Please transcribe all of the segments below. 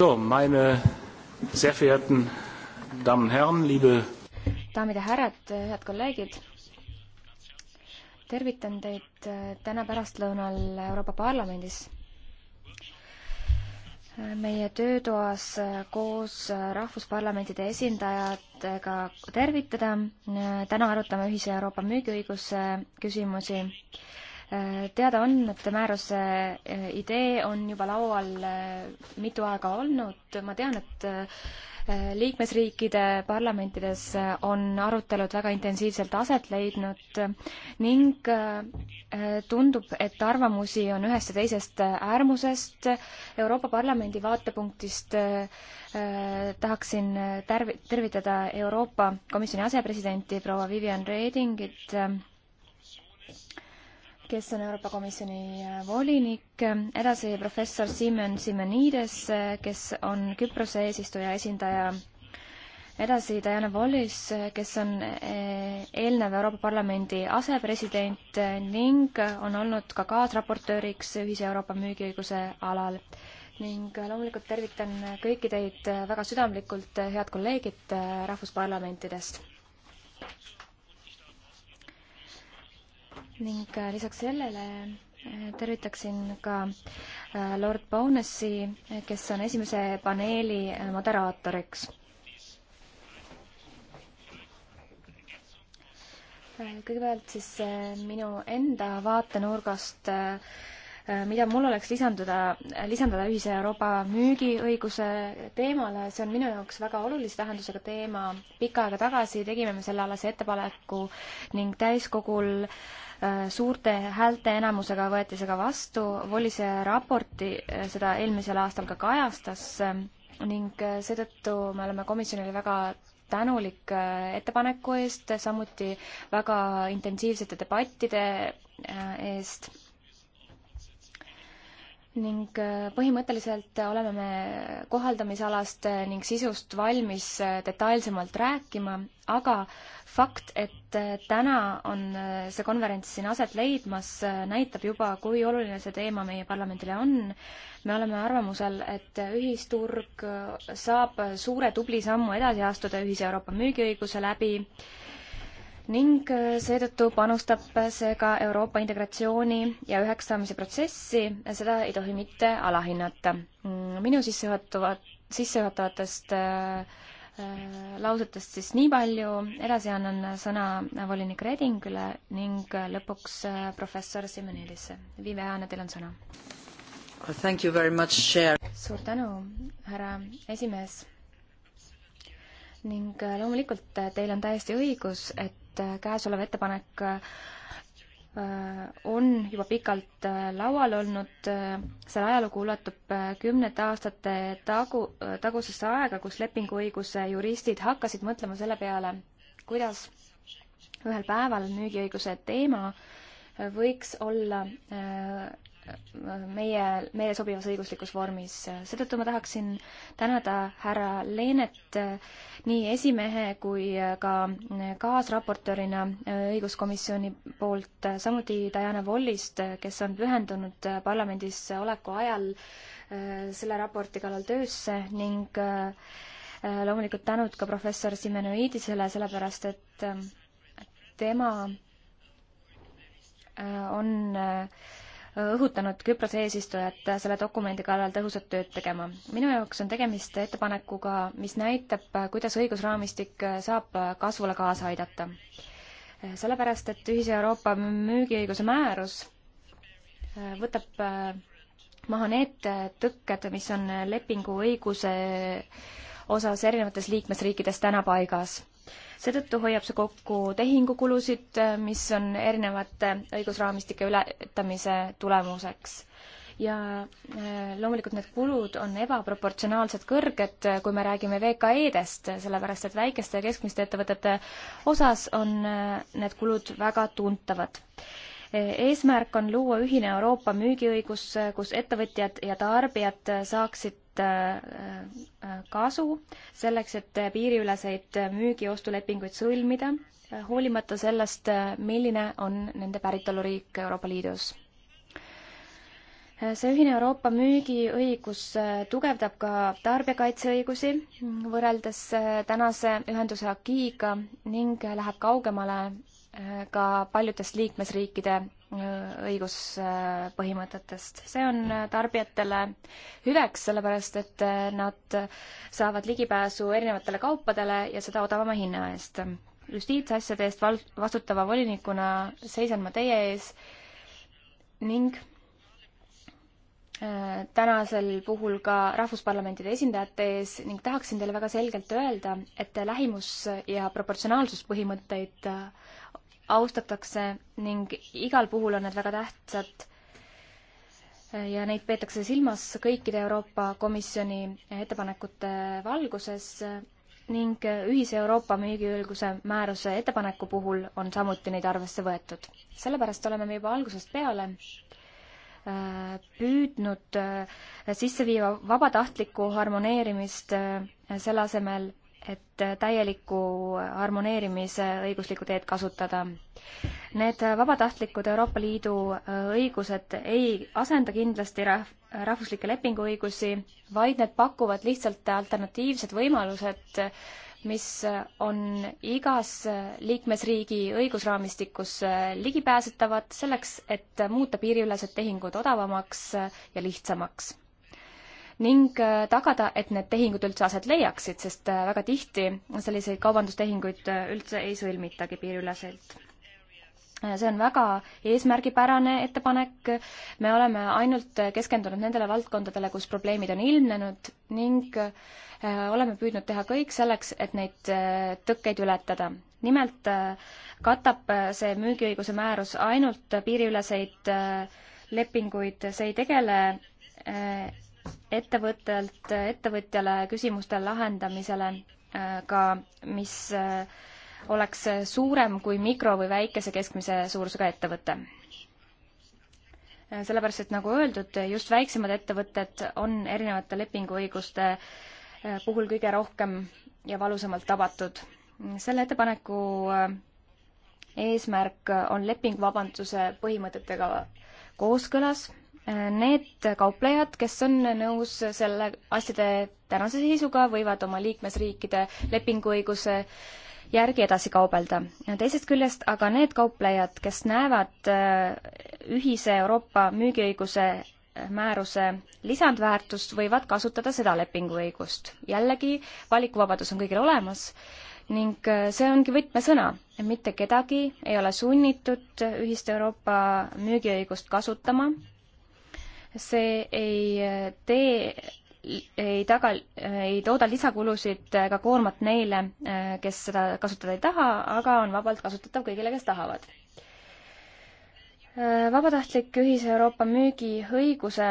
So, meine sehr verehrten Damen und Herren, liebe daamid ja härrad, head kolleegid. tervitan teid äh, täna pärastlõunal Euroopa Parlamendis. meie töötoas äh, koos äh, rahvusparlamentide esindajatega tervitada. täna arutame ühise Euroopa müügiõiguse küsimusi teada on, et määruse eh, idee on juba laual eh, mitu aega olnud, ma tean, et eh, liikmesriikide parlamentides on arutelud väga intensiivselt aset leidnud ning tundub, et arvamusi on ühest ja teisest äärmusest. Euroopa Parlamendi vaatepunktist tahaksin terv-, tervitada Euroopa Komisjoni asepresidenti proua Vivian Redingit kes on Euroopa Komisjoni äh, volinik, edasi professor Simon Simonides, äh, kes on Küprose eesistuja esindaja, edasi Diana Wallis, äh, kes on eelnev Euroopa Parlamendi asepresident ning on olnud ka kaasraportööriks ühise Euroopa müügiõiguse alal. ning loomulikult tervitan kõiki teid väga südamlikult, head kolleegid rahvusparlamentidest ning äh, lisaks sellele äh, tervitaksin ka äh, Lord Bownesi, kes on esimese paneeli moderaatoriks kõigepealt siis minu enda vaatenurgast Äh, mida mul oleks lisanduda, lisandada ühise Euroopa müügiõiguse teemale, see on minu jaoks väga olulise tähendusega teema. pikka aega tagasi tegime me sellealase ettepaneku ning täiskogul äh, suurte häälteenamusega võeti see ka vastu, Volise raporti äh, seda eelmisel aastal ka kajastas ning seetõttu me oleme komisjonile väga tänulik ettepaneku eest, samuti väga intensiivsete debattide eest ning äh, põhimõtteliselt oleme me kohaldamisalast äh, ning sisust valmis äh, detailsemalt rääkima, aga fakt, et täna on see konverents siin aset leidmas, näitab juba, kui oluline see teema meie parlamendile on. me oleme arvamusel, et ühisturg saab suure tubli sammu edasi astuda ühise Euroopa müügiõiguse läbi äh, ning äh, seetõttu panustab see ka Euroopa integratsiooni ja üheks saamise protsessi, seda ei tohi mitte alahinnata. Mm, minu sissejuhatavat, sissejuhatavatest äh, äh, lausetest siis nii palju, edasi annan sõna volinik Redingule ning äh, lõpuks professor Simonilisse. Viviane, teil on sõna. Thank you very much, Chair. suur tänu, härra esimees. ning loomulikult teil on täiesti õigus, et et äh, käesolev ettepanek äh, on juba pikalt äh, laual olnud, selle ajalugu ulatub kümnete aastate tagu, tagusesse aega, kus lepinguõiguse juristid hakkasid mõtlema selle peale, kuidas ühel päeval müügiõiguse teema võiks olla meie, meile sobivas õiguslikus vormis. seetõttu ma tahaksin tänada härra Leenet nii esimehe kui ka kaasraportöörina õiguskomisjoni poolt, samuti Diana Wollist, kes on pühendunud parlamendis oleku ajal äh, selle raporti kallal töösse ning äh, loomulikult tänud ka professor Simenoidisele, sellepärast et äh, tema on äh, õhutanud Küprose eesistujat selle dokumendi kallal tõhusat tööd tegema. minu jaoks on tegemist ettepanekuga, mis näitab, kuidas õigusraamistik saab kasvule kaasa aidata. sellepärast, et ühise Euroopa müügiõiguse määrus võtab maha need tõkked, mis on lepinguõiguse osas erinevates liikmesriikides täna paigas seetõttu hoiab see kokku tehingukulusid, mis on erinevate õigusraamistike ületamise tulemuseks ja äh, loomulikult need kulud on ebaproportsionaalselt kõrged, äh, kui me räägime VKE-dest, sellepärast et väikeste ja keskmiste ettevõtete osas on äh, need kulud väga tuntavad eesmärk on luua ühine Euroopa müügiõigus, kus ettevõtjad ja tarbijad saaksid äh, äh, kasu selleks, et piiriüleseid müügiostulepinguid sõlmida, hoolimata sellest, milline on nende päritoluriik Euroopa Liidus. see ühine Euroopa müügiõigus äh, tugevdab ka tarbijakaitseõigusi võrreldes tänase ühenduse agiiga ning läheb kaugemale ka paljudest liikmesriikide äh, õiguspõhimõtetest. see on äh, tarbijatele hüveks, sellepärast et äh, nad saavad ligipääsu erinevatele kaupadele ja seda odavama hinna eest. justiitsasjade eest val-, vastutava volinikuna seisan ma teie ees ning tänasel puhul ka rahvusparlamentide esindajate ees ning tahaksin teile väga selgelt öelda, et lähimus- ja proportsionaalsuspõhimõtteid austatakse ning igal puhul on need väga tähtsad ja neid peetakse silmas kõikide Euroopa Komisjoni ettepanekute valguses ning ühise Euroopa müügiõiguse määruse ettepaneku puhul on samuti neid arvesse võetud. sellepärast oleme me juba algusest peale äh, püüdnud äh, sisse viia vabatahtlikku harmoneerimist äh, selle asemel, et täieliku harmoneerimise õiguslikku teed kasutada. Need vabatahtlikud Euroopa Liidu õigused ei asenda kindlasti rahv-, rahvuslikke lepinguõigusi, vaid need pakuvad lihtsalt alternatiivsed võimalused, mis on igas liikmesriigi õigusraamistikus ligipääsetavad selleks, et muuta piiriülesed tehingud odavamaks ja lihtsamaks ning äh, tagada, et need tehingud üldse aset leiaksid, sest äh, väga tihti selliseid kaubandustehinguid äh, üldse ei sõlmitagi piiriüleselt see on väga eesmärgipärane ettepanek, me oleme ainult keskendunud nendele valdkondadele, kus probleemid on ilmnenud ning oleme püüdnud teha kõik selleks, et neid tõkkeid ületada. nimelt katab see müügiõiguse määrus ainult piiriüleseid lepinguid, see ei tegele ettevõttelt ettevõtjale küsimuste lahendamisele äh, ka, mis äh, oleks suurem kui mikro- või väikese keskmise suurusega ettevõte. Äh, sellepärast, et nagu öeldud, just väiksemad ettevõtted on erinevate lepinguõiguste puhul kõige rohkem ja valusamalt tabatud. selle ettepaneku eesmärk on lepinguvabanduse põhimõtetega kooskõlas Need kauplejad, kes on nõus selle asjade tänase seisuga, võivad oma liikmesriikide lepinguõiguse järgi edasi kaubelda. teisest küljest aga need kauplejad, kes näevad äh, ühise Euroopa müügiõiguse äh, määruse lisandväärtust, võivad kasutada seda lepinguõigust. jällegi, valikuvabadus on kõigil olemas ning äh, see ongi võtmesõna. mitte kedagi ei ole sunnitud ühist Euroopa müügiõigust kasutama see ei äh, tee ei taga, äh, ei tooda lisakulusid äh, ega koormat neile, kes seda kasutada ei taha, aga on vabalt kasutatav kõigile, kes tahavad. vabatahtlik ühise Euroopa müügiõiguse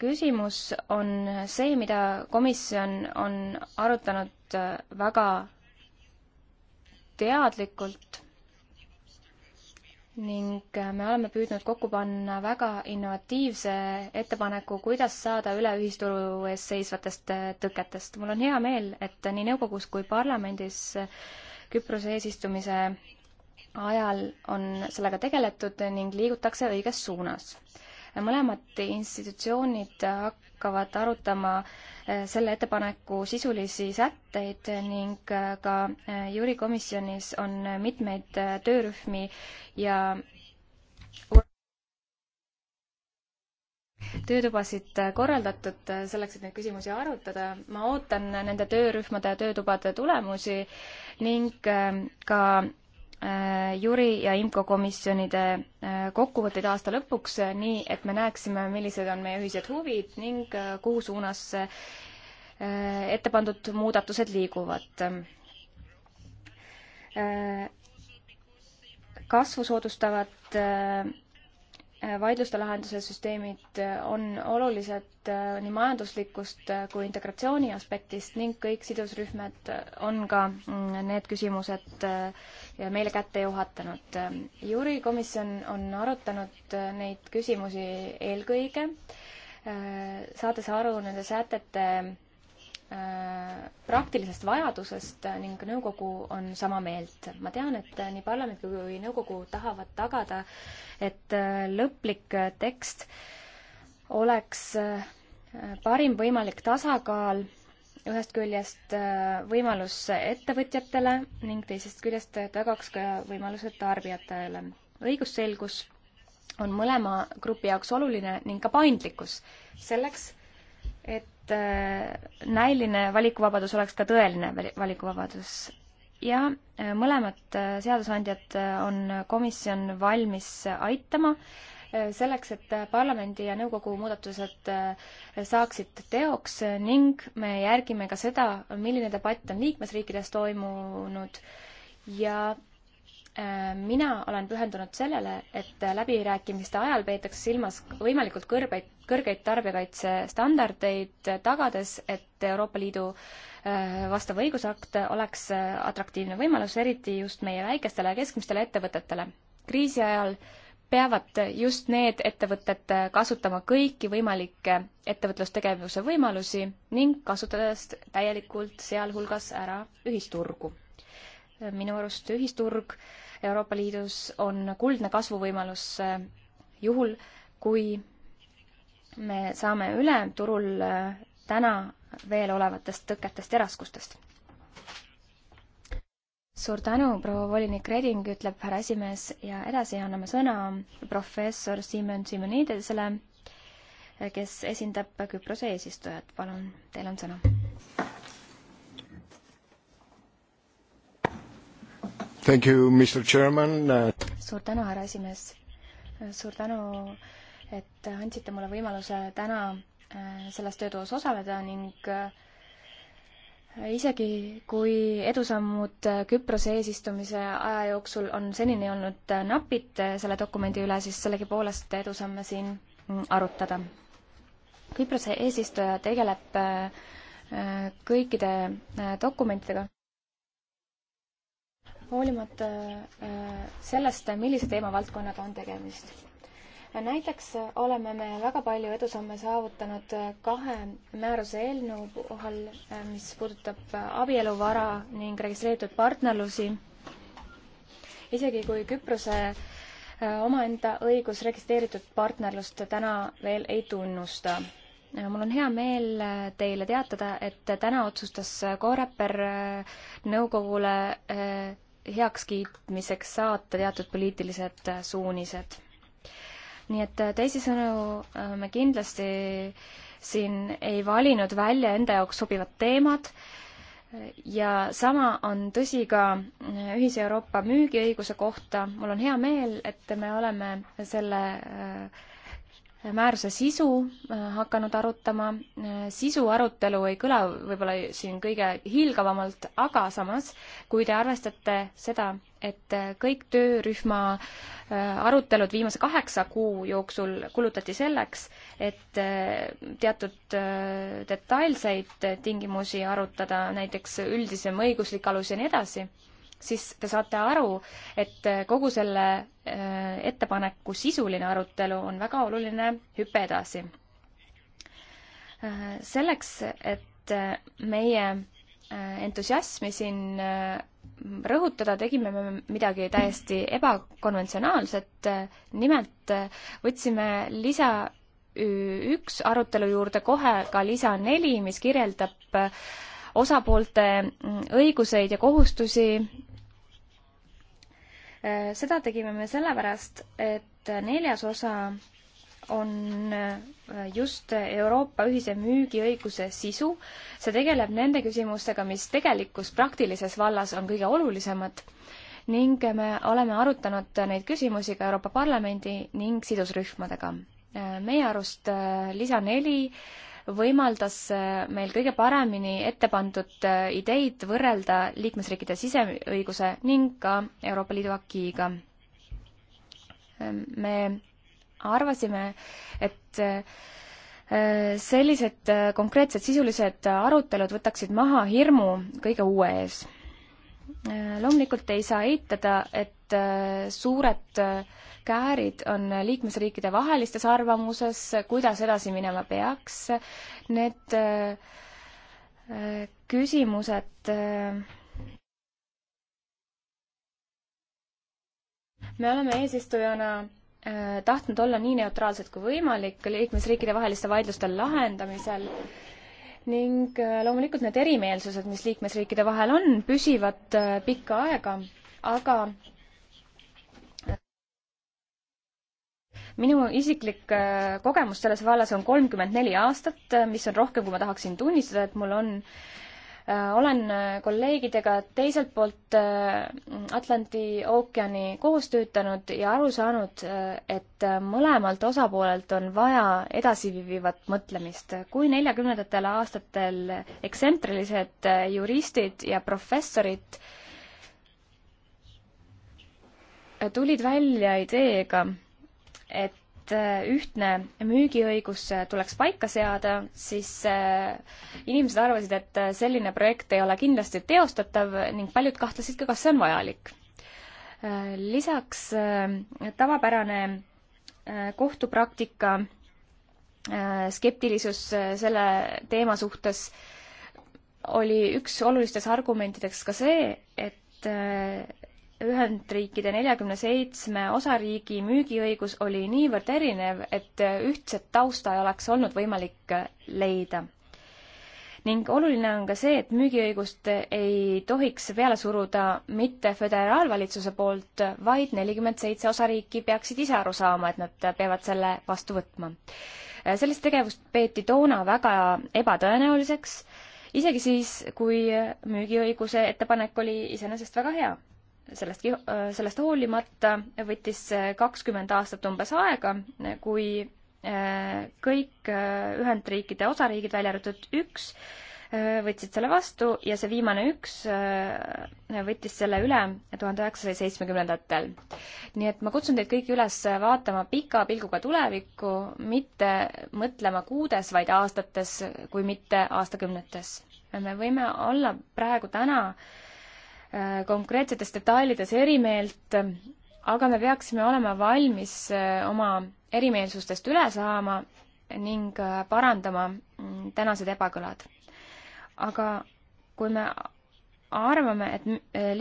küsimus on see, mida komisjon on arutanud väga teadlikult ning äh, me oleme püüdnud kokku panna väga innovatiivse ettepaneku, kuidas saada üle ühisturu ees seisvatest äh, tõketest. mul on hea meel, et nii nõukogus kui parlamendis äh, Küprose eesistumise ajal on sellega tegeletud ning liigutakse õiges suunas. mõlemad institutsioonid hakkavad arutama äh, Äh, selle ettepaneku sisulisi sätteid ning äh, ka äh, juuri komisjonis on mitmeid töörühmi ja töötubasid korraldatud selleks, et neid küsimusi arutada. ma ootan nende töörühmade ja töötubade tulemusi ning ka Äh, juri ja IMCO komisjonide äh, kokkuvõtteid aasta lõpuks, äh, nii et me näeksime, millised on meie ühised huvid ning kuhu suunas ette pandud muudatused liiguvad. kasvu soodustavad vaidluste lahenduse süsteemid äh, on olulised äh, nii majanduslikust äh, kui integratsiooni aspektist ning kõik sidusrühmad on ka mm, need küsimused meile kätte juhatanud. juurikomisjon on arutanud neid küsimusi eelkõige, saades aru nende sätete praktilisest vajadusest ning nõukogu on sama meelt. ma tean, et nii parlament kui nõukogu tahavad tagada, et äh, lõplik äh, tekst oleks äh, parim võimalik tasakaal ühest küljest võimalus ettevõtjatele ning teisest küljest tagaks ka võimalused tarbijatele. õigusselgus on mõlema grupi jaoks oluline ning ka paindlikkus selleks, et Äh, näiline valikuvabadus oleks ka tõeline valikuvabadus. ja äh, mõlemad äh, seadusandjad on komisjon valmis aitama selleks, et parlamendi ja nõukogu muudatused saaksid teoks ning me järgime ka seda, milline debatt on liikmesriikides toimunud ja Äh, mina olen pühendunud sellele, et läbirääkimiste ajal peetakse silmas võimalikult kõrbeid, kõrgeid tarbijakaitsestandardeid, tagades, et Euroopa Liidu äh, vastav õigusakt oleks äh, atraktiivne võimalus, eriti just meie väikestele ja keskmistele ettevõtetele. kriisi ajal peavad just need ettevõtted kasutama kõiki võimalikke ettevõtlustegevuse võimalusi ning kasutades täielikult sealhulgas ära ühisturgu. minu arust ühisturg äh, Euroopa Liidus on kuldne kasvuvõimalus eh, juhul, kui me saame üle turul eh, täna veel olevatest tõketest ja raskustest. suur tänu, proua volinik Reding, ütleb härra esimees ja edasi anname sõna professor Simon Simonidesele, eh, kes esindab Küprose eesistujat. palun, teil on sõna Thank you, Mr Chairman. suur tänu, härra esimees. suur tänu, et andsite mulle võimaluse täna äh, selles töötoas osaleda ning äh, isegi kui edusammud äh, Küprose eesistumise aja jooksul on senini olnud napid selle dokumendi üle, siis sellegipoolest edusamme siin mm, arutada. Küprose eesistuja tegeleb kõikide dokumentidega hoolimata äh, sellest, millise teemavaldkonnaga on tegemist. näiteks oleme me väga palju edusamme saavutanud kahe määruse eelnõu puhul, äh, mis puudutab abieluvara ning registreeritud partnerlusi. isegi kui Küprose äh, omaenda õigus registreeritud partnerlust täna veel ei tunnusta mul on hea meel teile teatada, et täna otsustas Koreper nõukogule heakskiitmiseks saata teatud poliitilised äh, suunised. nii et äh, teisisõnu äh, me kindlasti siin ei valinud välja enda jaoks sobivat teemat ja sama on tõsi ka ühise Euroopa müügiõiguse kohta. mul on hea meel, et me oleme selle äh, määruse sisu äh, hakanud arutama. Äh, sisu arutelu ei kõla võib-olla siin kõige hiilgavamalt, aga samas, kui te arvestate seda, et äh, kõik töörühma arutelud viimase kaheksa kuu jooksul kulutati selleks, et teatud detailseid tingimusi arutada, näiteks üldisem õiguslik alus ja nii edasi siis te saate aru, et äh, kogu selle äh, ettepaneku sisuline arutelu on väga oluline hüpe edasi. Äh, selleks, et meie entusiasmi siin rõhutada, tegime me midagi täiesti ebakonventsionaalset, nimelt võtsime lisa üks arutelu juurde kohe ka lisa neli, mis kirjeldab osapoolte mm, õiguseid ja kohustusi Äh, seda tegime me sellepärast, et neljas osa on äh, just Euroopa ühise müügiõiguse sisu. see tegeleb nende küsimustega, mis tegelikus praktilises vallas on kõige olulisemad ning me oleme arutanud neid küsimusi ka Euroopa Parlamendi ning sidusrühmadega. Äh, meie arust lisa neli võimaldas äh, meil kõige paremini ette pandud äh, ideid võrrelda liikmesriikide siseõiguse ning ka Euroopa Liidu akiiga. Ähm, me arvasime, et äh, sellised konkreetsed sisulised arutelud võtaksid maha hirmu kõige uue ees. loomulikult ei saa eitada, et suured käärid on liikmesriikide vahelistes arvamuses, kuidas edasi minema peaks. Need äh, küsimused äh, me oleme eesistujana äh, tahtnud olla nii neutraalsed kui võimalik liikmesriikide vaheliste vaidluste lahendamisel ning loomulikult need erimeelsused, mis liikmesriikide vahel on, püsivad pikka aega, aga minu isiklik äh, kogemus selles vallas on kolmkümmend neli aastat, äh, mis on rohkem, kui ma tahaksin tunnistada, et mul on. Äh, olen kolleegidega teiselt poolt Atlandi ookeani koos töötanud ja aru saanud, et mõlemalt osapoolelt on vaja edasiviivat mõtlemist. kui neljakümnendatel aastatel ekstsentrilised juristid ja professorid tulid välja ideega et äh, ühtne müügiõigus äh, tuleks paika seada, siis äh, inimesed arvasid, et selline projekt ei ole kindlasti teostatav ning paljud kahtlesid ka, kas see on vajalik. lisaks tavapärane kohtupraktika skeptilisus selle teema suhtes oli üks olulistest argumentideks ka see, et Ühendriikide neljakümne seitsme osariigi müügiõigus oli niivõrd erinev, et ühtset tausta ei oleks olnud võimalik leida. ning oluline on ka see, et müügiõigust ei tohiks peale suruda mitte föderaalvalitsuse poolt, vaid nelikümmend seitse osariiki peaksid ise aru saama, et nad peavad selle vastu võtma. sellist tegevust peeti toona väga ebatõenäoliseks isegi siis, kui müügiõiguse ettepanek oli iseenesest väga hea sellest, sellest hoolimata võttis kakskümmend aastat umbes aega, kui äh, kõik äh, Ühendriikide osariigid, välja arvatud üks, äh, võtsid selle vastu ja see viimane üks võttis selle üle tuhande üheksasaja seitsmekümnendatel. nii et ma kutsun teid kõiki üles vaatama pika pilguga tulevikku, mitte mõtlema kuudes, vaid aastates, kui mitte aastakümnetes. me võime olla praegu täna äh, Äh, konkreetsetes detailides eri meelt, aga me peaksime olema valmis äh, oma erimeelsustest üle saama ning äh, parandama mm, tänased ebakõlad. aga kui me arvame, et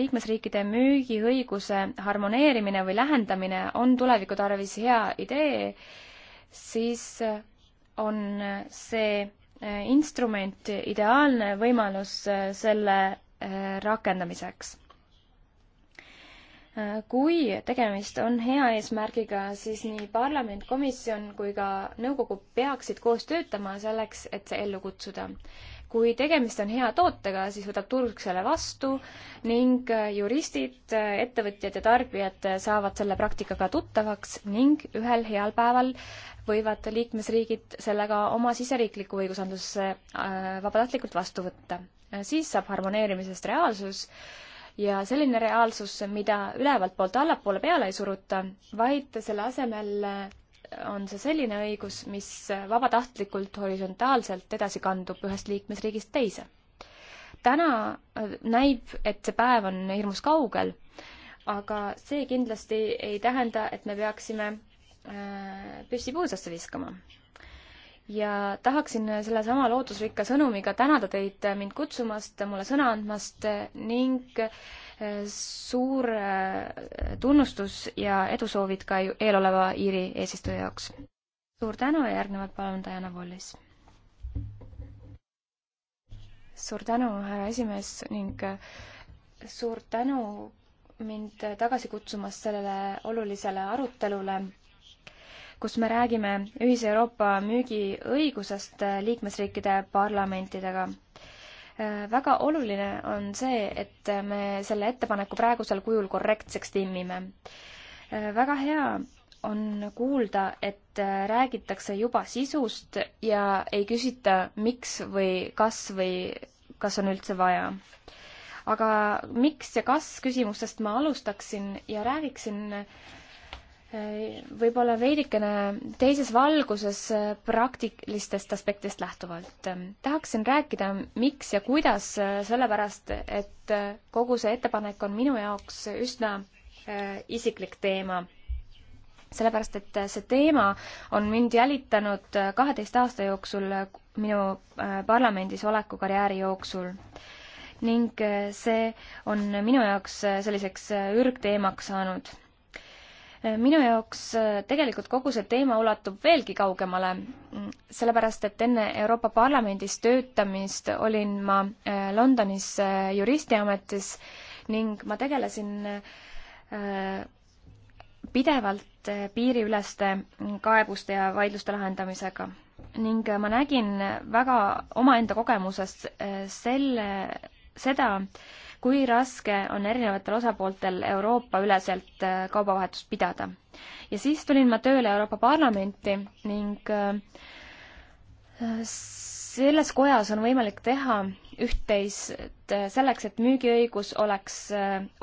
liikmesriikide müügiõiguse harmoneerimine või lähendamine on tuleviku tarvis hea idee, siis on see instrument ideaalne võimalus selle rakendamiseks. kui tegemist on hea eesmärgiga, siis nii parlament, komisjon kui ka nõukogu peaksid koos töötama selleks, et see ellu kutsuda kui tegemist on hea tootega, siis võtab turg selle vastu ning juristid, ettevõtjad ja tarbijad saavad selle praktikaga tuttavaks ning ühel heal päeval võivad liikmesriigid sellega oma siseriiklikku õigusandlusesse äh, vabatahtlikult vastu võtta siis saab harmoneerimisest reaalsus ja selline reaalsus, mida ülevalt poolt allapoole peale ei suruta, vaid selle asemel on see selline õigus, mis vabatahtlikult horisontaalselt edasi kandub ühest liikmesriigist teise. täna äh, näib, et see päev on hirmus kaugel, aga see kindlasti ei tähenda, et me peaksime äh, püssi puusasse viskama ja tahaksin sellesama lootusrikka sõnumiga tänada teid äh, mind kutsumast, mulle sõna andmast äh, ning äh, suur tunnustus ja edusoovid ka eeloleva Iiri eesistuja jaoks. suur tänu ja järgnevalt palun Diana Wallis. suur tänu, härra esimees ning suur tänu mind tagasi kutsumast sellele olulisele arutelule kus me räägime ühise Euroopa müügiõigusest äh, liikmesriikide parlamentidega. Äh, väga oluline on see, et äh, me selle ettepaneku praegusel kujul korrektseks timmime. väga hea on kuulda, et räägitakse juba sisust ja ei küsita, miks või kas või kas on üldse vaja aga miks ja kas küsimustest ma alustaksin ja räägiksin võib-olla veidikene teises valguses äh, praktilistest aspektidest lähtuvalt. tahaksin rääkida, miks ja kuidas, äh, sellepärast et äh, kogu see ettepanek on minu jaoks üsna isiklik teema. sellepärast, et see teema on mind jälitanud kaheteist aasta jooksul minu parlamendis oleku karjääri jooksul ning see on minu jaoks selliseks ürgteemaks saanud minu jaoks äh, tegelikult kogu see teema ulatub veelgi kaugemale, mm, sellepärast et enne Euroopa Parlamendis töötamist olin ma äh, Londonis äh, juristiametis ning ma tegelesin pidevalt piiriüleste mm, kaebuste ja vaidluste lahendamisega. ning ma nägin väga omaenda kogemusest selle, seda, kui raske on erinevatel osapooltel Euroopa-üleselt äh, kaubavahetust pidada. ja siis tulin ma tööle Euroopa Parlamenti ning äh, selles kojas on võimalik teha üht-teist äh, selleks, et müügiõigus oleks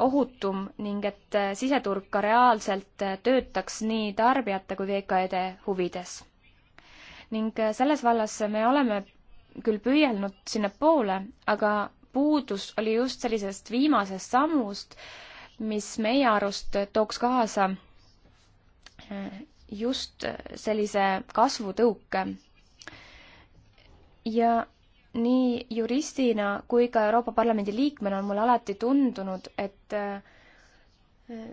ohutum ning et siseturg ka reaalselt töötaks nii tarbijate kui VKE-de huvides. ning selles vallas me oleme küll püüelnud sinnapoole, aga puudus oli just sellisest viimasest sammust, mis meie arust tooks kaasa äh, just sellise kasvutõuke. ja nii juristina kui ka Euroopa Parlamendi liikmena on mulle alati tundunud, et äh,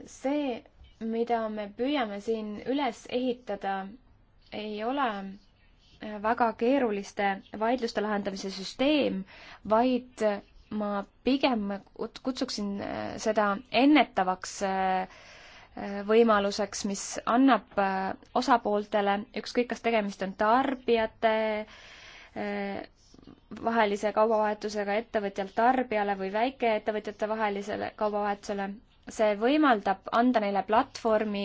see, mida me püüame siin üles ehitada, ei ole väga keeruliste vaidluste lahendamise süsteem, vaid ma pigem kutsuksin äh, seda ennetavaks äh, äh, võimaluseks, mis annab osapooltele, ükskõik kas tegemist on tarbijate vahelise kaubavahetusega ettevõtjalt tarbijale või väikeettevõtjate vahelisele kaubavahetusele, see võimaldab anda neile platvormi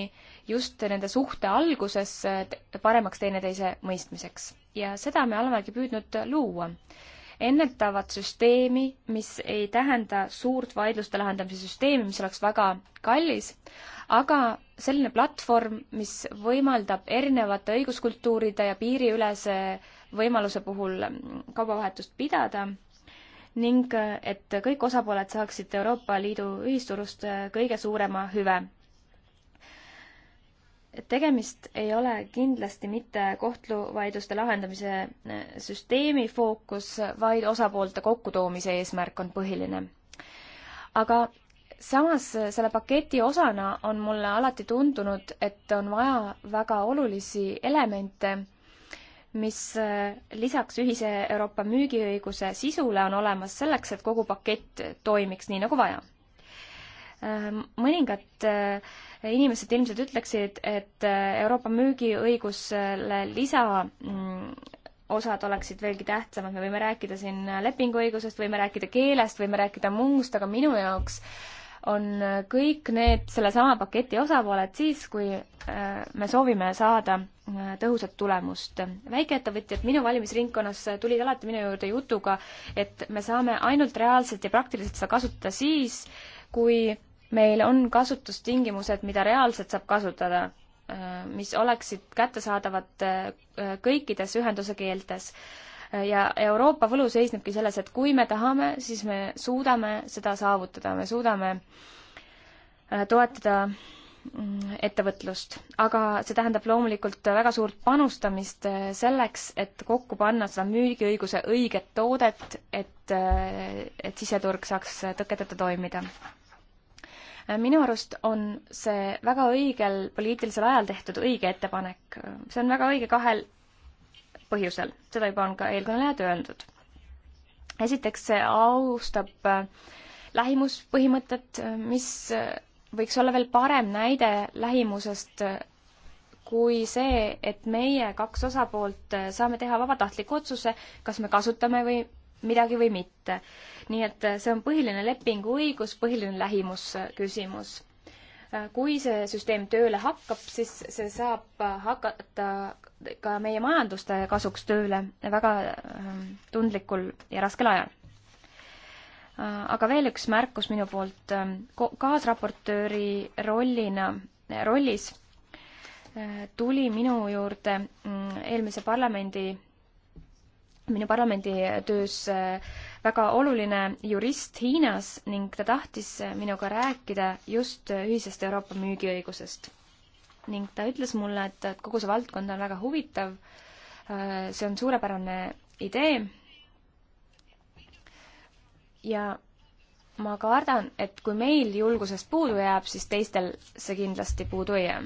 just nende suhte alguses paremaks teineteise mõistmiseks ja seda me olemegi püüdnud luua. ennetavat süsteemi, mis ei tähenda suurt vaidluste lahendamise süsteemi, mis oleks väga kallis, aga selline platvorm, mis võimaldab erinevate õiguskultuuride ja piiriülese võimaluse puhul kaubavahetust pidada ning et kõik osapooled saaksid Euroopa Liidu ühisturust kõige suurema hüve. tegemist ei ole kindlasti mitte kohtuvaidluste lahendamise eh, süsteemi fookus, vaid osapoolte kokkutoomise eesmärk on põhiline. aga samas selle paketi osana on mulle alati tundunud, et on vaja väga olulisi elemente mis äh, lisaks ühise Euroopa müügiõiguse sisule on olemas selleks, et kogu pakett toimiks nii, nagu vaja. Äh, mõningad äh, inimesed ilmselt ütleksid, et Euroopa müügiõigusele lisa mm, osad oleksid veelgi tähtsamad, me võime rääkida siin lepinguõigusest, võime rääkida keelest, võime rääkida muust, aga minu jaoks äh, on kõik need sellesama paketi osapooled siis, kui äh, me soovime saada äh, tõhusat tulemust. väikeettevõtjad minu valimisringkonnas tulid alati minu juurde jutuga, et me saame ainult reaalselt ja praktiliselt seda kasutada siis, kui meil on kasutustingimused, mida reaalselt saab kasutada, äh, mis oleksid kättesaadavad kõikides ühenduse keeltes ja Euroopa võlu seisnebki selles, et kui me tahame, siis me suudame seda saavutada, me suudame äh, toetada mm, ettevõtlust, aga see tähendab loomulikult väga suurt panustamist äh, selleks, et kokku panna seda müügiõiguse õiget toodet, et, äh, et siseturg saaks tõketeta toimida. minu arust on see väga õigel poliitilisel ajal tehtud õige ettepanek, see on väga õige kahel põhjusel, seda juba on ka eelkõnelejad öeldud. esiteks, see austab äh, lähimuspõhimõtet, äh, mis äh, võiks olla veel parem näide lähimusest kui see, et meie kaks osapoolt saame teha vabatahtliku otsuse, kas me kasutame või midagi või mitte. nii et see on põhiline lepingu õigus, põhiline lähimusküsimus kui see süsteem tööle hakkab, siis see saab hakata ka meie majanduste kasuks tööle väga ähm, tundlikul ja raskel ajal. Äh, aga veel üks märkus minu poolt ähm, kaasraportööri rollina, äh, rollis äh, tuli minu juurde mm, eelmise parlamendi, minu parlamendi töös äh, väga oluline jurist Hiinas ning ta tahtis minuga rääkida just ühisest Euroopa müügiõigusest. ning ta ütles mulle, et, et kogu see valdkond on väga huvitav, äh, see on suurepärane idee ja ma kardan, et kui meil julgusest puudu jääb, siis teistel see kindlasti puudu ei jää.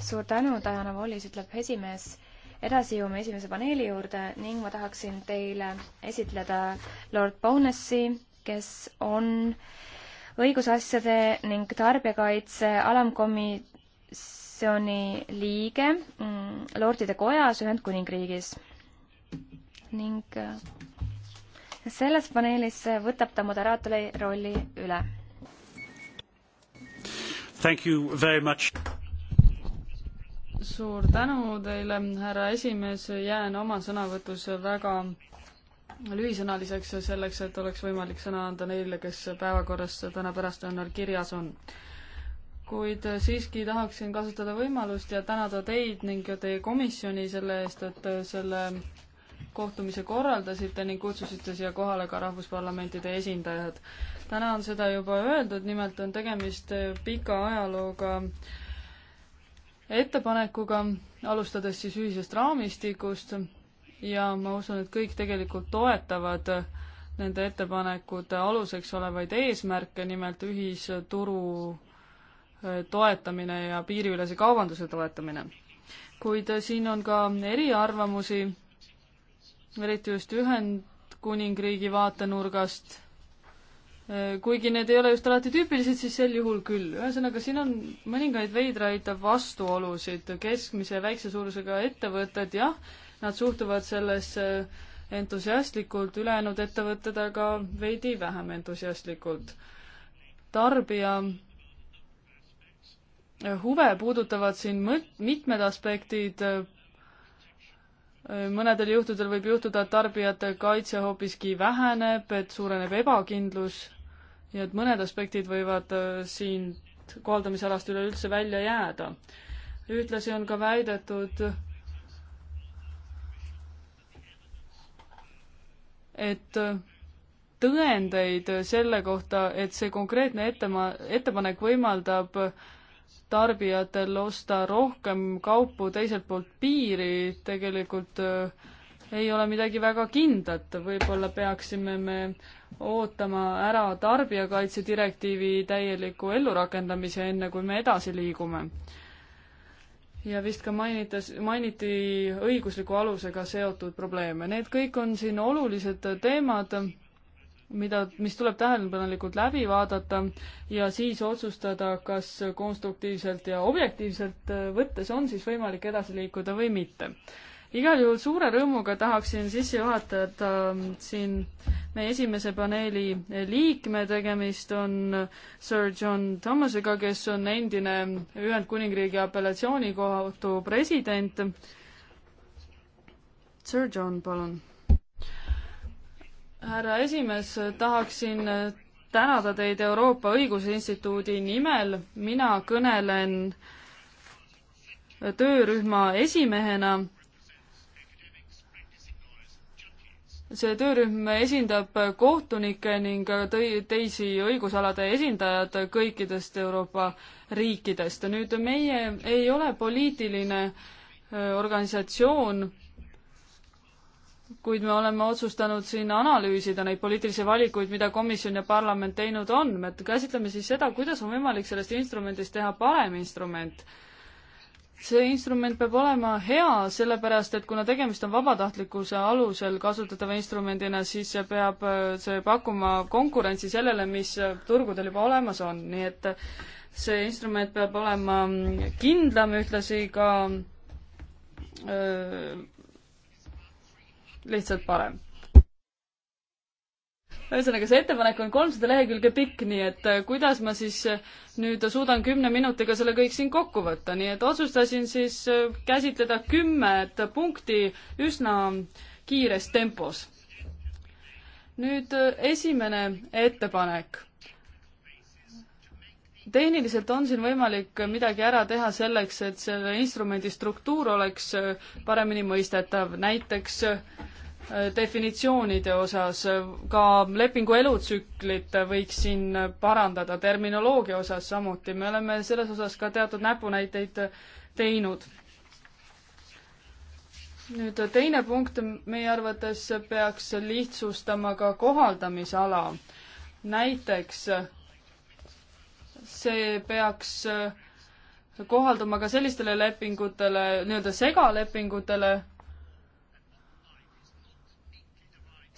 suur tänu, Diana Wallis, ütleb esimees edasi jõuame esimese paneeli juurde ning ma tahaksin teile esitleda Lord Bonessi, kes on õigusasjade ning tarbijakaitse alamkomisjoni liige mm, Lordide Kojas Ühendkuningriigis. ning äh, selles paneelis võtab ta moderaatori rolli üle. Thank you very much suur tänu teile, härra esimees, jään oma sõnavõtus väga lühisõnaliseks, selleks et oleks võimalik sõna anda neile, kes päevakorras täna pärastlõunal kirjas on. kuid siiski tahaksin kasutada võimalust ja tänada teid ning teie komisjoni selle eest, et selle kohtumise korraldasite ning kutsusite siia kohale ka rahvusparlamentide esindajad. täna on seda juba öeldud, nimelt on tegemist pika ajalooga äh, ettepanekuga, alustades siis ühisest raamistikust ja ma usun, et kõik tegelikult toetavad nende ettepanekute aluseks olevaid eesmärke, nimelt ühisturu eh, toetamine ja piiriülese kaubanduse toetamine. kuid eh, siin on ka eriarvamusi, eriti just Ühendkuningriigi vaatenurgast kuigi need ei ole just alati tüüpilised, siis sel juhul küll. ühesõnaga, siin on mõningaid veidraid vastuolusid, keskmise ja väikse suurusega ettevõtted, jah, nad suhtuvad sellesse entusiastlikult, ülejäänud ettevõtted aga veidi vähem entusiastlikult. tarbija huve puudutavad siin mõt-, mitmed aspektid, mõnedel juhtudel võib juhtuda, et tarbijate kaitse hoopiski väheneb, et suureneb ebakindlus nii et mõned aspektid võivad äh, siin kohaldamisalast üleüldse välja jääda. ühtlasi on ka väidetud, et äh, tõendeid selle kohta, et see konkreetne ettema-, ettepanek võimaldab tarbijatel osta rohkem kaupu teiselt poolt piiri, tegelikult äh, ei ole midagi väga kindlat, võib-olla peaksime me ootama ära tarbijakaitse direktiivi täieliku ellurakendamise, enne kui me edasi liigume. ja vist ka mainitas, mainiti õigusliku alusega seotud probleeme, need kõik on siin olulised teemad, mida, mis tuleb tähelepanelikult läbi vaadata ja siis otsustada, kas konstruktiivselt ja objektiivselt võttes on siis võimalik edasi liikuda või mitte igal juhul suure rõõmuga tahaksin sisse juhatada ähm, siin meie esimese paneeli liikme, tegemist on Sir John Thomasega, kes on endine Ühendkuningriigi apellatsioonikohtu president. Sir John, palun. härra esimees, tahaksin tänada teid Euroopa Õiguse Instituudi nimel, mina kõnelen töörühma esimehena see töörühm esindab kohtunikke ning tõi teisi õigusalade esindajad kõikidest Euroopa riikidest. nüüd meie ei ole poliitiline äh, organisatsioon, kuid me oleme otsustanud siin analüüsida neid poliitilisi valikuid, mida komisjon ja parlament teinud on. me käsitleme siis seda, kuidas on võimalik sellest instrumendist teha parem instrument see instrument peab olema hea, sellepärast et kuna tegemist on vabatahtlikkuse alusel kasutatava instrumendina, siis see peab see pakkuma konkurentsi sellele, mis turgudel juba olemas on, nii et see instrument peab olema kindlam, ühtlasi ka öö, äh, lihtsalt parem ühesõnaga, see ettepanek on kolmsada lehekülge pikk, nii et äh, kuidas ma siis äh, nüüd suudan kümne minutiga selle kõik siin kokku võtta, nii et otsustasin siis äh, käsitleda kümmet punkti üsna kiires tempos. nüüd esimene ettepanek. tehniliselt on siin võimalik midagi ära teha selleks, et selle instrumendi struktuur oleks paremini mõistetav, näiteks äh, definitsioonide osas, ka lepingu elutsüklit võiks siin parandada, terminoloogia osas samuti, me oleme selles osas ka teatud näpunäiteid teinud. nüüd teine punkt meie arvates peaks lihtsustama ka kohaldamisala. näiteks see peaks kohalduma ka sellistele lepingutele, nii-öelda segalepingutele,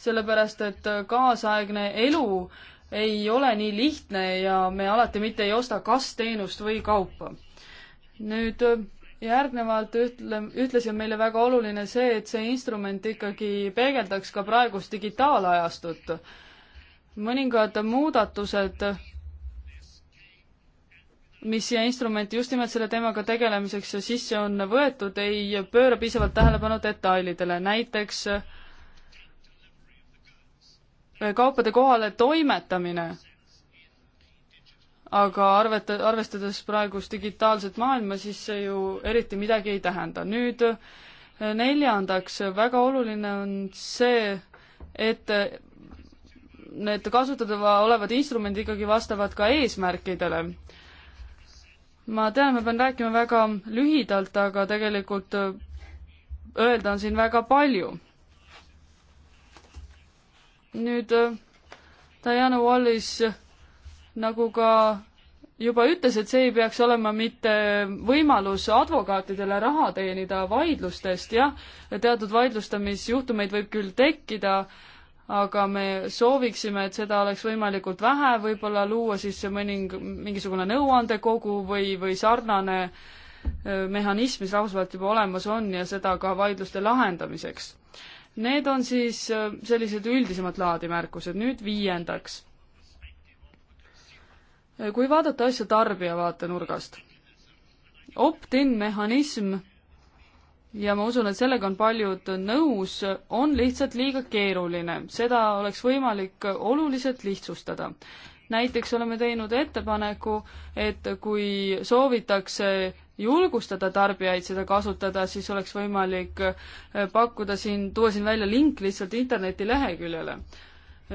sellepärast et kaasaegne elu ei ole nii lihtne ja me alati mitte ei osta kas teenust või kaupa. nüüd järgnevalt ütle, ütlesin meile väga oluline see, et see instrument ikkagi peegeldaks ka praegust digitaalajastut. mõningad muudatused, mis siia instrumenti just nimelt selle teemaga tegelemiseks sisse on võetud, ei pööra piisavalt tähelepanu detailidele, näiteks äh, kaupade kohale toimetamine. aga arveta, arvestades praegust digitaalset maailma, siis see ju eriti midagi ei tähenda. nüüd eh, neljandaks, väga oluline on see, et need kasutada olevad instrumendid ikkagi vastavad ka eesmärkidele ma tean, ma pean rääkima väga lühidalt, aga tegelikult eh, öelda on siin väga palju nüüd äh, Diana Wallace nagu ka juba ütles, et see ei peaks olema mitte võimalus advokaatidele raha teenida vaidlustest, jah, teatud vaidlustamisjuhtumeid võib küll tekkida, aga me sooviksime, et seda oleks võimalikult vähe, võib-olla luua siis mõning, mingisugune nõuandekogu või, või sarnane äh, mehhanism, mis rahvusvaheliselt juba olemas on ja seda ka vaidluste lahendamiseks. Need on siis äh, sellised üldisemad laadi märkused, nüüd viiendaks. kui vaadata asja tarbija vaatenurgast, opt-in mehhanism ja ma usun, et sellega on paljud nõus, on lihtsalt liiga keeruline, seda oleks võimalik oluliselt lihtsustada. näiteks oleme teinud ettepaneku, et kui soovitakse julgustada tarbijaid seda kasutada, siis oleks võimalik eh, pakkuda siin, tuua siin välja link lihtsalt internetileheküljele,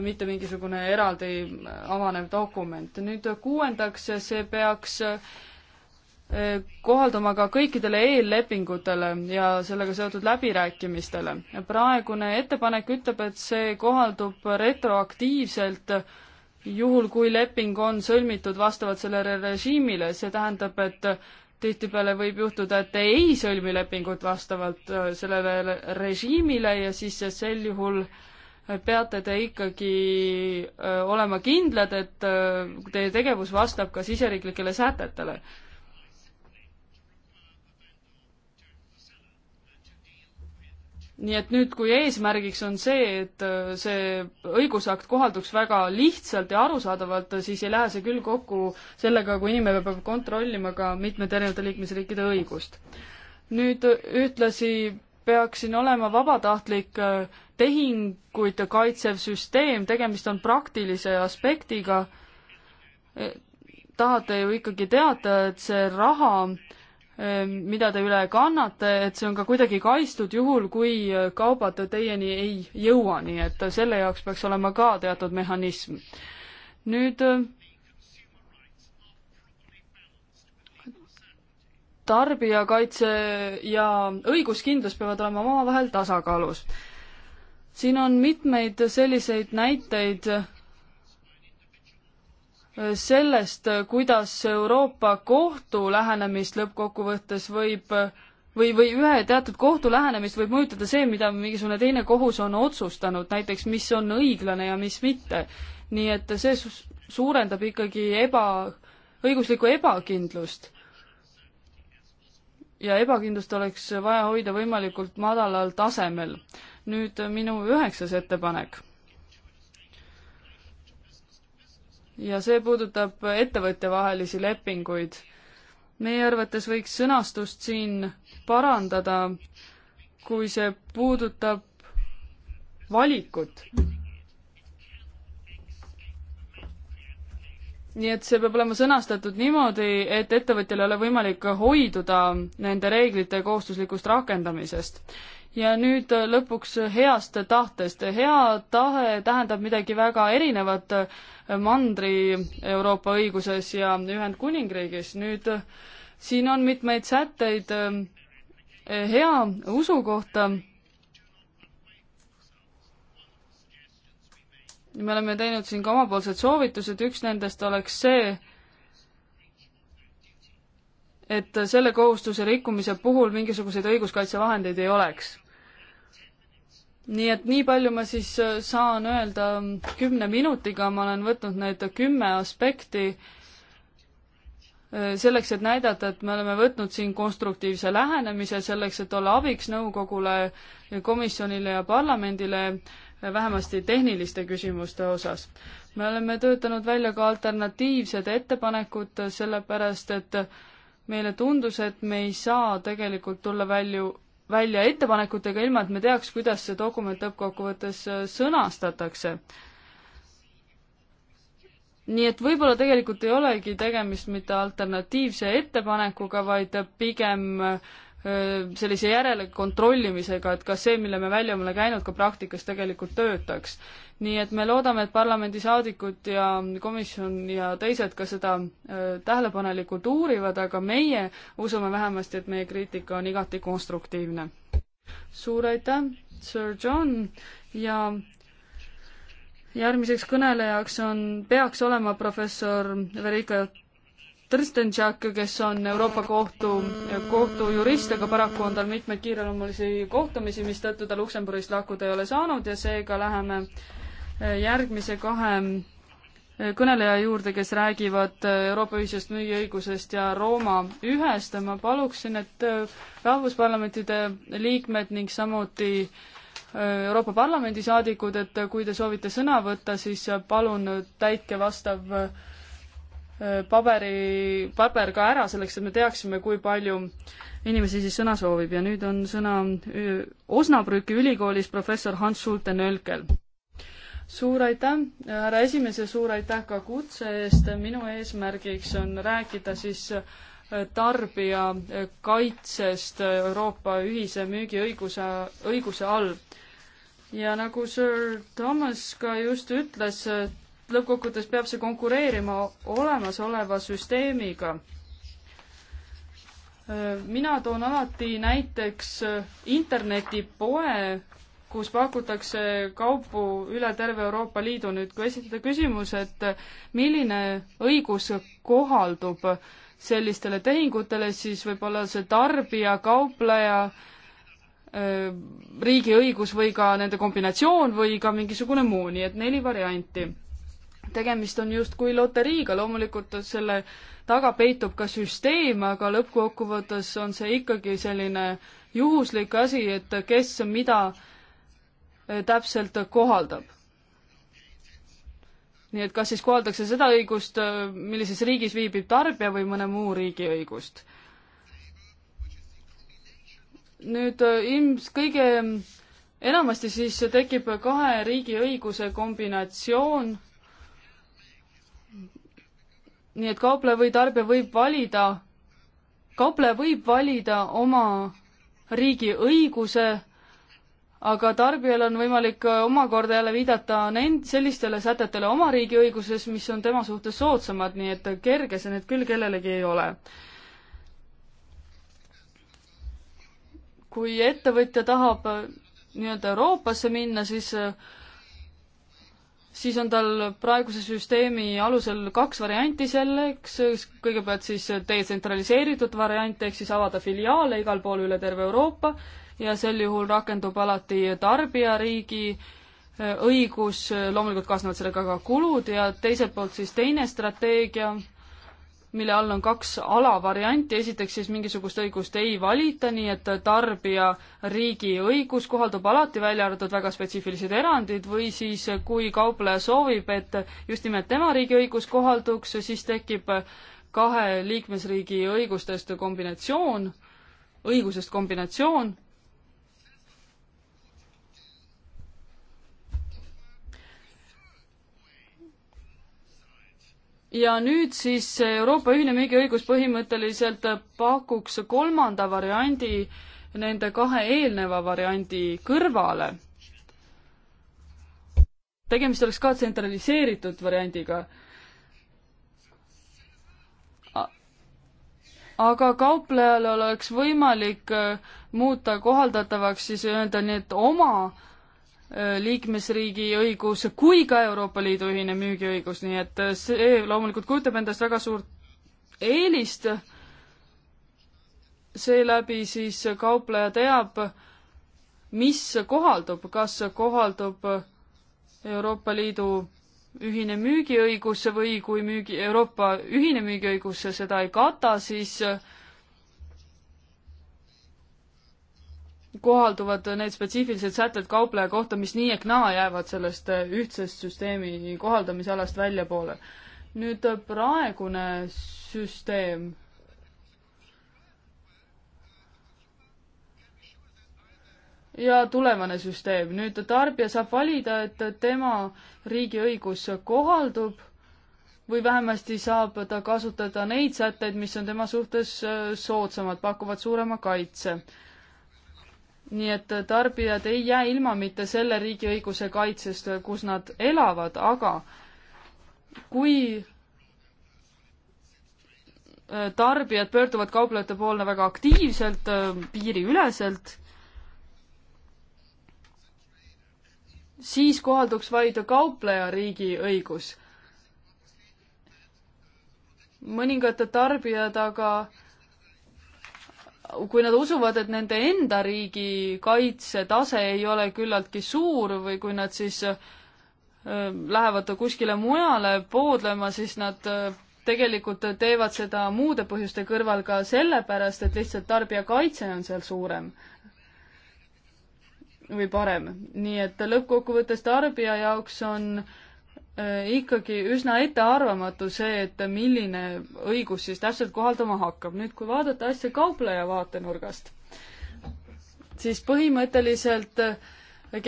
mitte mingisugune eraldi eh, avanev dokument. nüüd kuuendaks, see peaks eh, kohalduma ka kõikidele eellepingutele ja sellega seotud läbirääkimistele. praegune ettepanek ütleb, et see kohaldub retroaktiivselt juhul, kui leping on sõlmitud vastavalt sellele režiimile, see tähendab, et tihtipeale võib juhtuda, et te ei sõlmi lepingut vastavalt äh, sellele režiimile ja siis sel juhul äh, peate te ikkagi äh, olema kindlad, et teie tegevus vastab ka siseriiklikele sätetele nii et nüüd, kui eesmärgiks on see, et äh, see õigusakt kohalduks väga lihtsalt ja arusaadavalt, siis ei lähe see küll kokku sellega, kui inimene peab kontrollima ka mitmete erinevate liikmesriikide õigust. nüüd äh, ühtlasi peaksin olema vabatahtlik äh, tehinguid kaitsev süsteem, tegemist on praktilise aspektiga. tahate ju ikkagi teada, et see raha, Ehm, mida te üle kannate, et see on ka kuidagi kaitstud juhul, kui äh, kaubad teieni ei jõua, nii et selle jaoks peaks olema ka teatud mehhanism. nüüd äh, tarbijakaitse ja õiguskindlus peavad olema omavahel tasakaalus. siin on mitmeid selliseid näiteid sellest, kuidas Euroopa Kohtu lähenemist lõppkokkuvõttes võib või, või ühe teatud kohtu lähenemist võib mõjutada see, mida mingisugune teine kohus on otsustanud, näiteks mis on õiglane ja mis mitte. nii et see suurendab ikkagi eba, õiguslikku ebakindlust. ja ebakindlust oleks vaja hoida võimalikult madalal tasemel. nüüd minu üheksas ettepanek ja see puudutab ettevõtjavahelisi lepinguid. meie arvates võiks sõnastust siin parandada, kui see puudutab valikut. nii et see peab olema sõnastatud niimoodi, et ettevõtjal ei ole võimalik hoiduda nende reeglite kohustuslikust rakendamisest ja nüüd äh, lõpuks äh, heast tahtest. hea tahe tähendab midagi väga erinevat äh, Mandri-Euroopa õiguses ja Ühendkuningriigis. nüüd siin on mitmeid sätteid hea usu kohta. me oleme teinud siin ka omapoolsed soovitused, üks nendest oleks see, et selle kohustuse rikkumise puhul mingisuguseid õiguskaitsevahendeid ei oleks nii et nii palju ma siis äh, saan öelda mm, kümne minutiga, ma olen võtnud need kümme aspekti äh, selleks, et näidata, et me oleme võtnud siin konstruktiivse lähenemise, selleks, et olla abiks nõukogule, komisjonile ja parlamendile äh, vähemasti tehniliste küsimuste osas. me oleme töötanud välja ka alternatiivsed ettepanekud, sellepärast et meile tundus, et me ei saa tegelikult tulla välja välja ettepanekutega, ilma et me teaks, kuidas see dokument lõppkokkuvõttes äh, sõnastatakse nii et võib-olla tegelikult ei olegi tegemist mitte alternatiivse ettepanekuga, vaid pigem äh, sellise järele kontrollimisega, et kas see, mille me välja oleme käinud, ka praktikas tegelikult töötaks. nii et me loodame, et parlamendisaadikud ja komisjon ja teised ka seda tähelepanelikult uurivad, aga meie usume vähemasti, et meie kriitika on igati konstruktiivne. suur aitäh, Sir John ja järgmiseks kõnelejaks on, peaks olema professor Verika Trstentšak, kes on Euroopa Kohtu, kohtujurist, aga paraku on tal mitmeid kiireloomulisi kohtumisi, mistõttu ta Luksemburgist lahkuda ei ole saanud ja seega läheme eh, järgmise kahe eh, kõneleja juurde, kes räägivad eh, Euroopa ühisest müügiõigusest ja Rooma ühest. ma paluksin, et rahvusparlamentide liikmed ning samuti Euroopa Parlamendi saadikud, et kui te soovite sõna võtta, siis palun täitke vastav paberi, paber ka ära, selleks et me teaksime, kui palju inimesi siis sõna soovib ja nüüd on sõna Osnabrüki ülikoolis professor Hans Schulte-Nölkel. suur aitäh, härra esimees ja suur aitäh ka kutse eest, minu eesmärgiks on rääkida siis tarbijakaitsest Euroopa ühise müügiõiguse, õiguse all. ja nagu Sir Thomas ka just ütles, lõppkokkuvõttes peab see konkureerima olemasoleva süsteemiga. mina toon alati näiteks internetipoe, kus pakutakse kaupu üle terve Euroopa Liidu. nüüd, kui esitada küsimus, et milline õigus kohaldub sellistele tehingutele, siis võib-olla see tarbija, kaupleja, riigi õigus või ka nende kombinatsioon või ka mingisugune muu, nii et neli varianti tegemist on justkui loteriiga, loomulikult selle taga peitub ka süsteem, aga lõppkokkuvõttes on see ikkagi selline juhuslik asi, et kes mida eh, täpselt kohaldab. nii et kas siis kohaldatakse seda õigust, eh, millises riigis viibib tarbija või mõne muu riigi õigust. nüüd eh, ilms-, kõige enamasti siis tekib kahe riigi õiguse kombinatsioon nii et kaupleja või tarbija võib valida, kaupleja võib valida oma riigi õiguse, aga tarbijal on võimalik äh, omakorda jälle viidata nend-, sellistele sätetele oma riigi õiguses, mis on tema suhtes soodsamad, nii et kerge see nüüd küll kellelegi ei ole. kui ettevõtja tahab äh, nii-öelda Euroopasse minna, siis äh, siis on tal praeguse süsteemi alusel kaks varianti selleks, kõigepealt siis detsentraliseeritud variant, ehk siis avada filiaale igal pool üle terve Euroopa ja sel juhul rakendub alati tarbijariigi e, õigus, loomulikult kaasnevad sellega ka kulud ja teiselt poolt siis teine strateegia, mille all on kaks alavarianti, esiteks siis mingisugust õigust ei valita, nii et tarbija riigi õigus kohaldub alati, välja arvatud väga spetsiifilised erandid, või siis kui kaupleja soovib, et just nimelt tema riigi õigus kohalduks, siis tekib kahe liikmesriigi õigustest kombinatsioon, õigusest kombinatsioon ja nüüd siis Euroopa ühine müügiõigus põhimõtteliselt pakuks kolmanda variandi nende kahe eelneva variandi kõrvale. tegemist oleks ka tsentraliseeritud variandiga. aga kauplejal oleks võimalik äh, muuta kohaldatavaks siis nii-öelda need oma äh, Äh, liikmesriigi õigus kui ka Euroopa Liidu ühine müügiõigus, nii et äh, see loomulikult kujutab endast väga suurt eelist. seeläbi siis kaupleja teab, mis kohaldub, kas kohaldub Euroopa Liidu ühine müügiõigus või kui müügi, Euroopa ühine müügiõigus seda ei kata, siis äh, kohalduvad need spetsiifilised sätted kaupleja kohta, mis nii ehk naa jäävad sellest äh, ühtsest süsteemi kohaldamisalast väljapoole. nüüd äh, praegune süsteem ja tulevane süsteem. nüüd tarbija saab valida, et tema riigi õigus kohaldub või vähemasti saab ta kasutada neid sätteid, mis on tema suhtes äh, soodsamad, pakuvad suurema kaitse nii et tarbijad ei jää ilma mitte selle riigi õiguse kaitsest, kus nad elavad, aga kui äh, tarbijad pöörduvad kauplejate poole väga aktiivselt, äh, piiriüleselt, siis kohalduks vaid kauplejariigi õigus. mõningad tarbijad aga äh, kui nad usuvad, et nende enda riigi kaitsetase ei ole küllaltki suur või kui nad siis äh, lähevad kuskile mujale poodlema, siis nad äh, tegelikult teevad seda muude põhjuste kõrval ka sellepärast, et lihtsalt tarbijakaitse on seal suurem või parem. nii et lõppkokkuvõttes tarbija jaoks on äh, Äh, ikkagi üsna ettearvamatu see, et milline õigus siis täpselt kohalduma hakkab. nüüd, kui vaadata asja kaupleja vaatenurgast, siis põhimõtteliselt äh,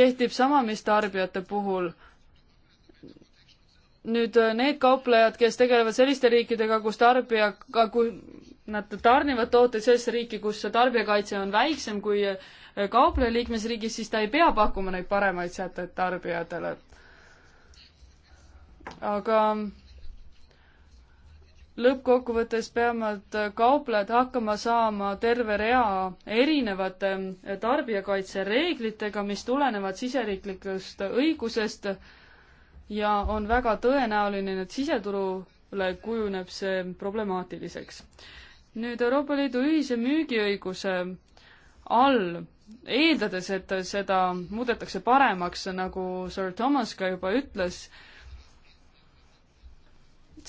kehtib sama, mis tarbijate puhul. nüüd äh, need kauplejad, kes tegelevad selliste riikidega, kus tarbija, kui nad tarnivad tooteid sellesse riiki, kus tarbijakaitse on väiksem kui kaupleja liikmesriigis, siis ta ei pea pakkuma neid paremaid sätteid tarbijatele aga lõppkokkuvõttes peavad kauplejad hakkama saama terve rea erinevate tarbijakaitsereeglitega, mis tulenevad siseriiklikust õigusest ja on väga tõenäoline, et siseturule kujuneb see problemaatiliseks. nüüd Euroopa Liidu ühise müügiõiguse all, eeldades, et seda muudetakse paremaks, nagu Sir Thomas ka juba ütles,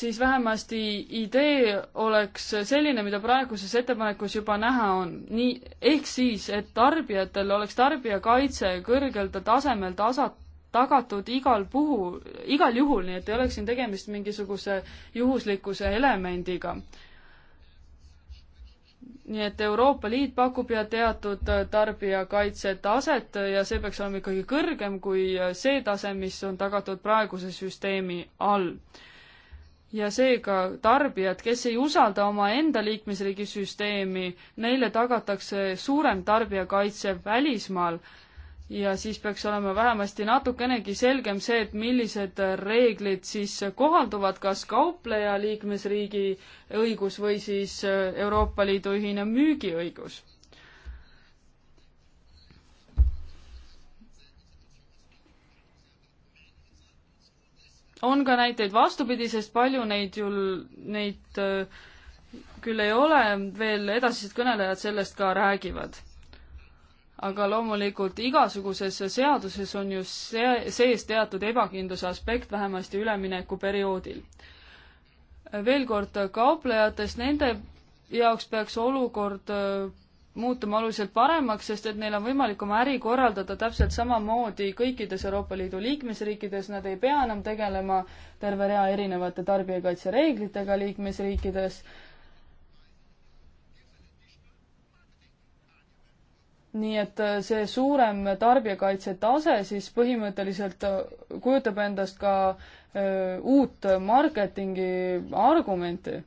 siis vähemasti idee oleks selline, mida praeguses ettepanekus juba näha on. nii, ehk siis, et tarbijatel oleks tarbijakaitse kõrgel tasemel tasa, tagatud igal puhul, igal juhul, nii et ei oleks siin tegemist mingisuguse juhuslikkuse elemendiga. nii et Euroopa Liit pakub ja teatud tarbijakaitsetaset ja see peaks olema ikkagi kõrgem kui see tase, mis on tagatud praeguse süsteemi all ja seega tarbijad, kes ei usalda omaenda liikmesriigi süsteemi, neile tagatakse suurem tarbijakaitse välismaal ja siis peaks olema vähemasti natukenegi selgem see, et millised reeglid siis kohalduvad, kas kaupleja liikmesriigi õigus või siis Euroopa Liidu ühine müügiõigus. on ka näiteid vastupidisest, palju neid ju, neid äh, küll ei ole, veel edasised kõnelejad sellest ka räägivad. aga loomulikult igasuguses seaduses on ju see, sees teatud ebakindluse aspekt vähemasti üleminekuperioodil. veel kord kauplejatest, nende jaoks peaks olukord äh, muutuma oluliselt paremaks, sest et neil on võimalik oma äri korraldada täpselt samamoodi kõikides Euroopa Liidu liikmesriikides, nad ei pea enam tegelema terve rea erinevate tarbijakaitsereeglitega liikmesriikides. nii et äh, see suurem tarbijakaitse tase siis põhimõtteliselt äh, kujutab endast ka öö, äh, uut marketingi argumenti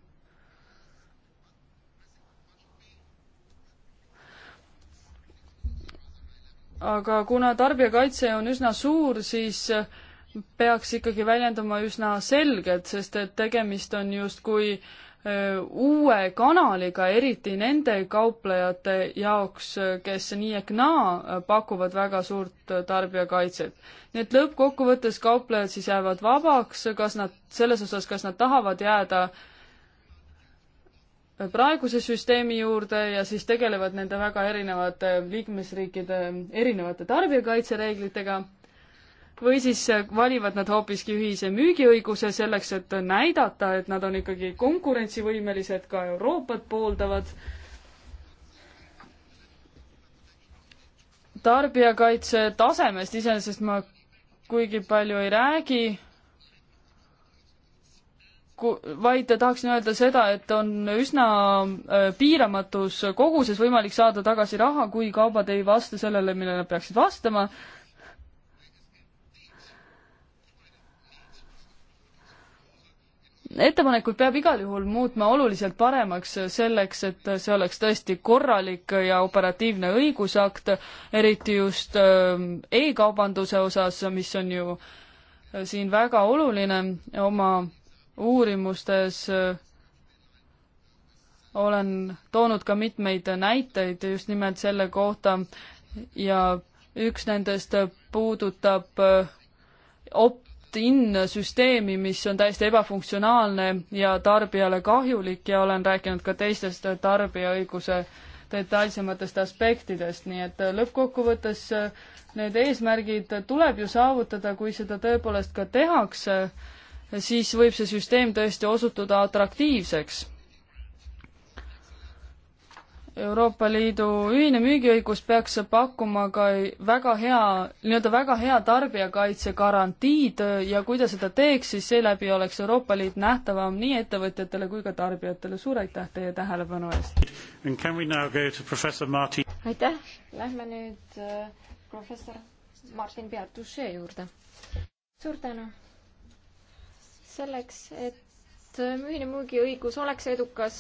aga kuna tarbijakaitse on üsna suur, siis peaks ikkagi väljendama üsna selgelt, sest et tegemist on justkui uue kanaliga, eriti nende kauplejate jaoks, kes nii ehk naa pakuvad väga suurt tarbijakaitset. nii et lõppkokkuvõttes kauplejad siis jäävad vabaks, kas nad, selles osas, kas nad tahavad jääda äh, praeguse süsteemi juurde ja siis tegelevad nende väga erinevate liikmesriikide erinevate tarbijakaitsereeglitega või siis valivad nad hoopiski ühise müügiõiguse selleks, et näidata, et nad on ikkagi konkurentsivõimelised, ka Euroopat pooldavad. tarbijakaitse tasemest iseenesest ma kuigi palju ei räägi vaid tahaksin öelda seda, et on üsna äh, piiramatus koguses võimalik saada tagasi raha, kui kaubad ei vasta sellele, millele peaksid vastama. ettepanekuid peab igal juhul muutma oluliselt paremaks selleks, et see oleks tõesti korralik ja operatiivne õigusakt, eriti just ähm, e-kaubanduse osas, mis on ju äh, siin väga oluline oma uurimustes olen toonud ka mitmeid näiteid just nimelt selle kohta ja üks nendest puudutab opt-in süsteemi, mis on täiesti ebafunktsionaalne ja tarbijale kahjulik ja olen rääkinud ka teistest tarbijaõiguse detailsematest aspektidest, nii et lõppkokkuvõttes need eesmärgid tuleb ju saavutada, kui seda tõepoolest ka tehakse siis võib see süsteem tõesti osutuda atraktiivseks. Euroopa Liidu ühine müügiõigus peaks pakkuma ka väga hea, nii-öelda väga hea tarbijakaitse garantiid ja kui ta seda teeks, siis seeläbi oleks Euroopa Liit nähtavam nii ettevõtjatele kui ka tarbijatele. suur aitäh teie tähelepanu eest! aitäh, lähme nüüd äh, professor Martin Peartuse juurde. suur tänu! selleks, et ühine müügiõigus oleks edukas,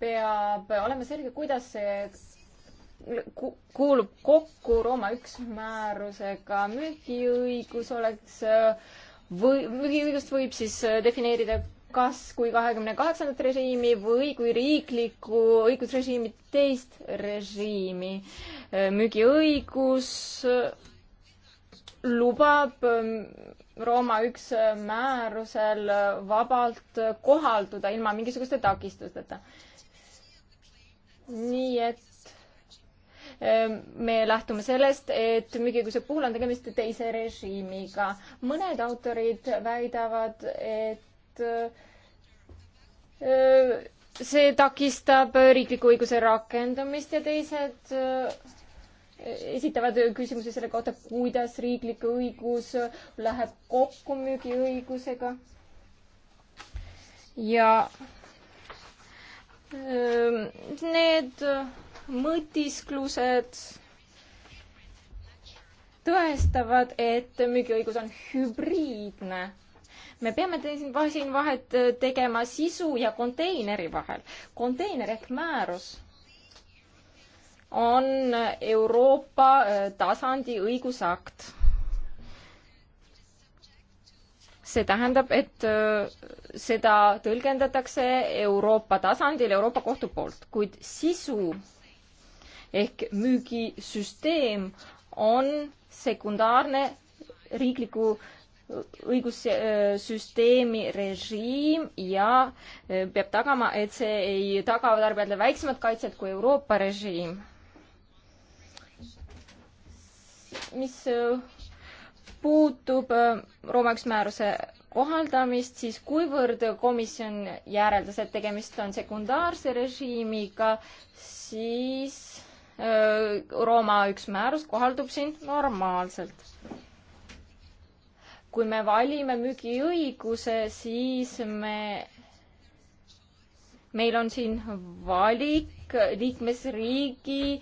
peab olema selge, kuidas see kuulub kokku Rooma üks määrusega. müügiõigus oleks või müügiõigust võib siis defineerida kas kui kahekümne kaheksandat režiimi või kui riiklikku õigusrežiimi teist režiimi. müügiõigus lubab ähm, Rooma üks äh, määrusel äh, vabalt äh, kohalduda ilma mingisuguste takistusteta. nii et ähm, me lähtume sellest, et müügiõiguse puhul on tegemist teise režiimiga. mõned autorid väidavad, et see takistab riikliku õiguse rakendamist ja teised esitavad küsimusi selle kohta, kuidas riiklik õigus läheb kokku müügiõigusega. ja ähm, need mõtisklused tõestavad, et müügiõigus on hübriidne. me peame siin vahet tegema sisu ja konteineri vahel. konteiner ehk määrus on Euroopa äh, tasandi õigusakt. see tähendab, et äh, seda tõlgendatakse Euroopa tasandil Euroopa Kohtu poolt, kuid sisu ehk müügisüsteem on sekundaarne riikliku õigussüsteemi režiim ja äh, peab tagama, et see ei taga tarbijatele väiksemat kaitset kui Euroopa režiim mis äh, puutub äh, Rooma üks määruse kohaldamist, siis kuivõrd komisjon järeldas, et tegemist on sekundaarse režiimiga, siis äh, Rooma üks määrus kohaldub siin normaalselt. kui me valime müügiõiguse, siis me, meil on siin valik liikmesriigi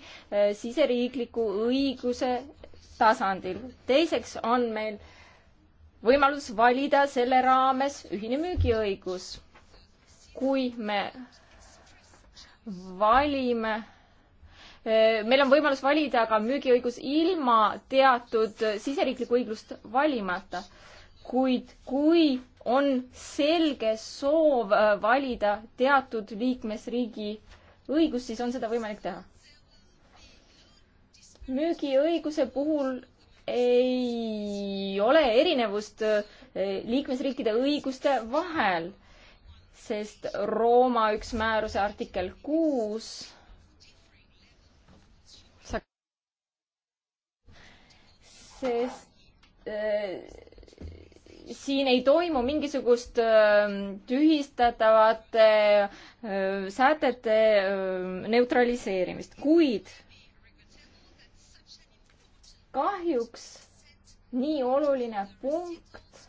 siseriikliku õiguse tasandil. teiseks on meil võimalus valida selle raames ühine müügiõigus. kui me valime eh, meil on võimalus valida ka müügiõigus ilma teatud siseriiklikku õiglust valimata. kuid kui on selge soov eh, valida teatud liikmesriigi õigus, siis on seda võimalik teha müügiõiguse puhul ei ole erinevust eh, liikmesriikide õiguste vahel, sest Rooma üks määruse artikkel kuus sest äh, siin ei toimu mingisugust äh, tühistatavate äh, sätete neutraliseerimist, kuid kahjuks nii oluline punkt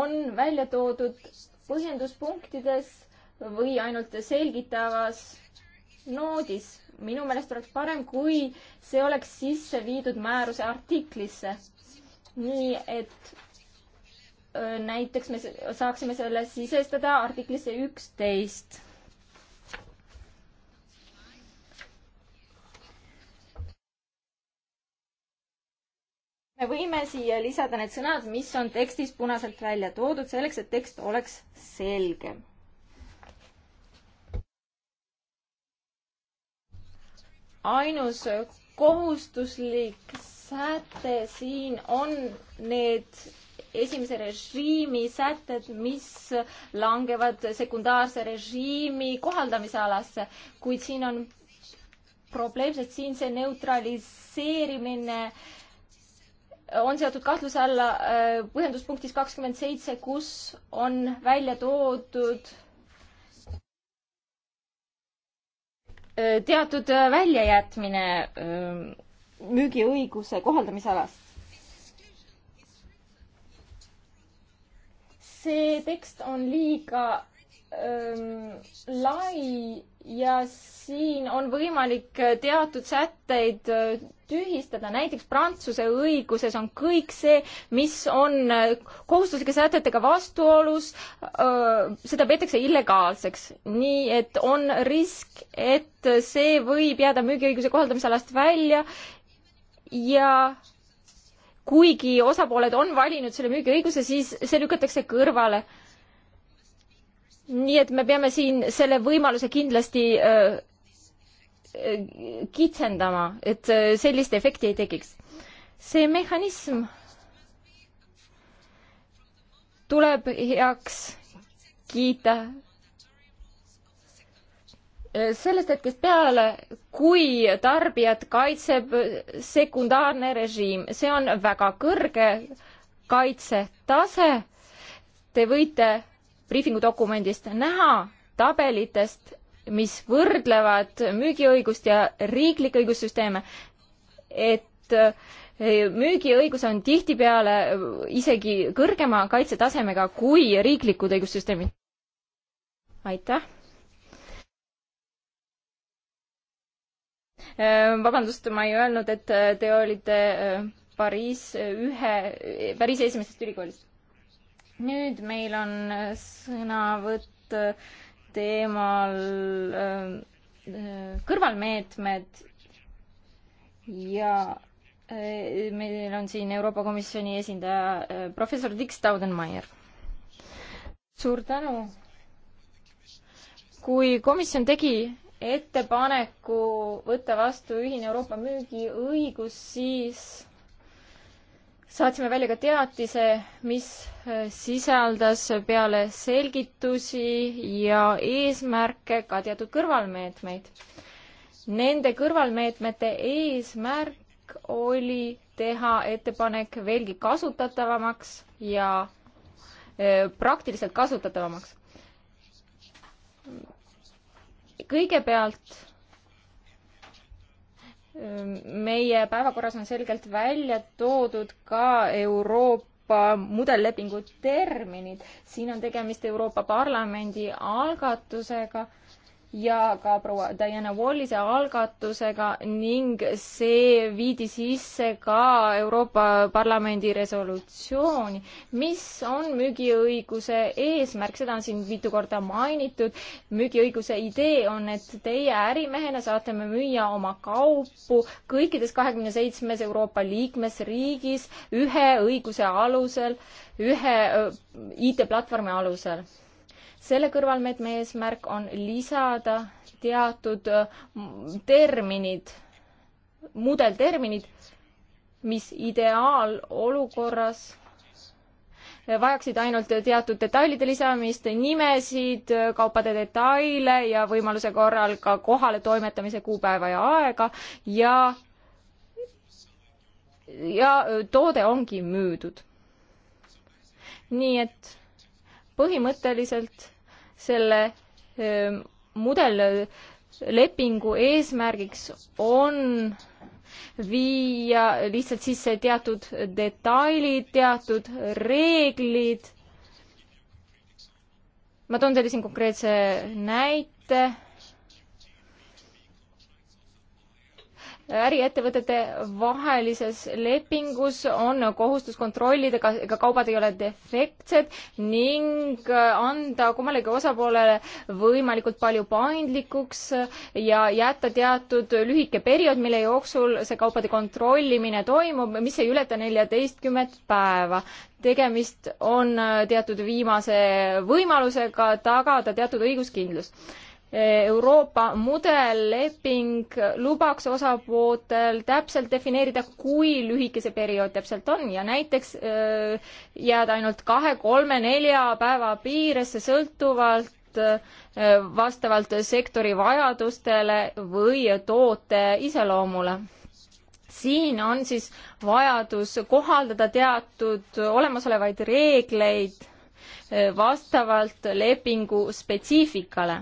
on välja toodud põhjenduspunktides või ainult selgitavas noodis. minu meelest oleks parem, kui see oleks sisse viidud määruse artiklisse. nii et äh, näiteks me saaksime selle sisestada artiklisse üksteist me võime siia lisada need sõnad, mis on tekstis punaselt välja toodud, selleks et tekst oleks selgem. ainus kohustuslik säte siin on need esimese režiimi sätted, mis langevad sekundaarse režiimi kohaldamise alasse, kuid siin on probleemselt siin see neutraliseerimine äh, on seotud kahtluse alla äh, põhjenduspunktis kakskümmend seitse, kus on välja toodud äh, teatud äh, väljajätmine müügiõiguse kohaldamisalast. see tekst on liiga lai ja siin on võimalik äh, teatud sätteid äh, tühistada, näiteks Prantsuse õiguses on kõik see, mis on äh, kohustuslike sätetega vastuolus, seda peetakse illegaalseks. nii et on risk, et see võib jääda müügiõiguse kohaldamisalast välja ja kuigi osapooled on valinud selle müügiõiguse, siis see lükatakse kõrvale nii et me peame siin selle võimaluse kindlasti äh, kitsendama, et äh, sellist efekti ei tekiks. see mehhanism tuleb heaks kiita äh, sellest hetkest peale, kui tarbijat kaitseb sekundaarne režiim, see on väga kõrge kaitsetase. Te võite briifingudokumendist näha tabelitest, mis võrdlevad müügiõigust ja riiklikke õigussüsteeme, et eh, müügiõigus on tihtipeale isegi kõrgema kaitsetasemega kui riiklikud õigussüsteemid. aitäh! Eh, vabandust, ma ei öelnud, et te olite eh, Pariis ühe, Pariisi esimesest ülikoolist nüüd meil on sõnavõtt äh, teemal äh, äh, kõrvalmeetmed ja meil on siin Euroopa Komisjoni esindaja professor Dick Staudenmaier. suur tänu. kui komisjon tegi ettepaneku võtta vastu ühine Euroopa müügiõigus, siis saatsime välja ka teatise, mis äh, sisaldas peale selgitusi ja eesmärke ka teatud kõrvalmeetmeid. Nende kõrvalmeetmete eesmärk oli teha ettepanek veelgi kasutatavamaks ja äh, praktiliselt kasutatavamaks. kõigepealt meie päevakorras on selgelt välja toodud ka Euroopa mudellepingu terminid. siin on tegemist Euroopa Parlamendi algatusega ja ka proua Diana Wallise algatusega ning see viidi sisse ka Euroopa Parlamendi resolutsiooni, mis on müügiõiguse eesmärk, seda on siin mitu korda mainitud. müügiõiguse idee on, et teie ärimehena saate me müüa oma kaupu kõikides kahekümne seitsmes Euroopa liikmesriigis ühe õiguse alusel, ühe äh, IT-platvormi alusel selle kõrvalmeetme eesmärk on lisada teatud mm, terminid, mudelterminid, mis ideaalolukorras vajaksid ainult teatud detailide lisamist, nimesid, kaupade detaile ja võimaluse korral ka kohale toimetamise kuupäeva ja aega ja, ja toode ongi müüdud. nii et põhimõtteliselt selle mudellepingu eesmärgiks on viia lihtsalt sisse teatud detailid, teatud reeglid. ma toon teile siin konkreetse näite äriettevõtete vahelises lepingus on kohustus kontrollida, kas ega kaubad ei ole defektsed ning äh, anda kummalegi osapoolele võimalikult palju paindlikuks ja jätta teatud lühike periood, mille jooksul see kaupade kontrollimine toimub, mis ei ületa neljateistkümmet päeva tegemist on äh, teatud viimase võimalusega tagada teatud õiguskindlus Euroopa mudelleping lubaks osapooltel täpselt defineerida, kui lühike see periood täpselt on ja näiteks äh, jääda ainult kahe, kolme, nelja päeva piiresse sõltuvalt äh, vastavalt sektori vajadustele või toote iseloomule. siin on siis vajadus kohaldada teatud olemasolevaid reegleid äh, vastavalt lepingu spetsiifikale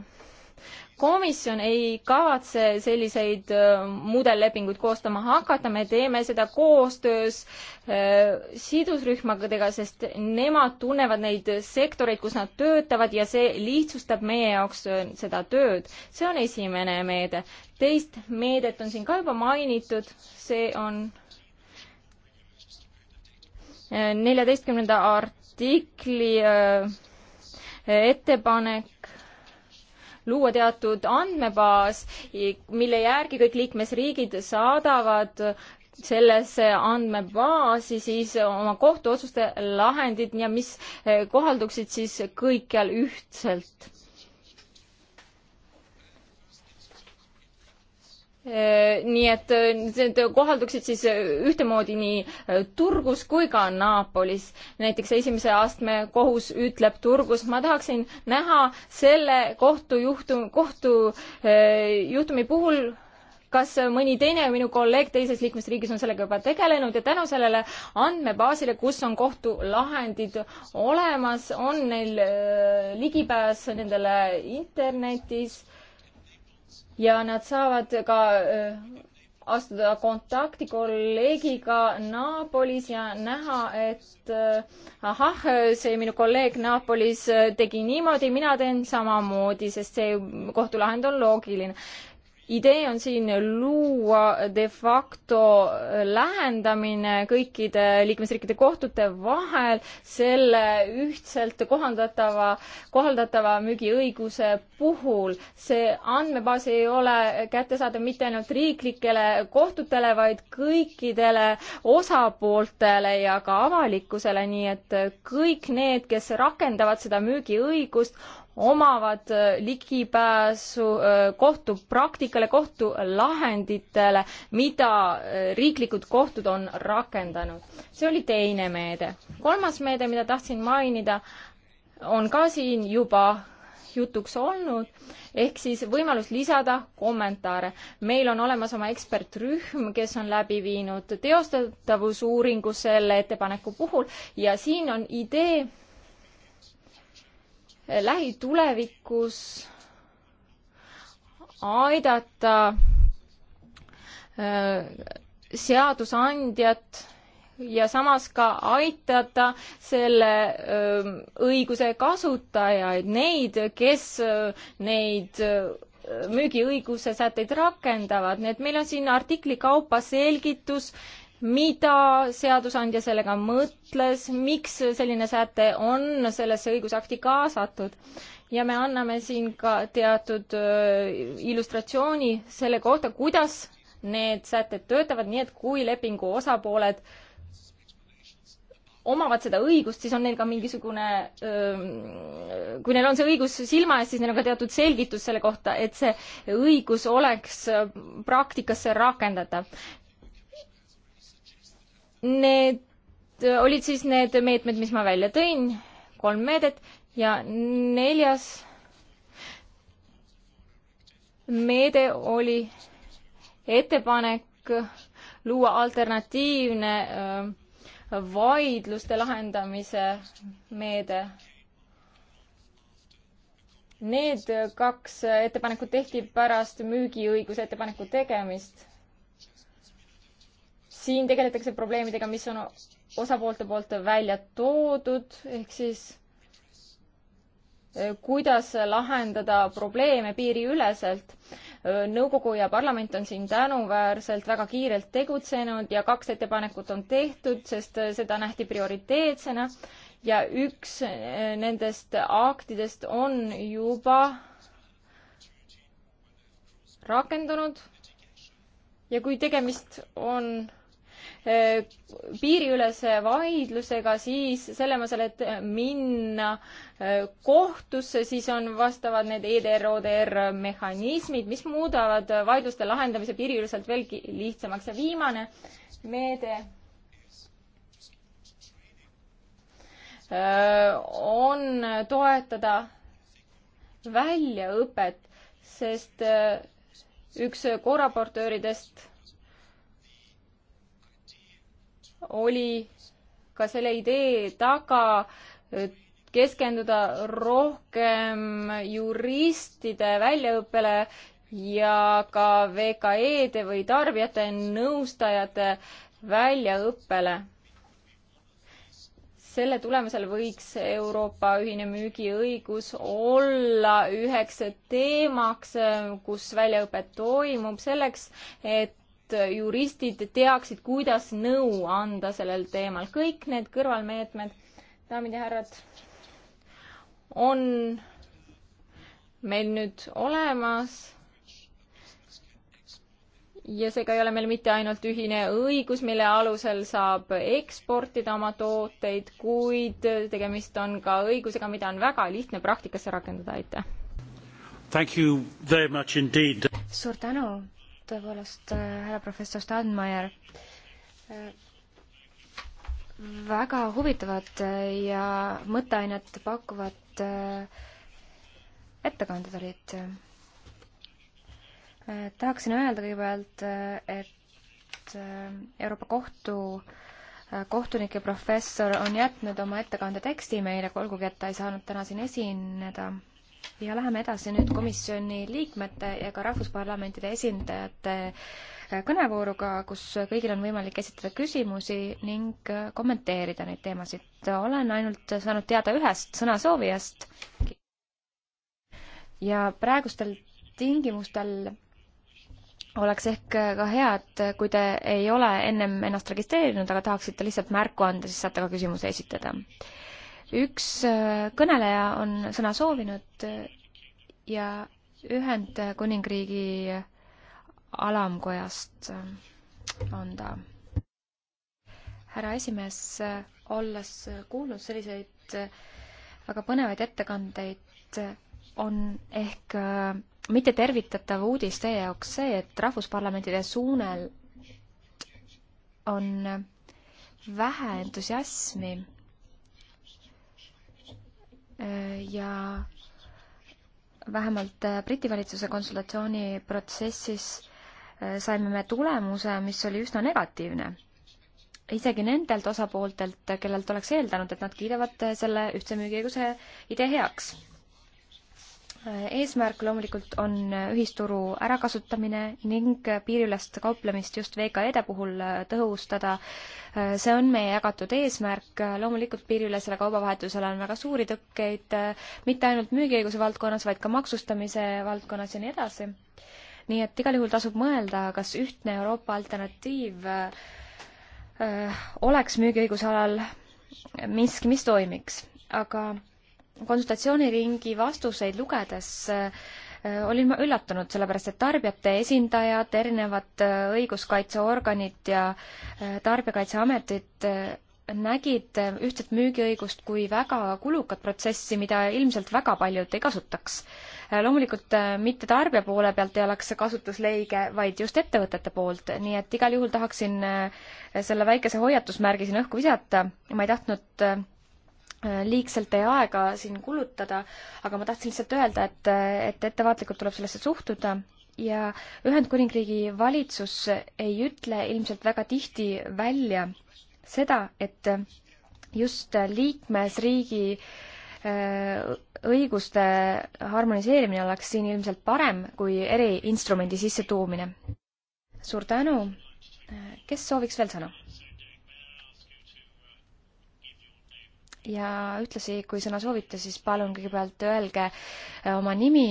komisjon ei kavatse selliseid äh, mudellepinguid koostama hakata, me teeme seda koostöös äh, sidusrühmadega, sest nemad tunnevad neid sektoreid, kus nad töötavad ja see lihtsustab meie jaoks äh, seda tööd. see on esimene meede. teist meedet on siin ka juba mainitud, see on neljateistkümnenda artikli ettepanek luua teatud andmebaas, mille järgi kõik liikmesriigid saadavad sellesse andmebaasi siis oma kohtuotsuste lahendid ja mis kohalduksid siis kõikjal ühtselt Äh, nii et need äh, kohalduksid siis äh, ühtemoodi nii Turgus kui ka Naapolis. näiteks esimese astme kohus ütleb Turgus, ma tahaksin näha selle kohtujuhtum, kohtujuhtumi puhul, kas mõni teine minu kolleeg teises liikmesriigis on sellega juba tegelenud ja tänu sellele andmebaasile, kus on kohtulahendid olemas, on neil ligipääs nendele internetis äh, ja nad saavad ka äh, astuda kontakti kolleegiga Napolis ja näha, et äh, ahah, see minu kolleeg Napolis äh, tegi niimoodi, mina teen samamoodi, sest see kohtulahend on loogiline idee on siin luua de facto lähendamine kõikide liikmesriikide kohtute vahel selle ühtselt kohandatava, kohaldatava müügiõiguse puhul. see andmebaas ei ole kättesaadav mitte ainult riiklikele kohtutele, vaid kõikidele osapooltele ja ka avalikkusele, nii et kõik need, kes rakendavad seda müügiõigust, omavad äh, ligipääsu äh, kohtupraktikale, kohtulahenditele, mida äh, riiklikud kohtud on rakendanud. see oli teine meede. kolmas meede, mida tahtsin mainida, on ka siin juba jutuks olnud, ehk siis võimalus lisada kommentaare. meil on olemas oma ekspertrühm, kes on läbi viinud teostatavusuuringu selle ettepaneku puhul ja siin on idee, lähitulevikus aidata äh, seadusandjat ja samas ka aitada selle äh, õiguse kasutajaid, neid, kes äh, neid müügiõiguse sätteid rakendavad, nii et meil on siin artikli kaupa selgitus mida seadusandja sellega mõtles, miks selline säte on sellesse õigusakti kaasatud ja me anname siin ka teatud äh, illustratsiooni selle kohta, kuidas need sätted töötavad, nii et kui lepingu osapooled omavad seda õigust, siis on neil ka mingisugune, ähm, kui neil on see õigus silma ees, siis neil on ka teatud selgitus selle kohta, et see õigus oleks äh, praktikasse rakendatav. Need olid siis need meetmed, mis ma välja tõin, kolm meedet ja neljas meede oli ettepanek luua alternatiivne vaidluste lahendamise meede. Need kaks ettepanekut tehti pärast müügiõiguse ettepaneku tegemist siin tegeletakse probleemidega, mis on osapoolte poolt välja toodud, ehk siis eh, kuidas lahendada probleeme piiriüleselt. Eh, nõukogu ja parlament on siin tänuväärselt väga kiirelt tegutsenud ja kaks ettepanekut on tehtud, sest eh, seda nähti prioriteetsena ja üks nendest aktidest on juba rakendunud. ja kui tegemist on Äh, piiriülese vaidlusega, siis selle asemel, et minna äh, kohtusse, siis on vastavad need EDR, ODR mehhanismid, mis muudavad vaidluste lahendamise piiriüleselt veelgi lihtsamaks ja viimane meede äh, on toetada väljaõpet, sest üks koraportööridest oli ka selle idee taga keskenduda rohkem juristide väljaõppele ja ka VKE-de või tarbijate nõustajate väljaõppele. selle tulemusel võiks Euroopa ühine müügiõigus olla üheks teemaks, kus väljaõpe toimub selleks, et et juristid teaksid, kuidas nõu anda sellel teemal. kõik need kõrvalmeetmed, daamid ja härrad, on meil nüüd olemas. ja seega ei ole meil mitte ainult ühine õigus, mille alusel saab eksportida oma tooteid, kuid tegemist on ka õigusega, mida on väga lihtne praktikasse rakendada. aitäh! suur tänu tõepoolest, äh, härra professor Stadmeier, äh, väga huvitavad äh, ja mõtteainet pakkuvad ettekanded olid. tahaksin öelda kõigepealt, et Euroopa Kohtu kohtunik ja professor on jätnud oma ettekande teksti meile, olgugi et ta ei saanud täna siin esineda ja läheme edasi nüüd komisjoni liikmete ja ka rahvusparlamentide esindajate äh, kõnevooruga, kus kõigil on võimalik esitada küsimusi ning äh, kommenteerida neid teemasid. olen ainult saanud teada ühest sõnasoovijast. ja praegustel tingimustel oleks ehk ka hea, et kui te ei ole ennem ennast registreerinud, aga tahaksite lihtsalt märku anda, siis saate ka küsimuse esitada üks äh, kõneleja on sõna soovinud äh, ja Ühendkuningriigi äh, alamkojast on ta. härra esimees, olles kuulnud selliseid väga põnevaid ettekandeid, on ehk mitte tervitatav uudis teie jaoks see, et rahvusparlamentide suunel on vähe entusiasmi ja vähemalt äh, Briti valitsuse konsultatsiooniprotsessis äh, saime me tulemuse, mis oli üsna negatiivne. isegi nendelt osapooltelt, kellelt oleks eeldanud, et nad kiidavad äh, selle ühtse müügiõiguse idee heaks eesmärk loomulikult on ühisturu ärakasutamine ning piiriülest kauplemist just VKE-de puhul tõhustada. see on meie jagatud eesmärk, loomulikult piiriülesele kaubavahetusele on väga suuri tõkkeid, mitte ainult müügiõiguse valdkonnas, vaid ka maksustamise valdkonnas ja nii edasi. nii et igal juhul tasub mõelda, kas ühtne Euroopa alternatiiv öö, äh, oleks müügiõiguse alal miski, mis toimiks, aga konsultatsiooniringi vastuseid lugedes äh, olin ma üllatunud, sellepärast et tarbijate esindajad, erinevad äh, õiguskaitseorganid ja äh, Tarbijakaitseametid nägid ühtset müügiõigust kui väga kulukat protsessi, mida ilmselt väga paljud ei kasutaks. loomulikult mitte tarbija poole pealt ei oleks see kasutusleige, vaid just ettevõtete poolt, nii et igal juhul tahaksin selle väikese hoiatusmärgi siin õhku visata, ma ei tahtnud liigselt teie aega siin kulutada, aga ma tahtsin lihtsalt öelda, et, et ettevaatlikult tuleb sellesse suhtuda ja Ühendkuningriigi valitsus ei ütle ilmselt väga tihti välja seda, et just liikmesriigi äh, õiguste harmoniseerimine oleks siin ilmselt parem kui eriinstrumendi sissetoomine. suur tänu. kes sooviks veel sõna? ja ühtlasi, kui sõna soovite, siis palun kõigepealt öelge äh, oma nimi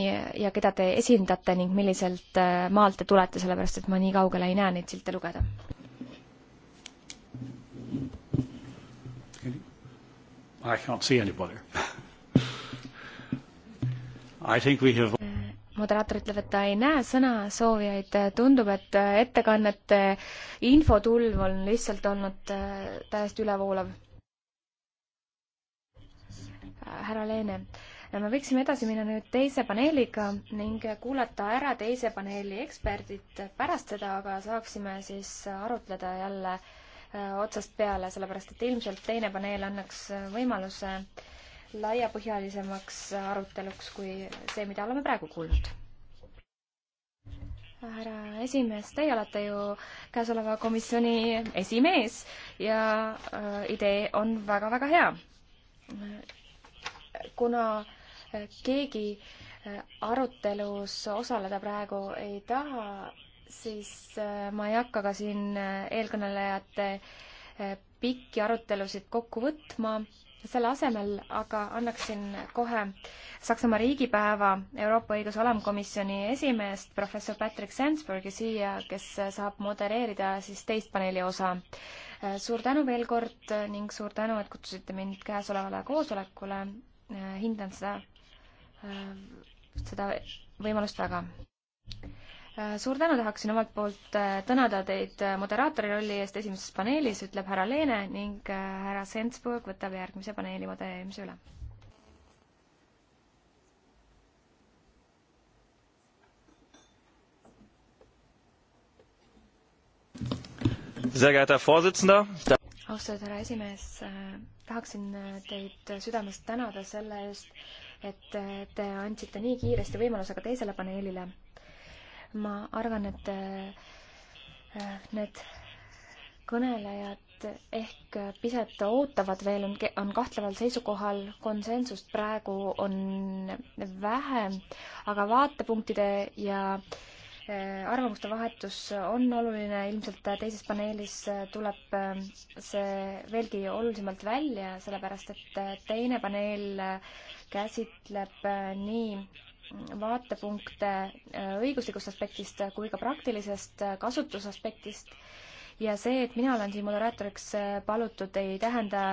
ja keda te esindate ning milliselt äh, maalt te tulete, sellepärast et ma nii kaugele ei näe neid silte lugeda. I can't see anybody I think we have äh, moderaator ütleb, et ta ei näe sõnasoovijaid, tundub, et ettekannete infotulv on lihtsalt olnud täiesti ülevoolav härra Leene. me võiksime edasi minna nüüd teise paneeliga ning kuulata ära teise paneeli eksperdid pärast seda, aga saaksime siis arutleda jälle äh, otsast peale, sellepärast et ilmselt teine paneel annaks äh, võimaluse laiapõhjalisemaks aruteluks kui see, mida oleme praegu kuulnud härra esimees, teie olete ju käesoleva komisjoni esimees ja äh, idee on väga-väga hea kuna eh, keegi eh, arutelus osaleda praegu ei taha, siis eh, ma ei hakka ka siin eelkõnelejate pikki arutelusid kokku võtma, selle asemel aga annaksin kohe Saksamaa riigipäeva Euroopa õiguse alamkomisjoni esimeest, professor Patrick Sandsbergi siia, kes saab modereerida siis teist paneeli osa. suur tänu veel kord ning suur tänu, et kutsusite mind käesolevale koosolekule Äh, hindan seda, äh, seda võimalust väga. Äh, suur tänu, tahaksin omalt poolt tänada teid moderaatori rolli eest esimeses paneelis, ütleb härra Leene ning härra Sensburg võtab järgmise paneeli modereerimise üle sehr geehrter Herr Vorsitzender, austatud härra esimees äh,, tahaksin äh, teid südamest tänada selle eest, et äh, te andsite nii kiiresti võimaluse ka teisele paneelile. ma arvan, et äh, need kõnelejad ehk pisut ootavad veel, on, on kahtleval seisukohal, konsensust praegu on vähe, aga vaatepunktide ja äh, Eh, arvamuste vahetus on oluline, ilmselt teises paneelis tuleb eh, see veelgi olulisemalt välja, sellepärast et eh, teine paneel käsitleb nii vaatepunkte õiguslikust aspektist kui ka praktilisest kasutusaspektist ja see, et mina olen siin moderaatoriks palutud, ei tähenda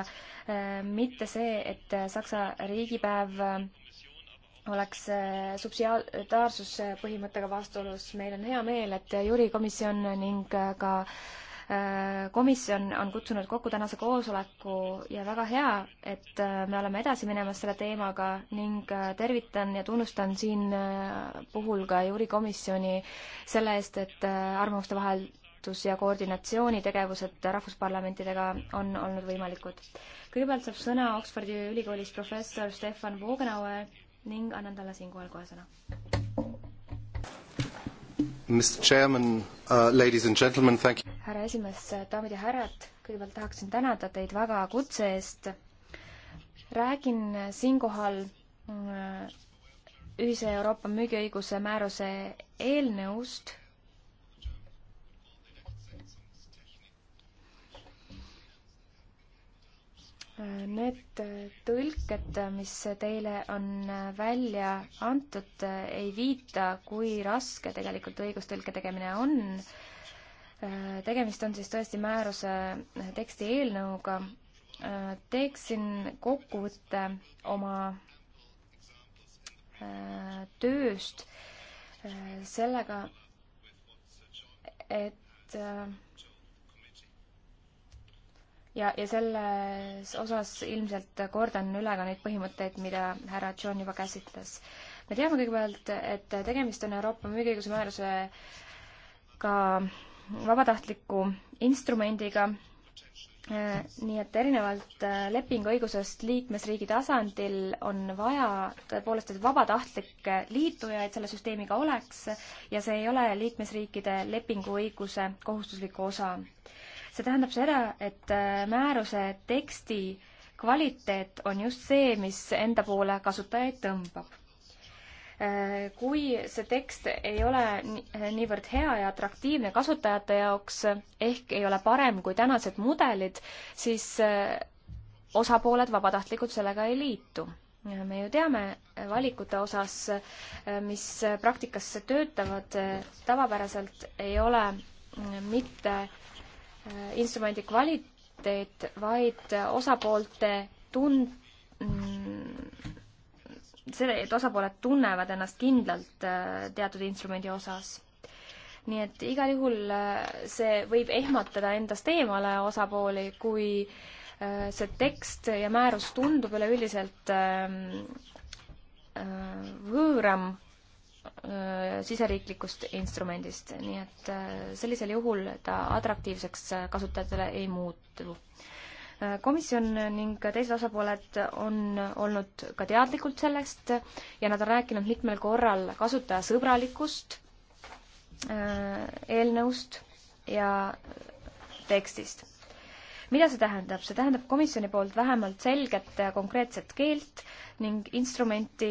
mitte see, et Saksa riigipäev oleks äh, subsidiaarsuse põhimõttega vastuolus. meil on hea meel, et juurikomisjon ning äh, ka äh, komisjon on kutsunud kokku tänase koosoleku ja väga hea, et me oleme edasi minemas selle teemaga ning tervitan ja tunnustan siin puhul ka juurikomisjoni selle eest, et arvamuste vaheldus ja koordinatsioonitegevused rahvusparlamentidega on olnud võimalikud. kõigepealt saab sõna Oxfordi ülikoolis professor Stefan Vogenauer ning annan talle siinkohal kohe sõna. Mr Chairman uh,, ladies and gentlemen, thank you. härra esimees, daamid ja härrad, kõigepealt tahaksin tänada teid väga kutse eest. räägin siinkohal mm, ühise Euroopa müügiõiguse määruse eelnõust Need tõlked, mis teile on välja antud, ei viita, kui raske tegelikult õigustõlke tegemine on. tegemist on siis tõesti määruse teksti eelnõuga. teeksin kokkuvõtte oma äh, tööst äh, sellega, et äh, ja, ja selles osas ilmselt kordan üle ka neid põhimõtteid, mida härra John juba käsitles. me teame kõigepealt, et tegemist on Euroopa müügiõiguse määrusega vabatahtliku instrumendiga, nii et erinevalt lepinguõigusest liikmesriigi tasandil on vaja tõepoolest, et vabatahtlikke liitujaid selle süsteemiga oleks ja see ei ole liikmesriikide lepinguõiguse kohustuslik osa see tähendab seda, et äh, määruse teksti kvaliteet on just see, mis enda poole kasutajaid tõmbab äh, kui see tekst ei ole niivõrd hea ja atraktiivne kasutajate jaoks ehk ei ole parem kui tänased mudelid, siis äh, osapooled vabatahtlikult sellega ei liitu. me ju teame valikute osas, mis praktikasse töötavad, tavapäraselt ei ole mitte Äh, instrumendi kvaliteet, vaid osapoolte tun-, mm, see, et osapooled tunnevad ennast kindlalt äh, teatud instrumendi osas. nii et igal juhul äh, see võib ehmatada endast eemale osapooli, kui see tekst ja määrus tundub üleüldiselt ähm, võõram Äh, siseriiklikust instrumendist, nii et äh, sellisel juhul ta atraktiivseks äh, kasutajatele ei muutu. komisjon ning teised osapooled on olnud ka teadlikud sellest ja nad on rääkinud mitmel korral kasutajasõbralikust eelnõust ja tekstist mida see tähendab? see tähendab komisjoni poolt vähemalt selget konkreetset keelt ning instrumenti,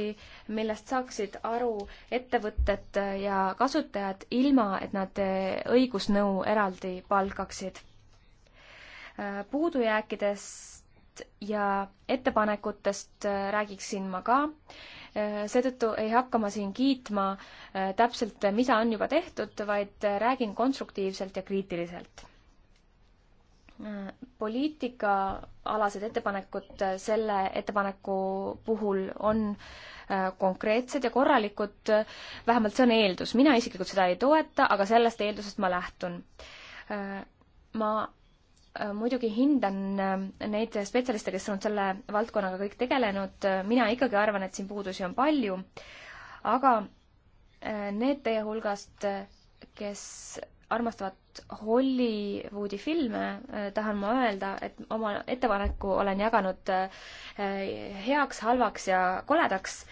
millest saaksid aru ettevõtted ja kasutajad, ilma et nad õigusnõu eraldi palkaksid. puudujääkidest ja ettepanekutest räägiksin ma ka seetõttu ei hakka ma siin kiitma täpselt, mida on juba tehtud, vaid räägin konstruktiivselt ja kriitiliselt poliitikaalased ettepanekud selle ettepaneku puhul on äh, konkreetsed ja korralikud, vähemalt see on eeldus. mina isiklikult seda ei toeta, aga sellest eeldusest ma lähtun. Äh, ma äh, muidugi hindan neid spetsialiste, kes on selle valdkonnaga kõik tegelenud, mina ikkagi arvan, et siin puudusi on palju, aga need teie hulgast, kes armastavat Hollywoodi filme, äh, tahan ma öelda, et oma ettepaneku olen jaganud äh, heaks, halvaks ja koledaks.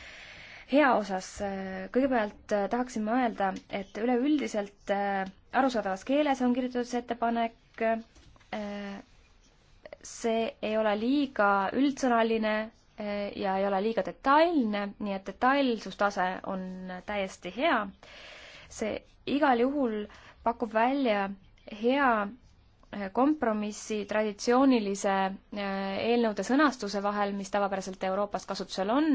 hea osas äh, kõigepealt tahaksin ma öelda, et üleüldiselt arusaadavas keeles on kirjutatud see ettepanek. see ei ole liiga üldsõnaline ja ei ole liiga detailne, nii et detailsustase on täiesti hea. see igal juhul äh, pakub välja hea eh, kompromissi traditsioonilise eh, eelnõude sõnastuse vahel, mis tavapäraselt Euroopas kasutusel on,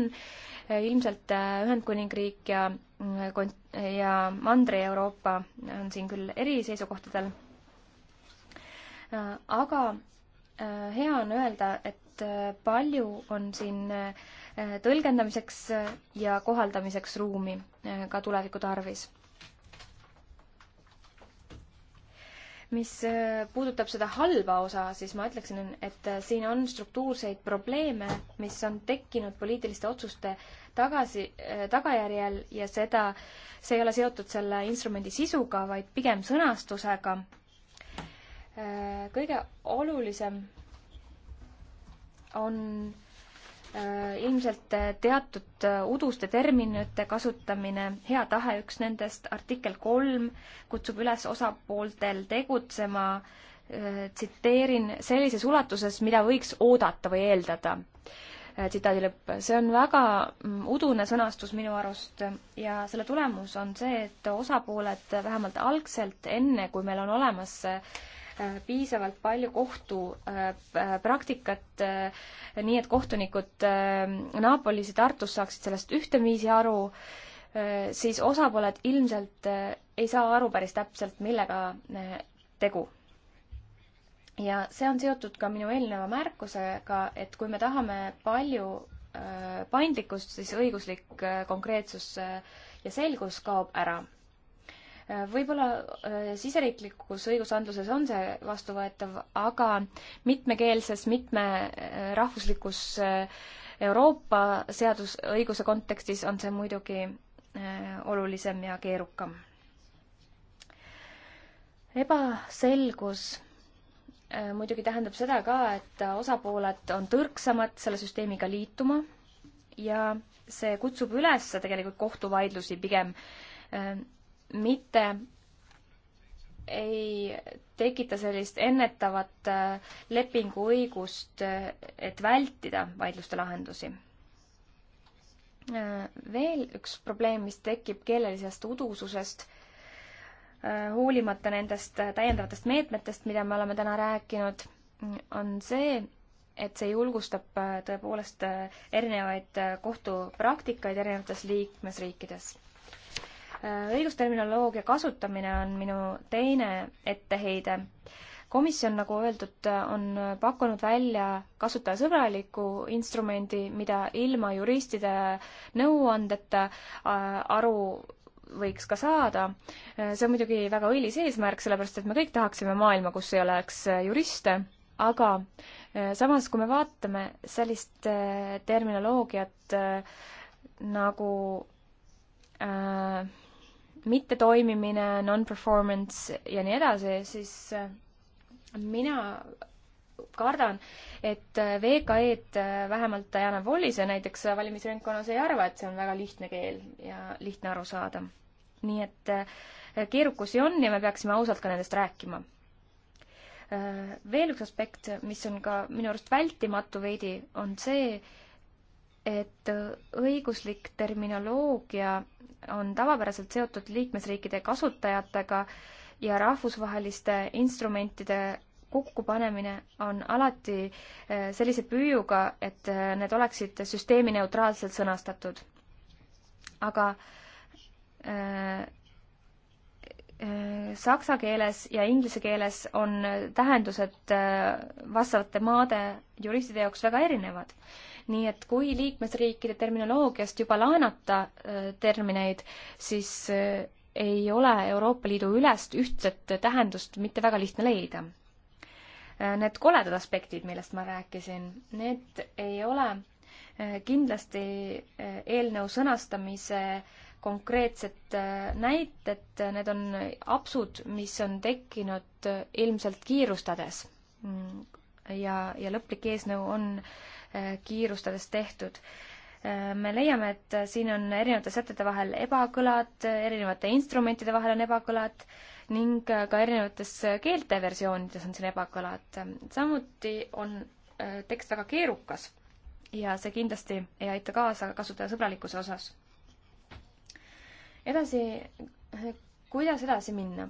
eh, ilmselt Ühendkuningriik ja, mm, ja Mandri-Euroopa on siin küll eri seisukohtadel, aga hea on öelda, et palju on siin tõlgendamiseks ja kohaldamiseks ruumi ka tuleviku tarvis mis äh, puudutab seda halba osa, siis ma ütleksin, et äh, siin on struktuurseid probleeme, mis on tekkinud poliitiliste otsuste tagasi, äh, tagajärjel ja seda, see ei ole seotud selle instrumendi sisuga, vaid pigem sõnastusega. kõige olulisem on Äh, ilmselt äh, teatud äh, uduste terminite kasutamine, hea tahe üks nendest, artikkel kolm kutsub üles osapooltel tegutsema, tsiteerin, sellises ulatuses, mida võiks oodata või eeldada. tsitaadi lõpp. see on väga mm, udune sõnastus minu arust ja selle tulemus on see, et osapooled vähemalt algselt, enne kui meil on olemas Äh, piisavalt palju kohtupraktikat, äh, äh, nii et kohtunikud Napolis ja Tartus saaksid sellest ühteviisi aru, siis osapooled ilmselt ei saa aru päris täpselt, millega tegu. ja see on seotud ka minu eelneva märkusega, et kui me tahame palju paindlikkust, siis õiguslik konkreetsus ja selgus kaob ära võib-olla äh, siseriiklikus õigusandluses on see vastuvõetav, aga mitmekeelses, mitmerahvuslikus äh, äh, Euroopa seadus, õiguse kontekstis on see muidugi olulisem ja keerukam. ebaselgus muidugi tähendab seda ka, et osapooled on tõrksamad selle süsteemiga liituma ja see kutsub üles tegelikult kohtuvaidlusi pigem mitte ei tekita sellist ennetavat äh, lepinguõigust, äh, et vältida vaidluste lahendusi. Äh, veel üks probleem, mis tekib keelelisest udususest, hoolimata nendest täiendavatest meetmetest, mida me oleme täna rääkinud, on see, et see julgustab tõepoolest erinevaid kohtupraktikaid erinevates liikmesriikides Äh, õigusterminoloogia kasutamine on minu teine etteheide. komisjon, nagu öeldud, on pakkunud välja kasutajasõbraliku instrumendi, mida ilma juristide nõuandeta äh, aru võiks ka saada. Äh, see on muidugi väga õilis eesmärk, sellepärast et me kõik tahaksime maailma, kus ei oleks juriste, aga samas, kui me vaatame sellist terminoloogiat nagu äh, mittetoimimine, non-performance ja nii edasi, siis äh, mina kardan, et äh, VKE-d äh, vähemalt Diana Wallise näiteks valimisringkonnas ei arva, et see on väga lihtne keel ja lihtne aru saada. nii et keerukusi on ja me peaksime ausalt ka nendest rääkima. veel üks aspekt, mis on ka minu arust vältimatu veidi, on see, et õiguslik terminoloogia on tavapäraselt seotud liikmesriikide kasutajatega ja rahvusvaheliste instrumentide kokkupanemine on alati eh, sellise püüuga, et eh, need oleksid süsteemi neutraalselt sõnastatud. aga äh, saksa keeles ja inglise keeles on tähendused vastavate maade juristide jaoks väga erinevad nii et kui liikmesriikide terminoloogiast juba laenata äh, termineid, siis äh, ei ole Euroopa Liidu ülest ühtset tähendust mitte väga lihtne leida. Äh, need koledad aspektid, millest ma rääkisin, need ei ole kindlasti eelnõu sõnastamise konkreetsed näited, need on apsud, mis on tekkinud ilmselt kiirustades. Mm, ja, ja lõplik eesnõu on kiirustades tehtud. me leiame, et siin on erinevate sätete vahel ebakõlad, erinevate instrumentide vahel on ebakõlad ning ka erinevates keelte versioonides on siin ebakõlad. samuti on äh, tekst väga keerukas ja see kindlasti ei aita kaasa kasutajasõbralikkuse osas. edasi, äh, kuidas edasi minna?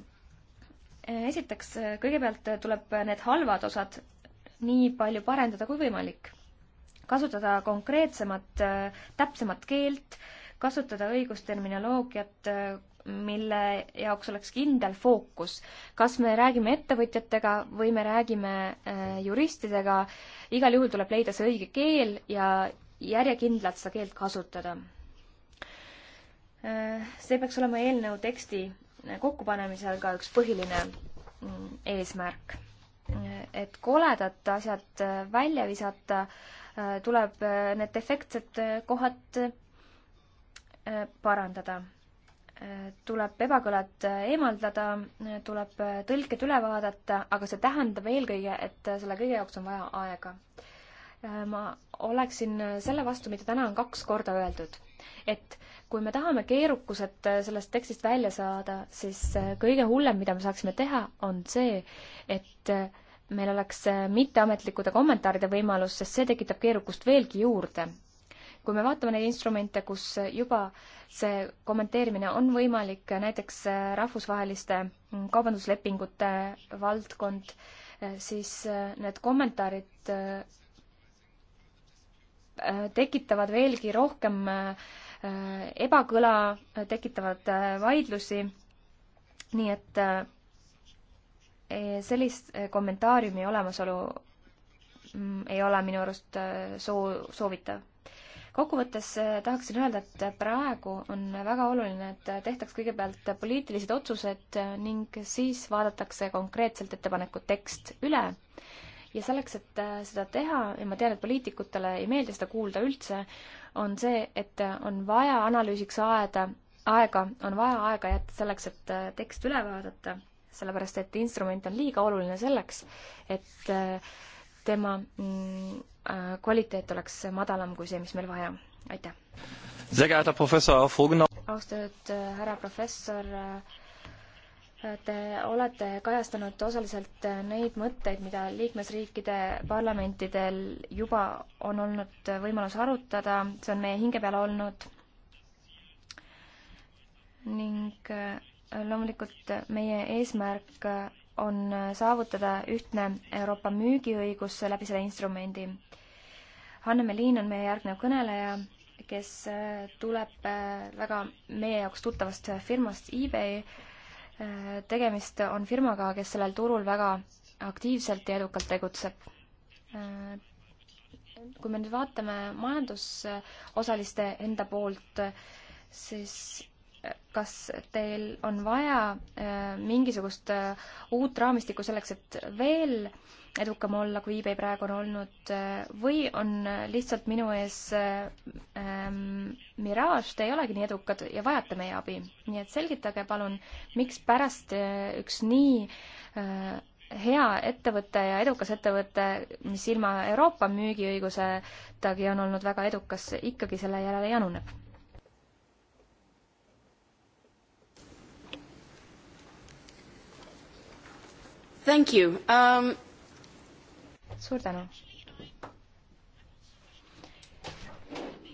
Äh, esiteks, kõigepealt tuleb need halvad osad nii palju parendada kui võimalik kasutada konkreetsemat, täpsemat keelt, kasutada õigusterminoloogiat, mille jaoks oleks kindel fookus. kas me räägime ettevõtjatega või me räägime äh, juristidega, igal juhul tuleb leida see õige keel ja järjekindlalt seda keelt kasutada. Äh, see peaks olema eelnõu teksti äh, kokkupanemisel ka üks põhiline mm, eesmärk. et koledad asjad välja visata, Äh, tuleb äh, need defektsed äh, kohad parandada. tuleb ebakõlad eemaldada, tuleb tõlked üle vaadata, aga see tähendab eelkõige, et selle kõige jaoks on vaja aega. ma oleksin selle vastu, mida täna on kaks korda öeldud, et kui me tahame keerukused sellest tekstist välja saada, siis kõige hullem, mida me saaksime teha, on see, et meil oleks äh, mitteametlikude kommentaaride võimalus, sest see tekitab keerukust veelgi juurde. kui me vaatame neid instrumente, kus äh, juba see kommenteerimine on võimalik, äh, näiteks rahvusvaheliste mm, kaubanduslepingute valdkond, siis need kommentaarid tekitavad veelgi rohkem ebakõla, tekitavad vaidlusi, nii et Eh, sellist eh, kommentaariumi olemasolu mm, ei ole minu arust eh, soo-, soovitav. kokkuvõttes tahaksin öelda, et praegu on väga oluline, et tehtaks kõigepealt poliitilised otsused ning siis vaadatakse konkreetselt ettepaneku tekst üle. ja selleks, et seda teha, ja ma tean, et poliitikutele ei meeldi seda kuulda üldse, on see, et on vaja analüüsiks aeda, aega, on vaja aega jätta selleks, et tekst üle vaadata sellepärast et instrument on liiga oluline selleks, et äh, tema mm, äh, kvaliteet oleks madalam kui see, mis meil vaja. aitäh! austatud äh, härra professor, Te olete kajastanud osaliselt neid mõtteid, mida liikmesriikide parlamentidel juba on olnud võimalus arutada, see on meie hinge peal olnud ning loomulikult meie eesmärk on saavutada ühtne Euroopa müügiõigus läbi selle instrumendi. Hanne Melin on meie järgnev kõneleja, kes tuleb väga meie jaoks tuttavast firmast eBay. tegemist on firmaga, kes sellel turul väga aktiivselt ja edukalt tegutseb. kui me nüüd vaatame majandusosaliste enda poolt, siis kas teil on vaja äh, mingisugust äh, uut raamistikku selleks, et veel edukam olla, kui eBay praegu on olnud, äh, või on lihtsalt minu ees ähm, Mirage, te ei olegi nii edukad ja vajate meie abi. nii et selgitage palun, mikspärast üks nii äh, hea ettevõte ja edukas ettevõte, mis ilma Euroopa müügiõigusetagi on olnud väga edukas, ikkagi selle järele januneb Thank you um.... suur tänu.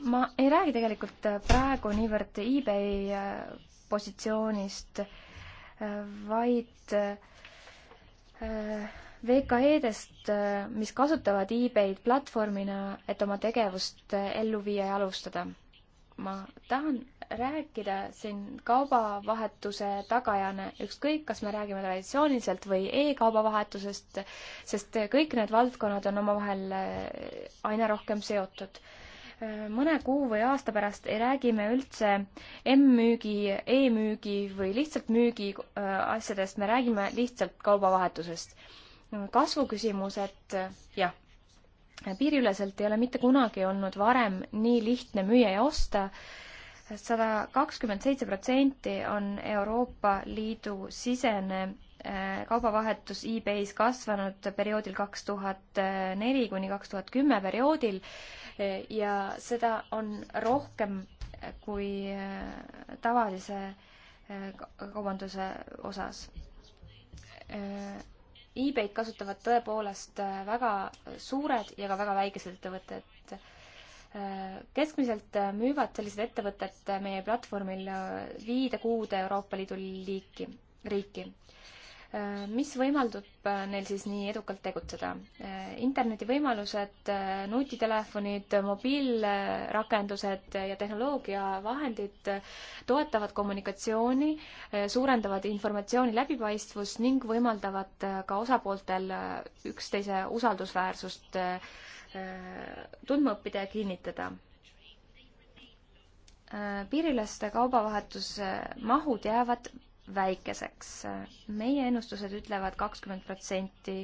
ma ei räägi tegelikult praegu niivõrd eBay äh, positsioonist, äh, vaid äh, VKE-dest, mis kasutavad eBay-d platvormina, et oma tegevust ellu viia ja alustada. ma tahan rääkida siin kaubavahetuse tagajana, ükskõik, kas me räägime traditsiooniliselt või e-kaubavahetusest, sest kõik need valdkonnad on omavahel äh, aina rohkem seotud. Äh, mõne kuu või aasta pärast ei räägi me üldse M-müügi e, e-müügi või lihtsalt müügi äh, asjadest, me räägime lihtsalt kaubavahetusest. kasvuküsimused, jah piiriüleselt ei ole mitte kunagi olnud varem nii lihtne müüa ja osta sada kakskümmend seitse protsenti on Euroopa Liidu sisene äh, kaubavahetus e-base kasvanud perioodil kaks tuhat neli kuni kaks tuhat kümme perioodil äh, ja seda on rohkem äh, kui tavalise kaubanduse osas e-Bay'd kasutavad tõepoolest väga suured ja ka väga väikesed ettevõtted et keskmiselt müüvad sellised ettevõtted meie platvormil viide kuude Euroopa Liidu liiki, riiki. mis võimaldab neil siis nii edukalt tegutseda? internetivõimalused, nutitelefonid, mobiilrakendused ja tehnoloogiavahendid toetavad kommunikatsiooni, suurendavad informatsiooni läbipaistvust ning võimaldavad ka osapooltel üksteise usaldusväärsust tundma õppida ja kinnitada. piirilaste kaubavahetuse mahud jäävad väikeseks. meie ennustused ütlevad kakskümmend protsenti.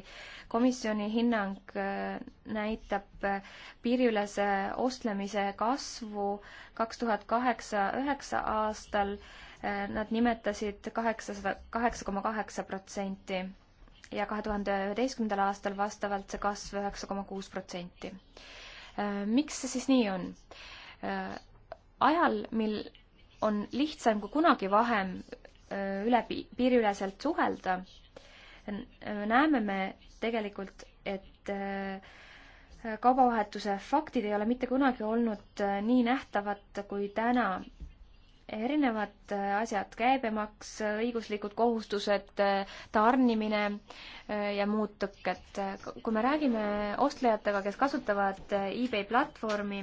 komisjoni hinnang äh, näitab äh, piiriülese ostlemise kasvu kaks tuhat kaheksa, üheksa aastal. Äh, nad nimetasid kaheksasada, kaheksa koma kaheksa protsenti ja kahe tuhande üheteistkümnendal aastal vastavalt see kasv üheksa koma kuus protsenti. Äh, miks see siis nii on? Äh, ajal, mil on lihtsam kui kunagi vahem äh, üle piiriüleselt suhelda, näeme me tegelikult, et kaubavahetuse faktid ei ole mitte kunagi olnud nii nähtavad kui täna erinevad äh, asjad, käibemaks, äh, õiguslikud kohustused, äh, tarnimine ja muud tõkked. kui me räägime ostlejatega, kes kasutavad eBay platvormi,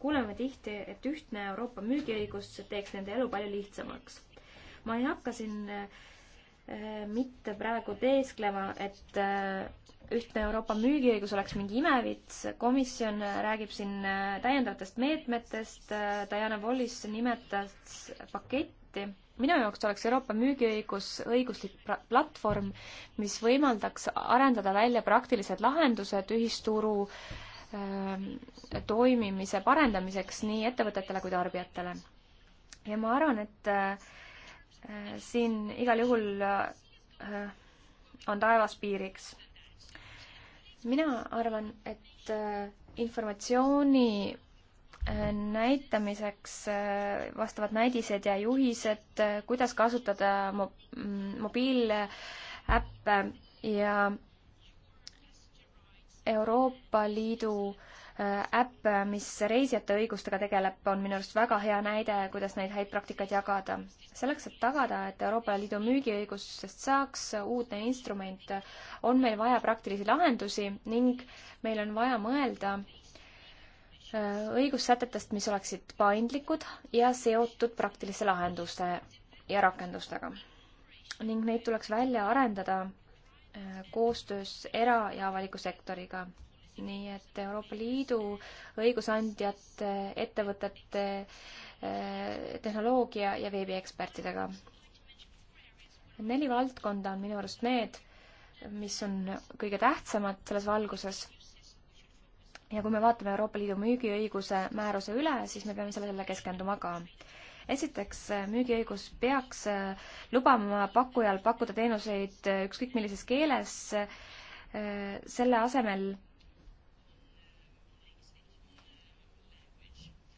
kuuleme tihti, et ühtne Euroopa müügiõigus teeks nende elu palju lihtsamaks. ma ei hakka siin äh, Äh, mitte praegu teesklema, et äh, ühtne Euroopa müügiõigus oleks mingi imevits, komisjon räägib siin äh, täiendavatest meetmetest, Diana Wallis nimetas paketti, minu jaoks oleks Euroopa müügiõigus õiguslik platvorm, mis võimaldaks arendada välja praktilised lahendused ühisturu äh, toimimise parendamiseks nii ettevõtetele kui tarbijatele. ja ma arvan, et äh, Äh, siin igal juhul äh, on taevas piiriks. mina arvan, et äh, informatsiooni näitamiseks vastavad näidised ja juhised, kuidas kasutada mo-, mm, mobiiläppe ja Euroopa Liidu äh, Äh, äpp, mis reisijate õigustega tegeleb, on minu arust väga hea näide, kuidas neid häid praktikaid jagada. selleks, et tagada, et Euroopa Liidu müügiõigustest saaks uudne instrument, on meil vaja praktilisi lahendusi ning meil on vaja mõelda äh, õigussätetest, mis oleksid paindlikud ja seotud praktiliste lahenduste ja rakendustega. ning neid tuleks välja arendada äh, koostöös era- ja avaliku sektoriga nii et Euroopa Liidu õigusandjate, ettevõtete, eh, tehnoloogia ja veebiekspertidega. neli valdkonda on minu arust need, mis on kõige tähtsamad selles valguses. ja kui me vaatame Euroopa Liidu müügiõiguse määruse üle, siis me peame sellele keskenduma ka esiteks, müügiõigus peaks eh, lubama pakkujal pakkuda teenuseid eh, ükskõik millises keeles, selle asemel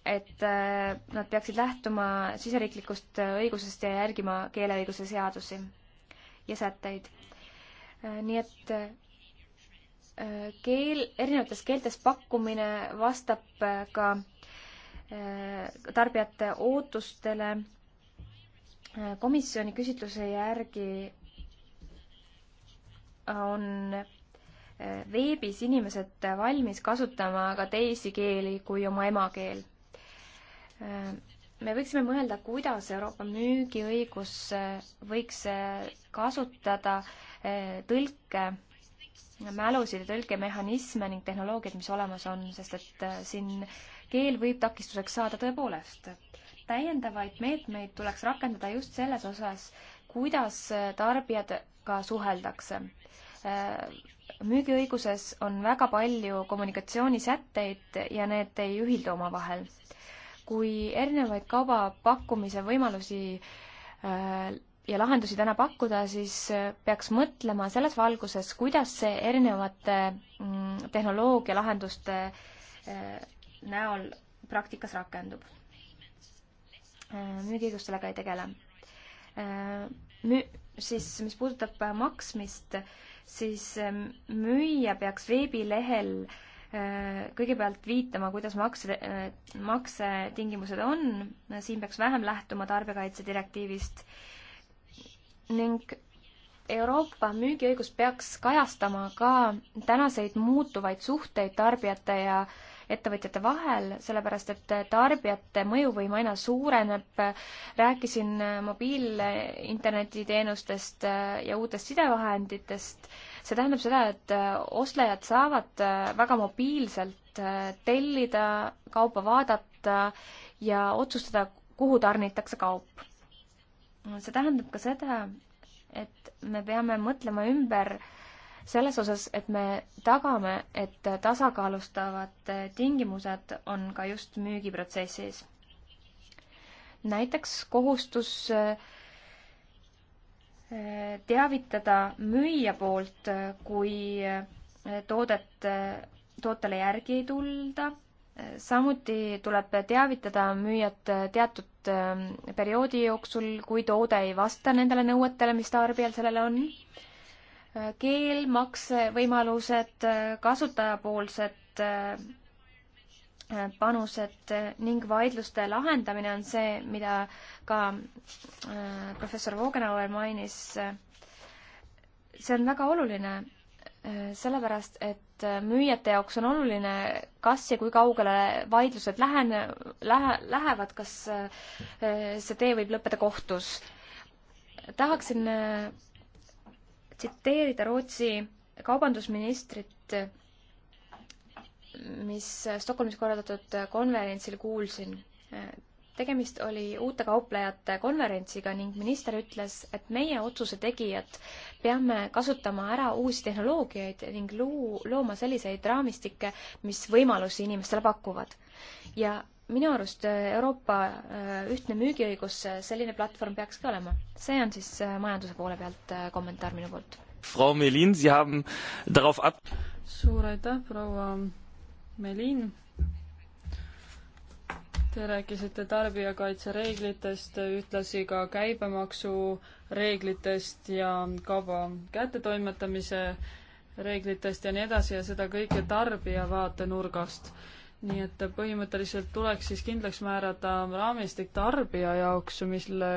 et äh, nad peaksid lähtuma siseriiklikust äh, õigusest ja järgima keeleõiguse seadusi ja sätteid. Äh, nii et keel, erinevates keeltes pakkumine vastab ka tarbijate ootustele. komisjoni küsitluse järgi on veebis inimesed valmis kasutama ka teisi keeli kui oma emakeel me võiksime mõelda, kuidas Euroopa müügiõigus e, võiks e, kasutada e, tõlke, mälusid ja tõlkemehhanisme ning tehnoloogiat, mis olemas on, sest et siin keel võib takistuseks saada tõepoolest. täiendavaid meetmeid tuleks rakendada just selles osas, kuidas tarbijatega suheldakse müügiõiguses on väga palju kommunikatsioonisätteid ja need ei ühildu omavahel kui erinevaid kauba pakkumise võimalusi äh, ja lahendusi täna pakkuda, siis äh, peaks mõtlema selles valguses, kuidas see erinevate mm, tehnoloogia lahenduste äh, näol praktikas rakendub. müügiõigus sellega ei tegele. Müü-, siis mis puudutab maksmist, siis müüja peaks veebilehel äh, kõigepealt viitama, kuidas makse, maksetingimused on, siin peaks vähem lähtuma tarbijakaitse direktiivist ning Euroopa müügiõigus peaks kajastama ka tänaseid muutuvaid suhteid tarbijate ja ettevõtjate vahel, sellepärast et tarbijate mõjuvõim aina suureneb. rääkisin mobiil-internetiteenustest ja uutest sidevahenditest see tähendab seda, et äh, ostlejad saavad äh, väga mobiilselt äh, tellida, kaupa vaadata ja otsustada, kuhu tarnitakse kaup. see tähendab ka seda, et me peame mõtlema ümber selles osas, et me tagame, et tasakaalustavad tingimused on ka just müügiprotsessis. näiteks kohustus äh, teavitada müüja poolt, kui eh, toodet, eh, tootele järgi ei tulda. samuti tuleb teavitada müüjat eh, teatud perioodi jooksul, kui toode ei vasta nendele nõuetele, mis tarbijal sellele on. keel, maksevõimalused, kasutajapoolsed panused ning vaidluste lahendamine on see, mida ka äh, professor Voogenauer mainis. see on väga oluline, äh, sellepärast et äh, müüjate jaoks on oluline, kas ja kui kaugele vaidlused lähene, lähe, lähevad, kas see tee võib lõppeda kohtus. tahaksin tsiteerida Rootsi kaubandusministrit mis Stockholmis korraldatud konverentsil kuulsin. tegemist oli uute kauplejate konverentsiga ning minister ütles, et meie otsuse tegijad peame kasutama ära uusi tehnoloogiaid ning luu-, looma selliseid raamistikke, mis võimalusi inimestele pakuvad. ja minu arust Euroopa äh, ühtne müügiõigus, äh, selline platvorm peakski olema. see on siis äh, majanduse poole pealt kommentaar minu poolt. Frau Melin, Sie haben darauf ab-. suur aitäh, proua Melin. Te rääkisite tarbijakaitsereeglitest, ühtlasi ka käibemaksureeglitest ja kauba kättetoimetamise reeglitest ja nii edasi ja seda kõike tarbija vaatenurgast. nii et põhimõtteliselt tuleks siis kindlaks määrata raamistik tarbija jaoks, mille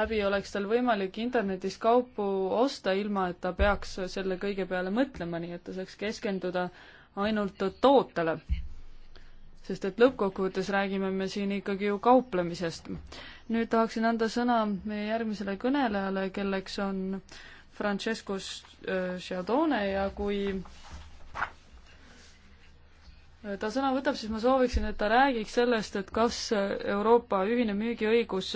läbi oleks tal võimalik internetist kaupu osta, ilma et ta peaks selle kõige peale mõtlema, nii et ta saaks keskenduda äh, ainult tootele. sest et lõppkokkuvõttes räägime me siin ikkagi ju kauplemisest. nüüd tahaksin anda sõna meie järgmisele kõnelejale, kelleks on Francesco Sciadone ja kui ta sõna võtab, siis ma sooviksin, et ta räägiks sellest, et kas Euroopa ühine müügiõigus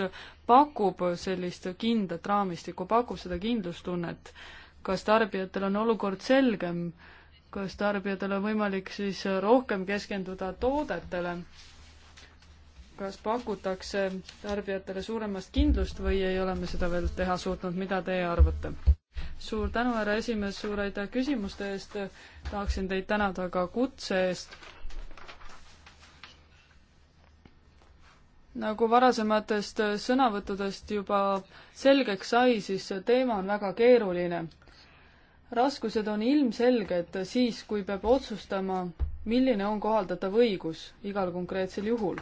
pakub sellist kindlat raamistikku, pakub seda kindlustunnet, kas tarbijatel on olukord selgem äh, kas tarbijatel on võimalik siis rohkem keskenduda toodetele? kas pakutakse tarbijatele suuremast kindlust või ei ole me seda veel teha suutnud, mida teie arvate? suur tänu, härra esimees, suur aitäh küsimuste eest. tahaksin teid tänada ka kutse eest. nagu varasematest sõnavõttudest juba selgeks sai, siis see teema on väga keeruline raskused on ilmselged siis, kui peab otsustama, milline on kohaldatav õigus igal konkreetsel juhul.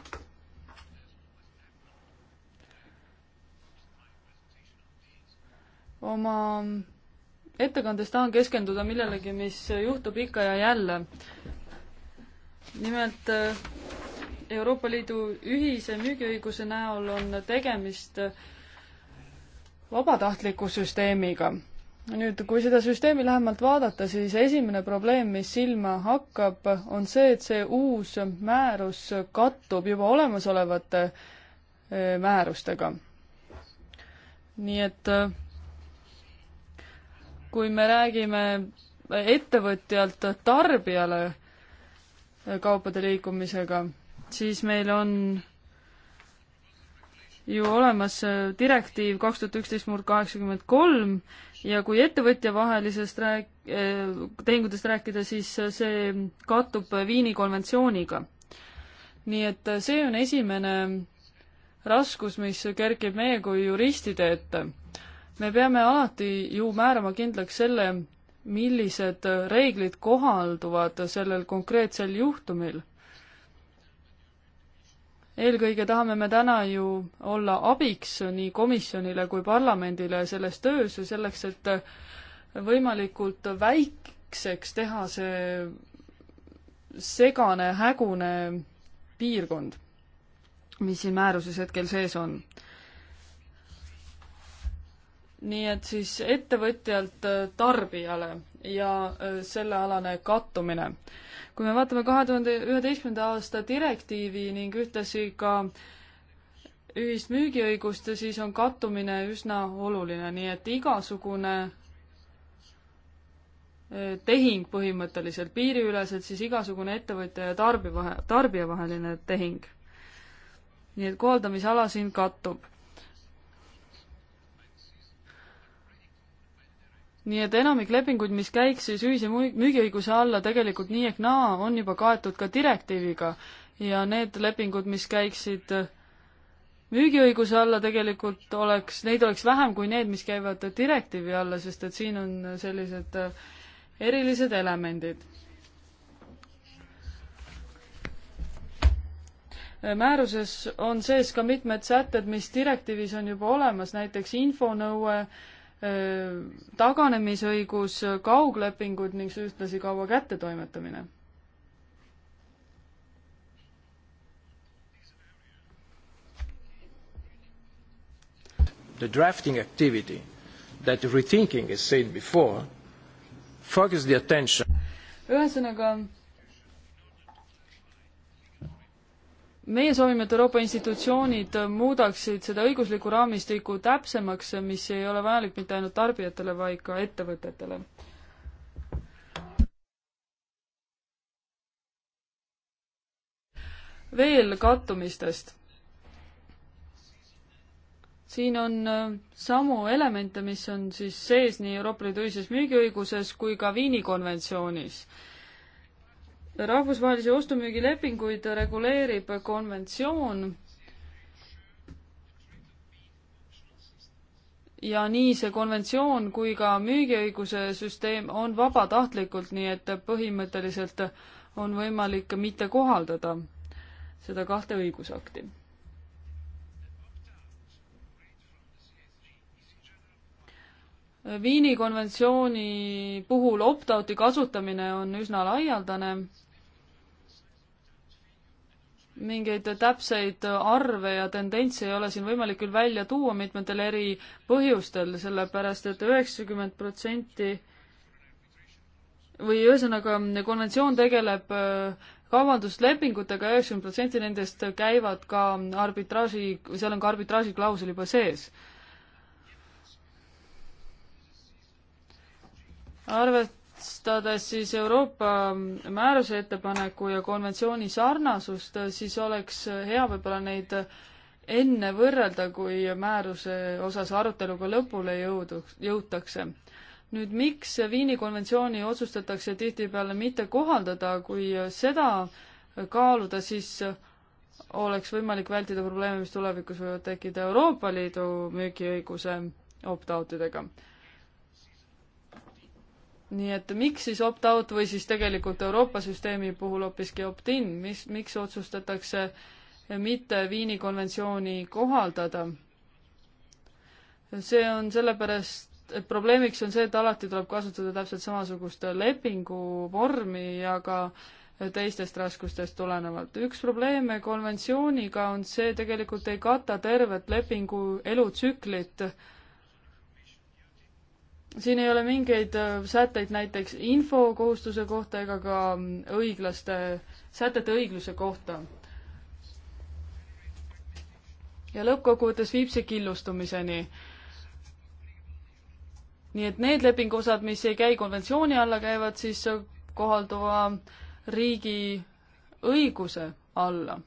oma ettekandes tahan keskenduda millelegi, mis juhtub ikka ja jälle. nimelt Euroopa Liidu ühise müügiõiguse näol on tegemist vabatahtliku süsteemiga nüüd, kui seda süsteemi lähemalt vaadata, siis esimene probleem, mis silma hakkab, on see, et see uus määrus kattub juba olemasolevate eh, määrustega. nii et eh, kui me räägime ettevõtjalt tarbijale eh, kaupade liikumisega, siis meil on ju olemas äh, direktiiv kaks tuhat üksteist murd kaheksakümmend kolm ja kui ettevõtjavahelisest rääk-, äh, tehingutest rääkida, siis äh, see kattub Viini konventsiooniga. nii et see on esimene raskus, mis kerkib meie kui juristide ette. me peame alati ju määrama kindlaks selle, millised reeglid kohalduvad sellel konkreetsel juhtumil eelkõige tahame me täna ju olla abiks nii komisjonile kui parlamendile selles töös ja selleks, et võimalikult väikseks teha see segane, hägune piirkond, mis siin määruses hetkel sees on nii et siis ettevõtjalt äh, tarbijale ja äh, sellealane kattumine. kui me vaatame kahe tuhande üheteistkümnenda aasta direktiivi ning ühtlasi ka ühist müügiõigust, siis on kattumine üsna oluline, nii et igasugune äh, tehing põhimõtteliselt, piiriüleselt siis igasugune ettevõtja ja tarbi vahe, tarbija vaheline tehing. nii et kohaldamisala siin kattub nii et enamik lepinguid, mis käiks siis ühise müügiõiguse alla tegelikult nii ehk naa, on juba kaetud ka direktiiviga ja need lepingud, mis käiksid müügiõiguse alla tegelikult oleks, neid oleks vähem kui need, mis käivad direktiivi alla, sest et siin on sellised erilised elemendid. määruses on sees ka mitmed sätted, mis direktiivis on juba olemas, näiteks infonõue äh,, taganemisõigus, kauglepingud ning ühtlasi kaua kättetoimetamine. The drafting activity that rethinking is said before focus the attention ühesõnaga meie soovime, et Euroopa institutsioonid muudaksid seda õiguslikku raamistikku täpsemaks, mis ei ole vajalik mitte ainult tarbijatele, vaid ka ettevõtetele. veel kattumistest. siin on äh, samu elemente, mis on siis sees nii Euroopa Liidu ühises müügiõiguses kui ka Viini konventsioonis rahvusvahelisi ostu-müügilepinguid reguleerib konventsioon ja nii see konventsioon kui ka müügiõiguse süsteem on vabatahtlikult, nii et põhimõtteliselt on võimalik mitte kohaldada seda kahte õigusakti. Viini konventsiooni puhul opt-out'i kasutamine on üsna laialdane mingeid täpseid arve ja tendentse ei ole siin võimalik küll välja tuua mitmetel eri põhjustel, sellepärast et üheksakümmend protsenti või ühesõnaga, konventsioon tegeleb äh, kaubanduslepingutega, üheksakümmend protsenti nendest käivad ka arbitraaži, seal on ka arbitraažiklausel juba sees. arvet-, arvestades siis Euroopa määruse ettepaneku ja konventsiooni sarnasust, siis oleks hea võib-olla neid enne võrrelda, kui määruse osas aruteluga lõpule jõudu, jõutakse. nüüd miks Viini konventsiooni otsustatakse tihtipeale mitte kohaldada, kui seda kaaluda, siis oleks võimalik vältida probleeme, mis tulevikus võivad tekkida Euroopa Liidu müügiõiguse opt-out idega nii et miks siis opt-out või siis tegelikult Euroopa süsteemi puhul hoopiski opt-in, mis, miks otsustatakse mitte Viini konventsiooni kohaldada? see on sellepärast, et probleemiks on see, et alati tuleb kasutada täpselt samasugust lepinguvormi ja ka teistest raskustest tulenevalt. üks probleeme konventsiooniga on see, tegelikult ei kata tervet lepingu elutsüklit äh, siin ei ole mingeid äh, sätteid näiteks infokohustuse kohta ega ka mm, õiglaste, sätete õigluse kohta. ja lõppkokkuvõttes viib see killustumiseni. nii et need lepingosad, mis ei käi konventsiooni alla, käivad siis kohalduva riigi õiguse alla.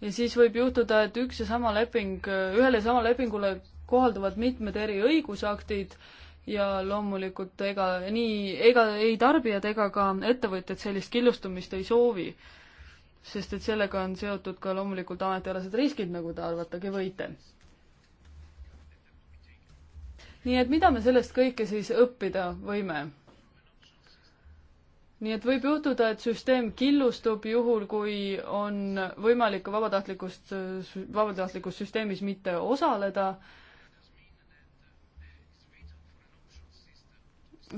ja siis võib juhtuda, et üks ja sama leping, ühele ja sama lepingule kohalduvad mitmed eriõigusaktid ja loomulikult ega nii, ega ei tarbijad ega ka ettevõtjad sellist killustumist ei soovi. sest et sellega on seotud ka loomulikult ametialased riskid, nagu te arvatagi võite. nii et mida me sellest kõike siis õppida võime? nii et võib juhtuda, et süsteem killustub juhul, kui on võimalik vabatahtlikust, vabatahtlikus süsteemis mitte osaleda äh,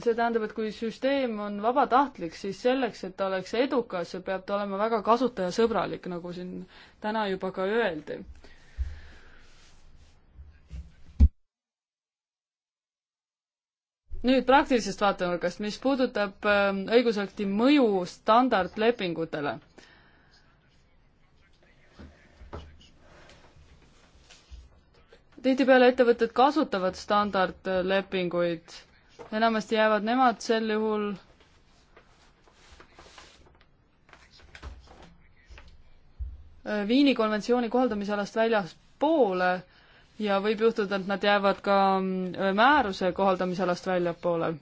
see tähendab, et kui süsteem on vabatahtlik, siis selleks, et ta oleks edukas, peab ta olema väga kasutajasõbralik, nagu siin täna juba ka öeldi. nüüd praktilisest vaatenurgast, mis puudutab ähm, õigusakti mõju standardlepingutele. tihtipeale ettevõtted kasutavad standardlepinguid enamasti jäävad nemad sel juhul äh, Viini konventsiooni kohaldamisalast väljaspoole ja võib juhtuda, et nad jäävad ka mm, äh, määruse kohaldamisalast väljapoole.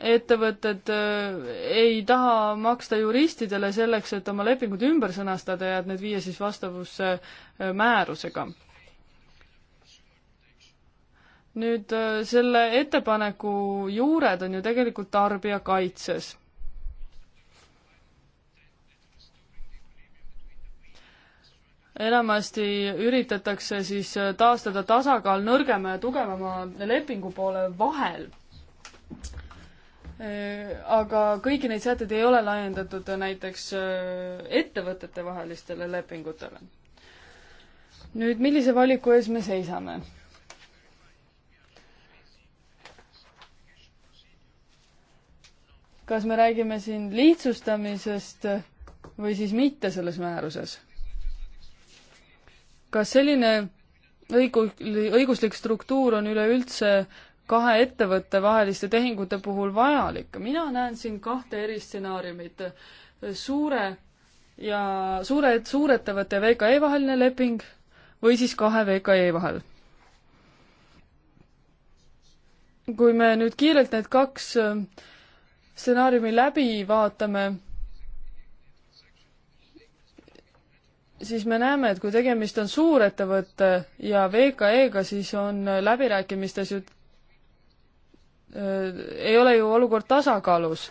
ettevõtted äh, ei taha maksta juristidele selleks, et oma lepingud ümber sõnastada ja et need viia siis vastavusse määrusega nüüd äh, selle ettepaneku juured on ju tegelikult tarbijakaitses enamasti üritatakse siis äh, taastada tasakaal nõrgema ja tugevama lepingu poole vahel. Äh, aga kõiki neid sätteid ei ole laiendatud näiteks ettevõtetevahelistele lepingutele. nüüd, millise valiku ees me seisame? kas me räägime siin lihtsustamisest või siis mitte selles määruses? kas selline õigu-, õiguslik struktuur on üleüldse kahe ettevõtte vaheliste tehingute puhul vajalik? mina näen siin kahte eri stsenaariumit. suure ja suure, suurettevõtte ja VKE vaheline leping või siis kahe VKE vahel. kui me nüüd kiirelt need kaks äh, stsenaariumi läbi vaatame, siis me näeme, et kui tegemist on suurettevõtte ja VKE-ga, siis on läbirääkimistes ju äh,, ei ole ju olukord tasakaalus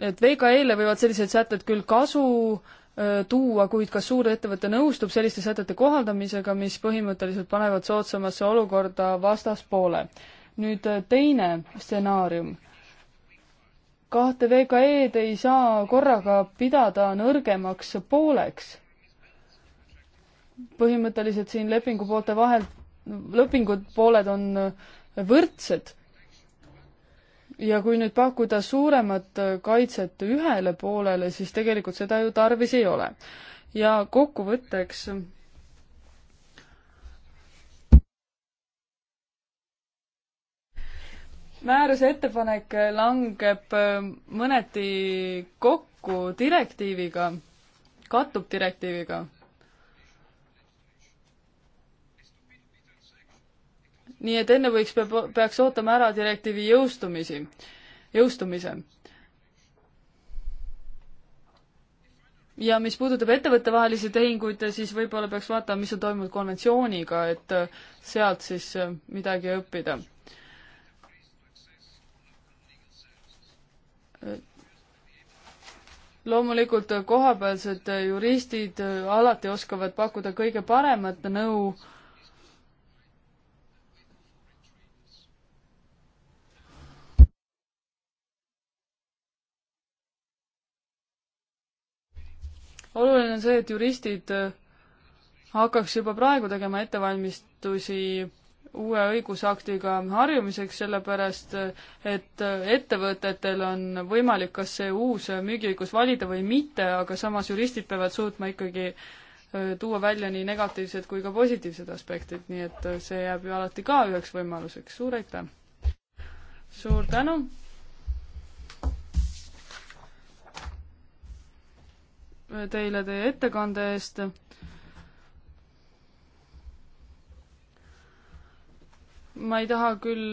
et VKE-le võivad sellised sätted küll kasu tuua, kuid kas suurettevõte nõustub selliste sätete kohaldamisega, mis põhimõtteliselt panevad soodsamasse olukorda vastaspoole? nüüd teine stsenaarium. kahte VKE-d ei saa korraga pidada nõrgemaks pooleks. põhimõtteliselt siin lepingupoolte vahel, lepingud, pooled on võrdsed ja kui nüüd pakkuda suuremat kaitset ühele poolele, siis tegelikult seda ju tarvis ei ole. ja kokkuvõtteks määruse ettepanek langeb mõneti kokku direktiiviga, kattub direktiiviga. nii et enne võiks, peab, peaks ootama ära direktiivi jõustumisi, jõustumise. ja mis puudutab ettevõttevahelisi tehinguid, siis võib-olla peaks vaatama, mis on toimunud konventsiooniga, et sealt siis midagi õppida loomulikult kohapealsed juristid alati oskavad pakkuda kõige paremat nõu oluline on see, et juristid äh, hakkaks juba praegu tegema ettevalmistusi uue õigusaktiga harjumiseks, sellepärast äh, et äh, ettevõtetel on võimalik kas see uus müügiõigus valida või mitte, aga samas juristid peavad suutma ikkagi tuua välja nii negatiivsed kui ka positiivsed aspektid, nii et see jääb ju alati ka üheks võimaluseks, suur aitäh! suur tänu! teile teie ettekande eest. ma ei taha küll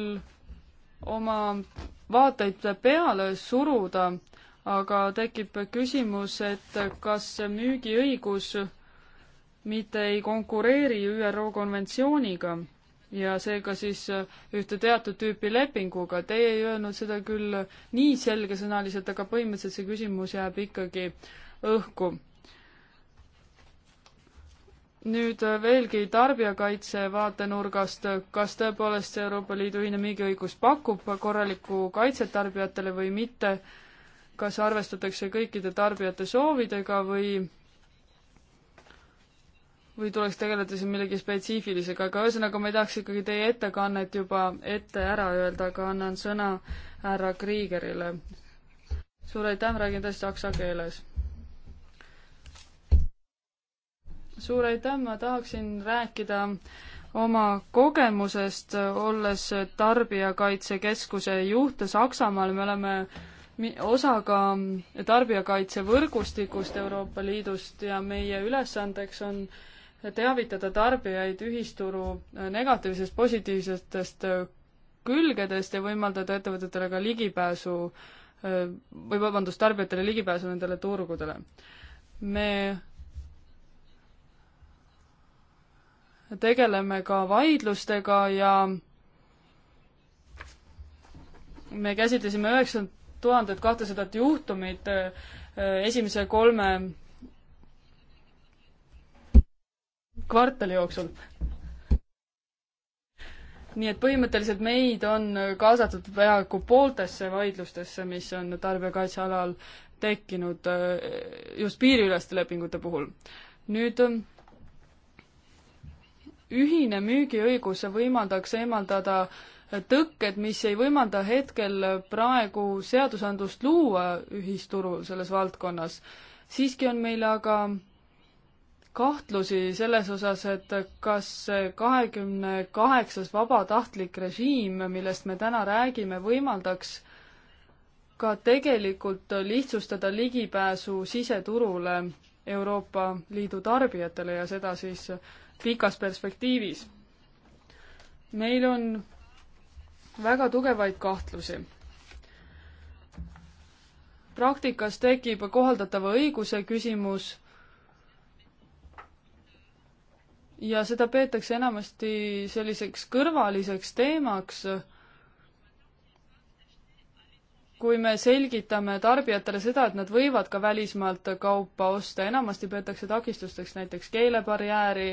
oma vaateid peale suruda, aga tekib küsimus, et kas müügiõigus mitte ei konkureeri ÜRO konventsiooniga ja seega siis ühte teatud tüüpi lepinguga. Teie ei öelnud seda küll nii selgesõnaliselt, aga põhimõtteliselt see küsimus jääb ikkagi õhku. nüüd äh, veelgi tarbijakaitse vaatenurgast, kas tõepoolest see Euroopa Liidu ühine müügiõigus pakub korralikku kaitset tarbijatele või mitte, kas arvestatakse kõikide tarbijate soovidega või või tuleks tegeleda siin millegi spetsiifilisega, aga ühesõnaga ma ei tahaks ikkagi teie ettekannet juba ette ära öelda, aga annan sõna härra Kriigerile. suur aitäh, räägin tõesti saksa keeles. suur aitäh, ma tahaksin rääkida oma kogemusest, olles Tarbijakaitsekeskuse juht Saksamaal, me oleme osa ka tarbijakaitsevõrgustikust Euroopa Liidust ja meie ülesandeks on teavitada tarbijaid ühisturu negatiivsest, positiivsetest külgedest ja võimaldada ettevõtetele ka ligipääsu või vabandust, tarbijatele ligipääsu nendele turgudele. me tegeleme ka vaidlustega ja me käsitlesime üheksakümmend tuhandet kahtesadat juhtumit äh, esimese kolme kvartali jooksul. nii et põhimõtteliselt meid on kaasatud peaaegu pooltesse vaidlustesse, mis on tarbijakaitse alal tekkinud äh, just piiriüleste lepingute puhul. nüüd äh, ühine müügiõigus võimaldaks eemaldada tõkked, mis ei võimalda hetkel praegu seadusandlust luua ühisturul selles valdkonnas. siiski on meil aga kahtlusi selles osas, et kas kahekümne kaheksas vabatahtlik režiim, millest me täna räägime, võimaldaks ka tegelikult lihtsustada ligipääsu siseturule Euroopa Liidu tarbijatele ja seda siis pikas perspektiivis. meil on väga tugevaid kahtlusi. praktikas tekib kohaldatava õiguse küsimus ja seda peetakse enamasti selliseks kõrvaliseks teemaks, kui me selgitame tarbijatele seda, et nad võivad ka välismaalt kaupa osta, enamasti peetakse takistusteks näiteks keelebarjääri,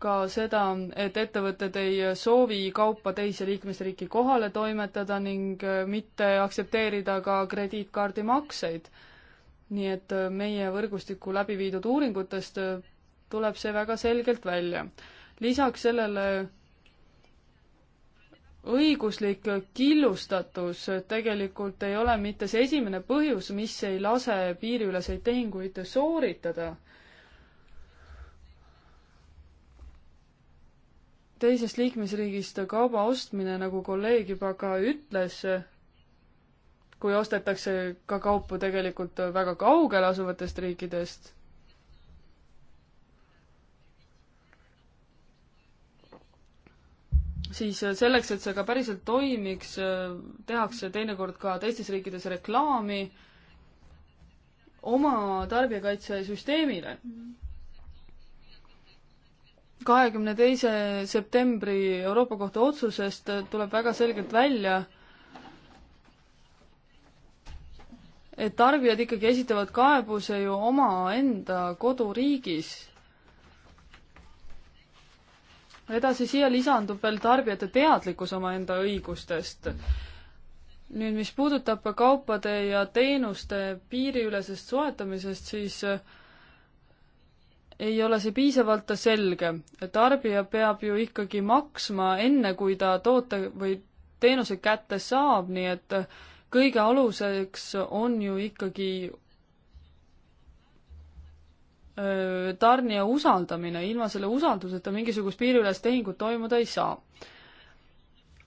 ka seda, et ettevõtted ei soovi kaupa teise liikmesriiki kohale toimetada ning äh, mitte aktsepteerida ka krediitkaardimakseid. nii et äh, meie võrgustiku läbi viidud uuringutest äh, tuleb see väga selgelt välja. lisaks sellele õiguslik killustatus tegelikult ei ole mitte see esimene põhjus, mis ei lase piiriüleseid tehinguid sooritada teisest liikmesriigist kauba ostmine, nagu kolleeg juba ka ütles, kui ostetakse ka kaupu tegelikult väga kaugel asuvatest riikidest, siis selleks, et see ka päriselt toimiks, tehakse teinekord ka teistes riikides reklaami oma tarbijakaitsesüsteemile mm. -hmm kahekümne teise septembri Euroopa Kohtu otsusest tuleb väga selgelt välja, et tarbijad ikkagi esitavad kaebuse ju omaenda koduriigis. edasi siia lisandub veel tarbijate teadlikkus omaenda õigustest. nüüd, mis puudutab kaupade ja teenuste piiriülesest soetamisest, siis äh, ei ole see piisavalt selge. tarbija peab ju ikkagi maksma enne, kui ta toote või teenuse kätte saab, nii et kõige aluseks on ju ikkagi tarnija usaldamine, ilma selle usalduseta mingisugust piiriülest tehingut toimuda ei saa.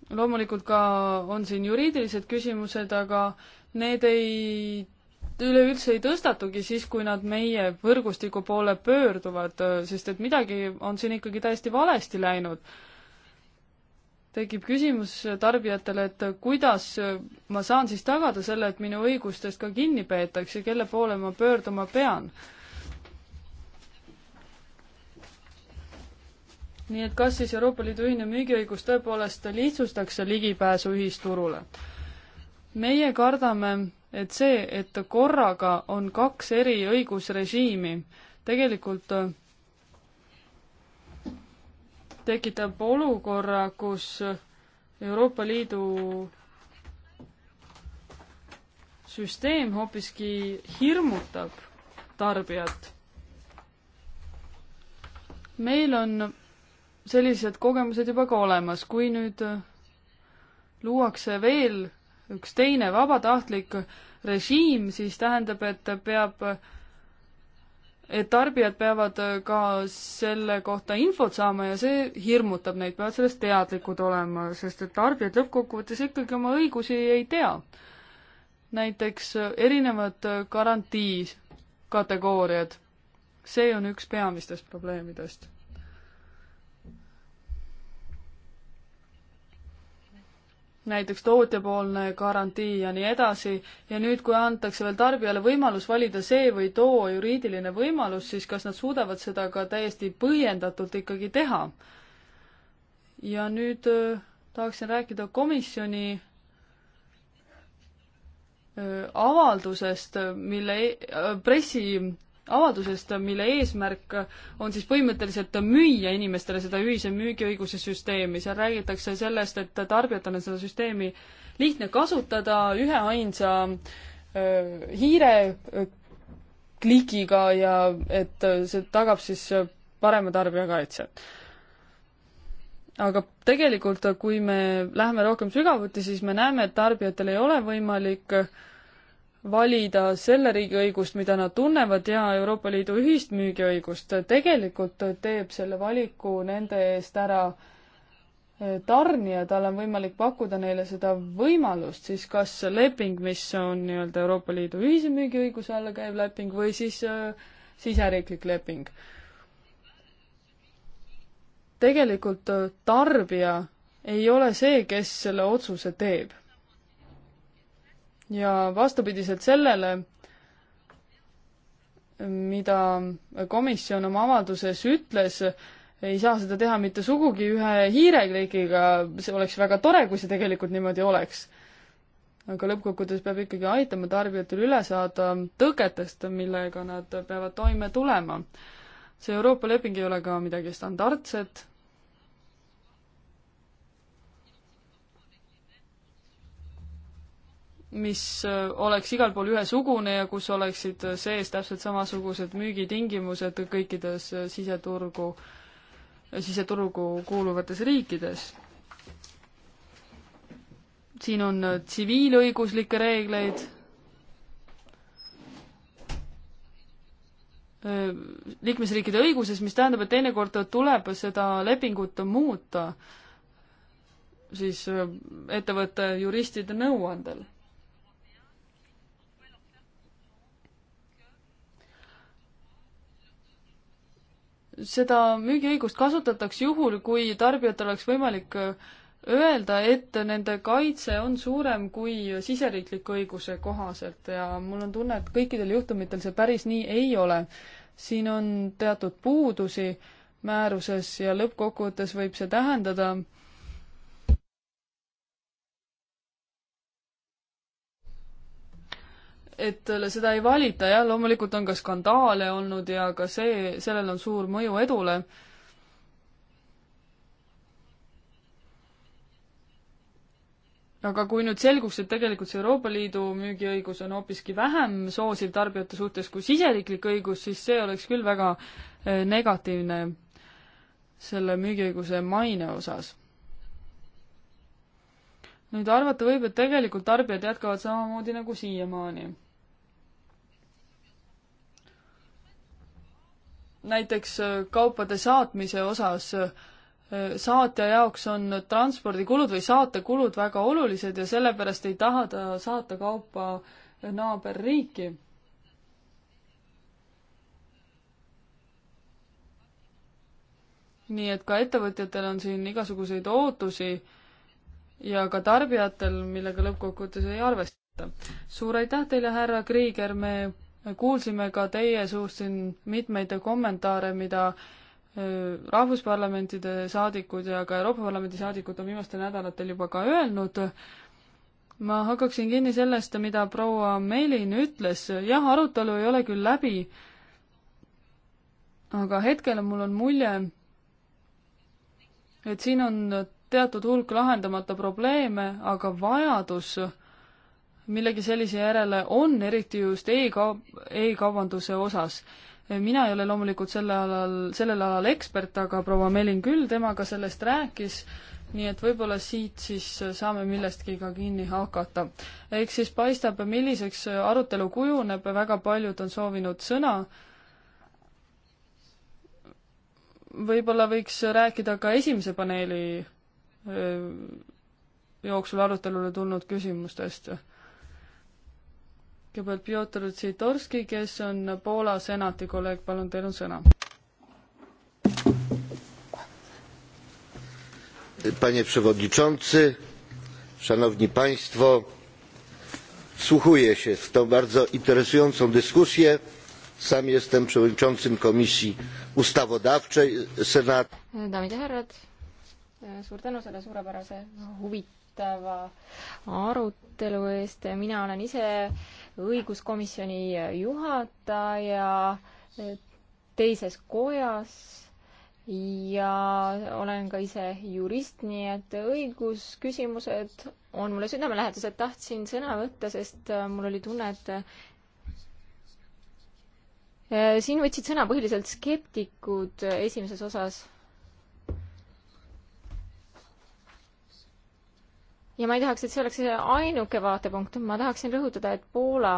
loomulikult ka on siin juriidilised küsimused, aga need ei üleüldse ei tõstatugi siis, kui nad meie võrgustiku poole pöörduvad, sest et midagi on siin ikkagi täiesti valesti läinud. tekib küsimus tarbijatele, et kuidas ma saan siis tagada selle, et minu õigustest ka kinni peetakse, kelle poole ma pöörduma pean? nii et kas siis Euroopa Liidu ühine müügiõigus tõepoolest lihtsustaks ligipääsu ühisturule? meie kardame et see, et korraga on kaks eri õigusrežiimi, tegelikult äh, tekitab olukorra, kus Euroopa Liidu süsteem hoopiski hirmutab tarbijat. meil on sellised kogemused juba ka olemas, kui nüüd äh, luuakse veel üks teine vabatahtlik režiim, siis tähendab, et peab, et tarbijad peavad ka selle kohta infot saama ja see hirmutab neid, peavad sellest teadlikud olema, sest et tarbijad lõppkokkuvõttes ikkagi oma õigusi ei tea. näiteks erinevad garantiis kategooriad, see on üks peamistest probleemidest näiteks tootjapoolne garantii ja nii edasi, ja nüüd, kui antakse veel tarbijale võimalus valida see või too juriidiline võimalus, siis kas nad suudavad seda ka täiesti põhjendatult ikkagi teha? ja nüüd äh, tahaksin rääkida komisjoni äh, avaldusest, mille e-, äh, pressi avaldusest, mille eesmärk on siis põhimõtteliselt müüa inimestele seda ühise müügiõiguse süsteemi, seal räägitakse sellest, et tarbijatel on seda süsteemi lihtne kasutada üheainsa hiire klikiga ja et see tagab siis parema tarbijakaitse. aga tegelikult, kui me läheme rohkem sügavuti, siis me näeme, et tarbijatel ei ole võimalik äh, valida selle riigi õigust, mida nad tunnevad, ja Euroopa Liidu ühist müügiõigust. tegelikult teeb selle valiku nende eest ära eh, tarnija, tal on võimalik pakkuda neile seda võimalust, siis kas leping, mis on nii-öelda Euroopa Liidu ühise müügiõiguse alla käiv leping või siis äh, siseriiklik leping. tegelikult eh, tarbija ei ole see, kes selle otsuse teeb ja vastupidiselt sellele, mida komisjon oma avalduses ütles, ei saa seda teha mitte sugugi ühe hiireklikiga, see oleks väga tore, kui see tegelikult niimoodi oleks. aga lõppkokkuvõttes peab ikkagi aitama tarbijatel üle saada tõketest, millega nad peavad toime tulema. see Euroopa leping ei ole ka midagi standardset mis äh, oleks igal pool ühesugune ja kus oleksid äh, sees täpselt samasugused müügitingimused kõikides äh, siseturgu, siseturgu kuuluvates riikides. siin on tsiviilõiguslikke reegleid, liikmesriikide õiguses, mis tähendab, et teinekord tuleb seda lepingut muuta siis ettevõtte juristide nõuandel seda müügiõigust kasutatakse juhul, kui tarbijatel oleks võimalik äh, öelda, et nende kaitse on suurem kui siseriikliku õiguse kohaselt ja mul on tunne, et kõikidel juhtumitel see päris nii ei ole. siin on teatud puudusi määruses ja lõppkokkuvõttes võib see tähendada, et seda ei valita, jah, loomulikult on ka skandaale olnud ja ka see, sellel on suur mõju edule. aga kui nüüd selguks, et tegelikult see Euroopa Liidu müügiõigus on hoopiski vähem soosiv tarbijate suhtes kui siseriiklik õigus, siis see oleks küll väga eh, negatiivne selle müügiõiguse maine osas nüüd arvata võib, et tegelikult tarbijad jätkavad samamoodi nagu siiamaani. näiteks äh, kaupade saatmise osas äh, saatja jaoks on transpordikulud või saatekulud väga olulised ja sellepärast ei taha ta saata kaupa naaberriiki. nii et ka ettevõtjatel on siin igasuguseid ootusi ja ka tarbijatel, millega lõppkokkuvõttes ei arvestata. suur aitäh teile, härra Kriiger, me kuulsime ka teie suust siin mitmeid kommentaare, mida äh, rahvusparlamentide saadikud ja ka Euroopa Parlamendi saadikud on viimastel nädalatel juba ka öelnud. ma hakkaksin kinni sellest, mida proua Meilin ütles, jah, arutelu ei ole küll läbi, aga hetkel mul on mulje, et siin on teatud hulk lahendamata probleeme, aga vajadus millegi sellise järele on, eriti just e-kaub-, e-kaubanduse osas. mina ei ole loomulikult selle alal, sellel alal ekspert, aga proua Melin küll temaga sellest rääkis, nii et võib-olla siit siis saame millestki ka kinni hakata. ehk siis paistab, milliseks arutelu kujuneb, väga paljud on soovinud sõna, võib-olla võiks rääkida ka esimese paneeli jooksul arutelule tulnud küsimustest kõigepealt Piotr Tsitorski, kes on Poola senati kolleeg, palun, teil on sõna. Panie przewodniczący, szanowni państwo, wsłuchuję się w tą bardzo interesującą dyskusję. Sam jestem przewodniczącym Komisji Ustawodawczej Senatu. Daamid ja härrad, suur tänu selle suurepärase huvitava arutelu eest. mina olen ise õiguskomisjoni juhataja teises kojas ja olen ka ise jurist, nii et õigusküsimused on mulle südamelähedased. tahtsin sõna võtta, sest äh, mul oli tunne, et äh, siin võtsid sõna põhiliselt skeptikud äh, esimeses osas ja ma ei tahaks, et see oleks ainuke vaatepunkt, ma tahaksin rõhutada, et Poola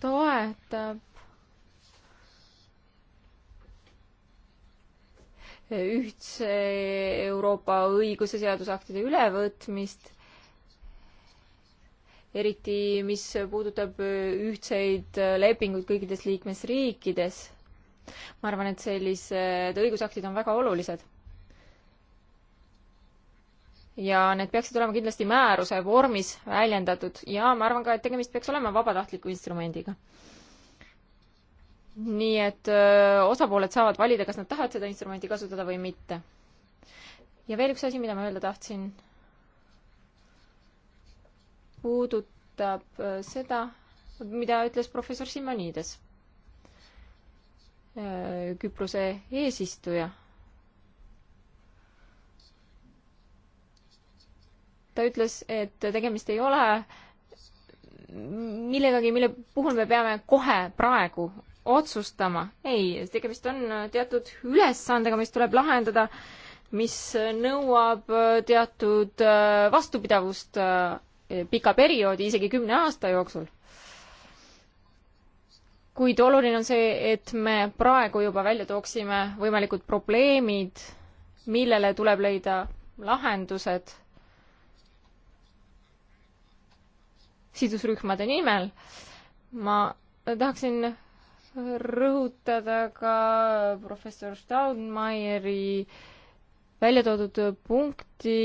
toetab ühtse Euroopa õiguse seadusaktide ülevõtmist, eriti mis puudutab ühtseid lepinguid kõikides liikmesriikides. ma arvan, et sellised õigusaktid on väga olulised ja need peaksid olema kindlasti määruse vormis väljendatud ja ma arvan ka, et tegemist peaks olema vabatahtliku instrumendiga. nii et öö, osapooled saavad valida, kas nad tahavad seda instrumenti kasutada või mitte. ja veel üks asi, mida ma öelda tahtsin, puudutab seda, mida ütles professor Simonides, Küprose eesistuja ta ütles, et tegemist ei ole millegagi, mille puhul me peame kohe praegu otsustama. ei, tegemist on teatud ülesandega, mis tuleb lahendada, mis nõuab teatud äh, vastupidavust äh, pika perioodi, isegi kümne aasta jooksul. kuid oluline on see, et me praegu juba välja tooksime võimalikud probleemid, millele tuleb leida lahendused sidusrühmade nimel. ma tahaksin rõhutada ka professor Staudmeieri välja toodud punkti,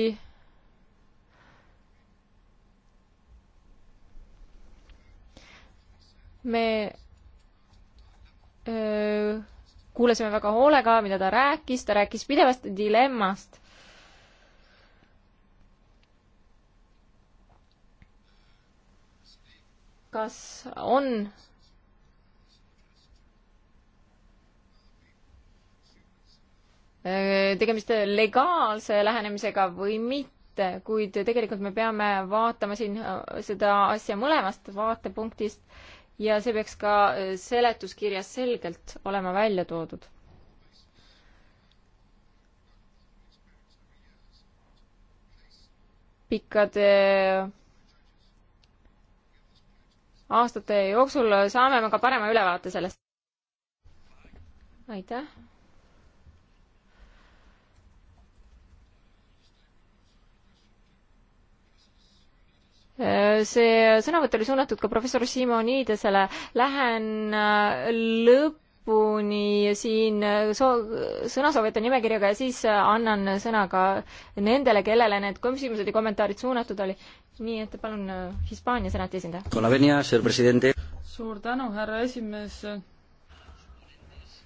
me öö, kuulasime väga hoolega, mida ta rääkis, ta rääkis pidevast dilemmast kas on tegemist legaalse lähenemisega või mitte, kuid tegelikult me peame vaatama siin seda asja mõlemast vaatepunktist ja see peaks ka seletuskirjas selgelt olema välja toodud. pikkade aastate jooksul saame me ka parema ülevaate sellest. aitäh. see sõnavõtt oli suunatud ka professor Simonidesele. Lähen äh, lõpp lõpuni siin soo-, sõnasoovijate nimekirjaga ja siis annan sõna ka nendele, kellele need küsimused ja kommentaarid suunatud oli. nii et palun, äh, Hispaania senati esindaja. suur tänu, härra esimees.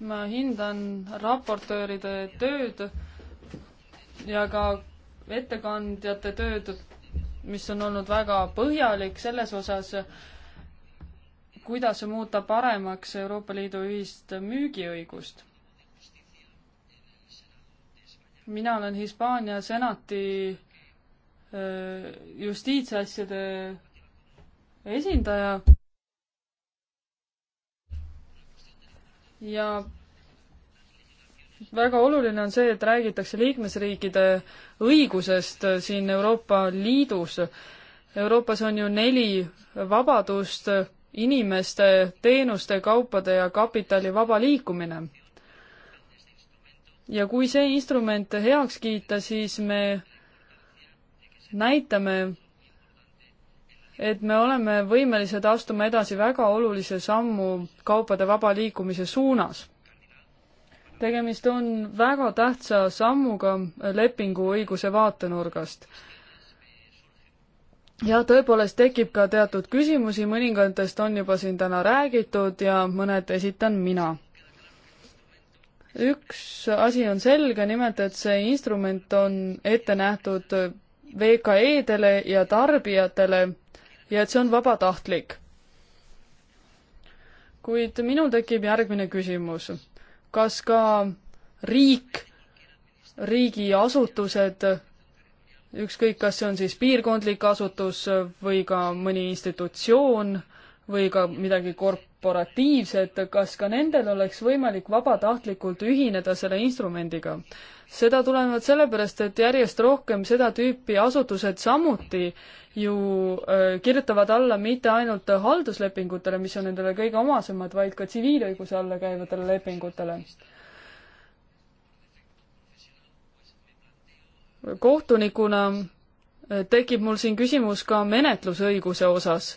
ma hindan raportööride tööd ja ka ettekandjate tööd, mis on olnud väga põhjalik selles osas, kuidas muuta paremaks Euroopa Liidu ühist müügiõigust. mina olen Hispaania senati justiitsasjade esindaja ja väga oluline on see, et räägitakse liikmesriikide õigusest siin Euroopa Liidus. Euroopas on ju neli vabadust, inimeste, teenuste, kaupade ja kapitali vaba liikumine. ja kui see instrument heaks kiita, siis me näitame, et me oleme võimelised astuma edasi väga olulise sammu kaupade vaba liikumise suunas. tegemist on väga tähtsa sammuga lepingu õiguse vaatenurgast ja tõepoolest tekib ka teatud küsimusi, mõningatest on juba siin täna räägitud ja mõned esitan mina. üks asi on selge, nimelt et see instrument on ette nähtud VKE-dele ja tarbijatele ja et see on vabatahtlik. kuid minul tekib järgmine küsimus. kas ka riik, riigiasutused ükskõik, kas see on siis piirkondlik asutus või ka mõni institutsioon või ka midagi korporatiivset, kas ka nendel oleks võimalik vabatahtlikult ühineda selle instrumendiga? seda tulenevalt sellepärast, et järjest rohkem seda tüüpi asutused samuti ju äh, kirjutavad alla mitte ainult halduslepingutele, mis on nendele kõige omasemad, vaid ka tsiviilõiguse alla käivatele lepingutele kohtunikuna eh, tekib mul siin küsimus ka menetlusõiguse osas.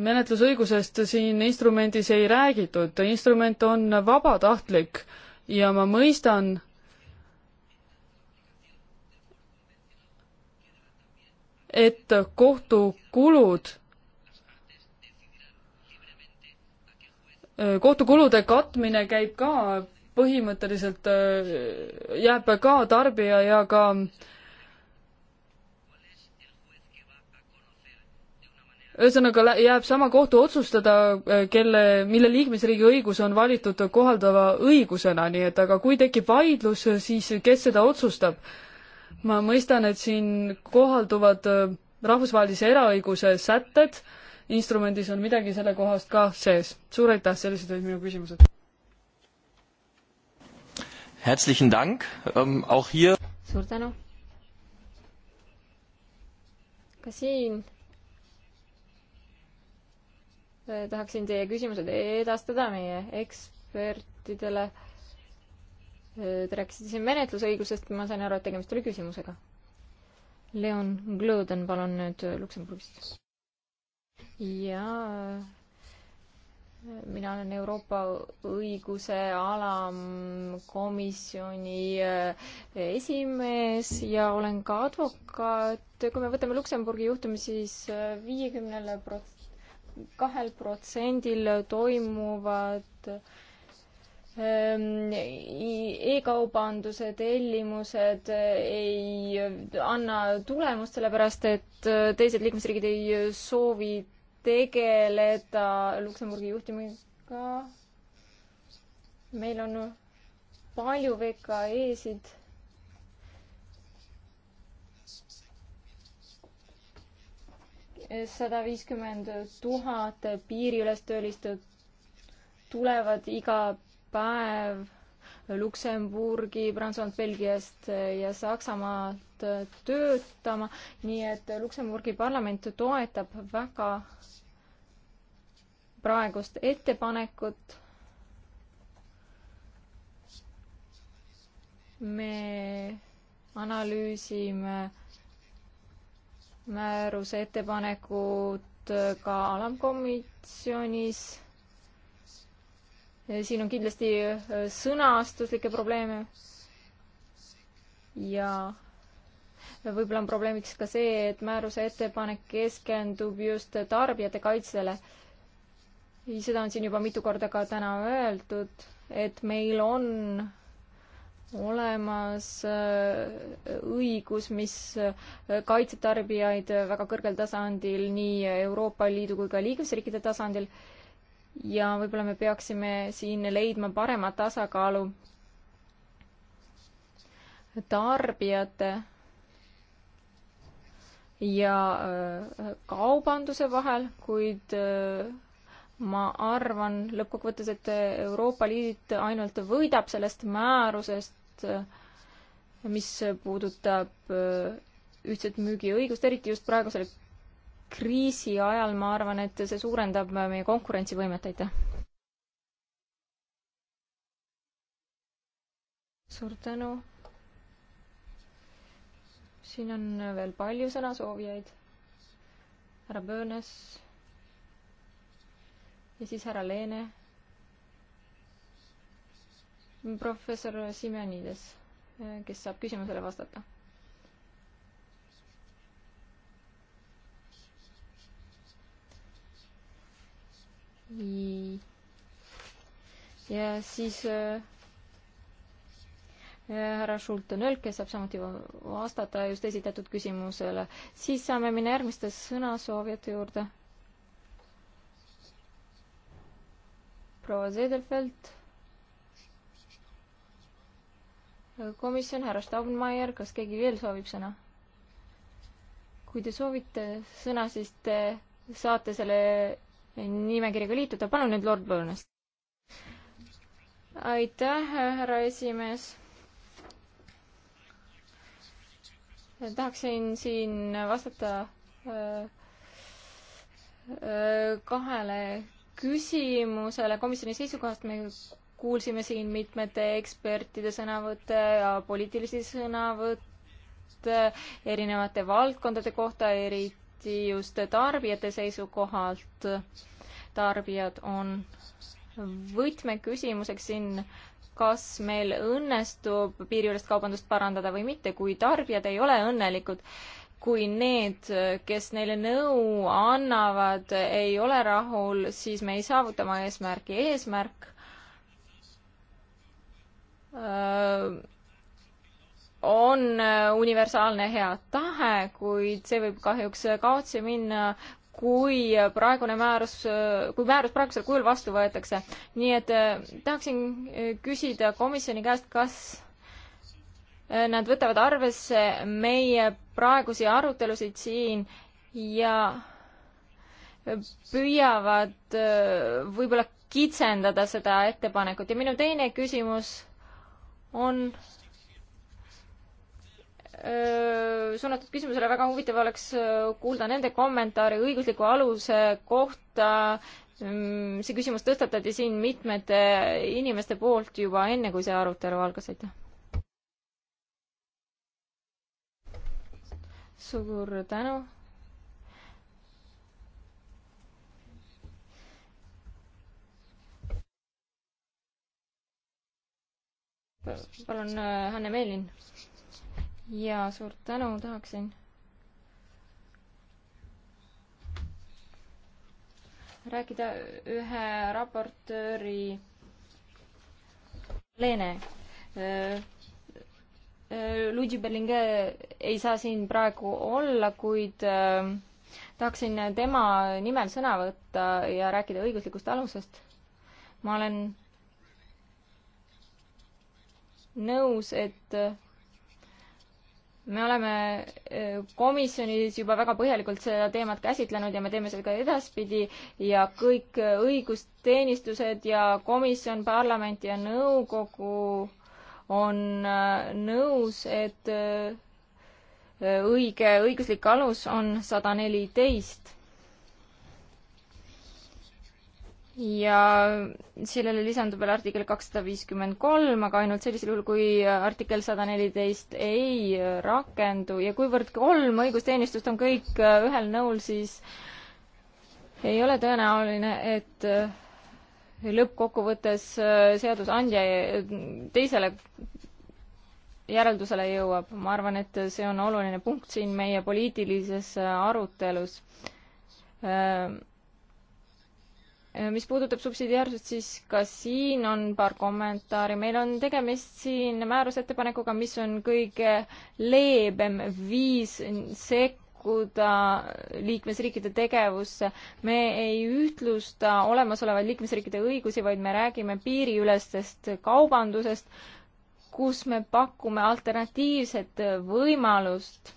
menetlusõigusest siin instrumendis ei räägitud, instrument on vabatahtlik ja ma mõistan, et kohtukulud, eh, kohtukulude katmine käib ka põhimõtteliselt äh, jääb ka tarbija ja ka ühesõnaga jääb sama kohtu otsustada, äh, kelle, mille liikmesriigi õigus on valitud kohaldava õigusena, nii et aga kui tekib vaidlus, siis kes seda otsustab? ma mõistan, et siin kohalduvad äh, rahvusvahelise eraõiguse sätted, instrumendis on midagi selle kohast ka sees. suur aitäh, sellised olid minu küsimused herzlichen Dank. Ähm, auch hier. suur tänu. ka siin äh, tahaksin teie küsimused edastada meie ekspertidele. Äh, te rääkisite siin menetlusõigusest, ma sain aru, et tegemist oli küsimusega. Leon Glõden, palun nüüd äh, Luksemburgist. jaa mina olen Euroopa õiguse alamkomisjoni äh, esimees ja olen ka advokaat. kui me võtame Luksemburgi juhtumi, siis äh, viiekümnele prot-, kahel protsendil toimuvad ähm, e-kaubanduse tellimused äh, ei anna tulemust, sellepärast et teised liikmesriigid ei soovi tegeleda Luksemburgi juhtimisega. meil on palju VKE-sid. sada viiskümmend tuhat piiriüles töölist tulevad iga päev Luksemburgi, Prantsusmaalt, Belgiast ja Saksamaalt tõhusalt äh, töötama, nii et Luksemburgi parlament toetab väga praegust ettepanekut. me analüüsime määruse ettepanekut äh, ka alamkomisjonis. siin on kindlasti äh, sõnastuslikke probleeme ja võib-olla on probleemiks ka see, et määruse ettepanek keskendub just tarbijate kaitsele. seda on siin juba mitu korda ka täna öeldud, et meil on olemas äh, õigus, mis äh, kaitseb tarbijaid väga kõrgel tasandil, nii Euroopa Liidu kui ka liikmesriikide tasandil. ja võib-olla me peaksime siin leidma parema tasakaalu tarbijate ja äh, kaubanduse vahel, kuid äh, ma arvan lõppkokkuvõttes, et Euroopa Liit ainult võidab sellest määrusest, äh, mis puudutab ühtset müügiõigust, eriti just praegusel kriisi ajal, ma arvan, et see suurendab meie konkurentsivõimet, aitäh. suur tänu siin on veel palju sõnasoovijaid. härra Pöönes. ja siis härra Leene. professor Simenides, kes saab küsimusele vastata ja siis äh, härra Schulte-Nölk, kes saab samuti vastata just esitatud küsimusele. siis saame minna järgmiste sõnasoovijate juurde. proua Sedelfeld. komisjon, härra Staubmeier, kas keegi veel soovib sõna? kui te soovite sõna, siis te saate selle nimekirjaga liituda. palun nüüd Lord Põõnast. aitäh, härra esimees tahaksin siin vastata äh, äh, kahele küsimusele komisjoni seisukohast. me kuulsime siin mitmete ekspertide sõnavõtte ja poliitilisi sõnavõtte erinevate valdkondade kohta, eriti just tarbijate seisukohalt. tarbijad on võtmeküsimuseks siin äh, kas meil õnnestub piiriülest kaubandust parandada või mitte, kui tarbijad ei ole õnnelikud, kui need, kes neile nõu annavad, ei ole rahul, siis me ei saavuta oma eesmärki. eesmärk öö, on universaalne hea tahe, kuid see võib kahjuks kaotsi minna, kui praegune määrus, kui määrus praegusel kujul vastu võetakse. nii et eh, tahaksin eh, küsida komisjoni käest, kas eh, nad võtavad arvesse meie praegusi arutelusid siin ja püüavad võib-olla kitsendada seda ettepanekut ja minu teine küsimus on suunatud küsimusele väga huvitav oleks kuulda nende kommentaare õigusliku aluse kohta. Mm, see küsimus tõstatati siin mitmete inimeste poolt juba enne, kui see arutelu algas, aitäh. suur tänu. palun, Hanne Meelin jaa, suur tänu, tahaksin rääkida ühe raportööri Lene. Äh, äh, Luigi Berlinge ei saa siin praegu olla, kuid äh, tahaksin tema nimel sõna võtta ja rääkida õiguslikust alusest. ma olen nõus, et me oleme äh, komisjonis juba väga põhjalikult seda teemat käsitlenud ja me teeme seda ka edaspidi ja kõik äh, õigusteenistused ja komisjon, parlament ja nõukogu on äh, nõus, et õige õiguslik alus on sada neliteist ja sellele lisandub veel artikkel kakssada viiskümmend kolm, aga ainult sellisel juhul, kui artikkel sada neliteist ei rakendu ja kuivõrd kolm õigusteenistust on kõik ühel nõul, siis ei ole tõenäoline, et lõppkokkuvõttes seadusandja teisele järeldusele jõuab. ma arvan, et see on oluline punkt siin meie poliitilises arutelus Äh, mis puudutab subsidiaarsust, siis ka siin on paar kommentaari. meil on tegemist siin määrusettepanekuga, mis on kõige leebem viis sekkuda liikmesriikide tegevusse. me ei ühtlusta olemasolevaid liikmesriikide õigusi, vaid me räägime piiriülestest kaubandusest, kus me pakume alternatiivset võimalust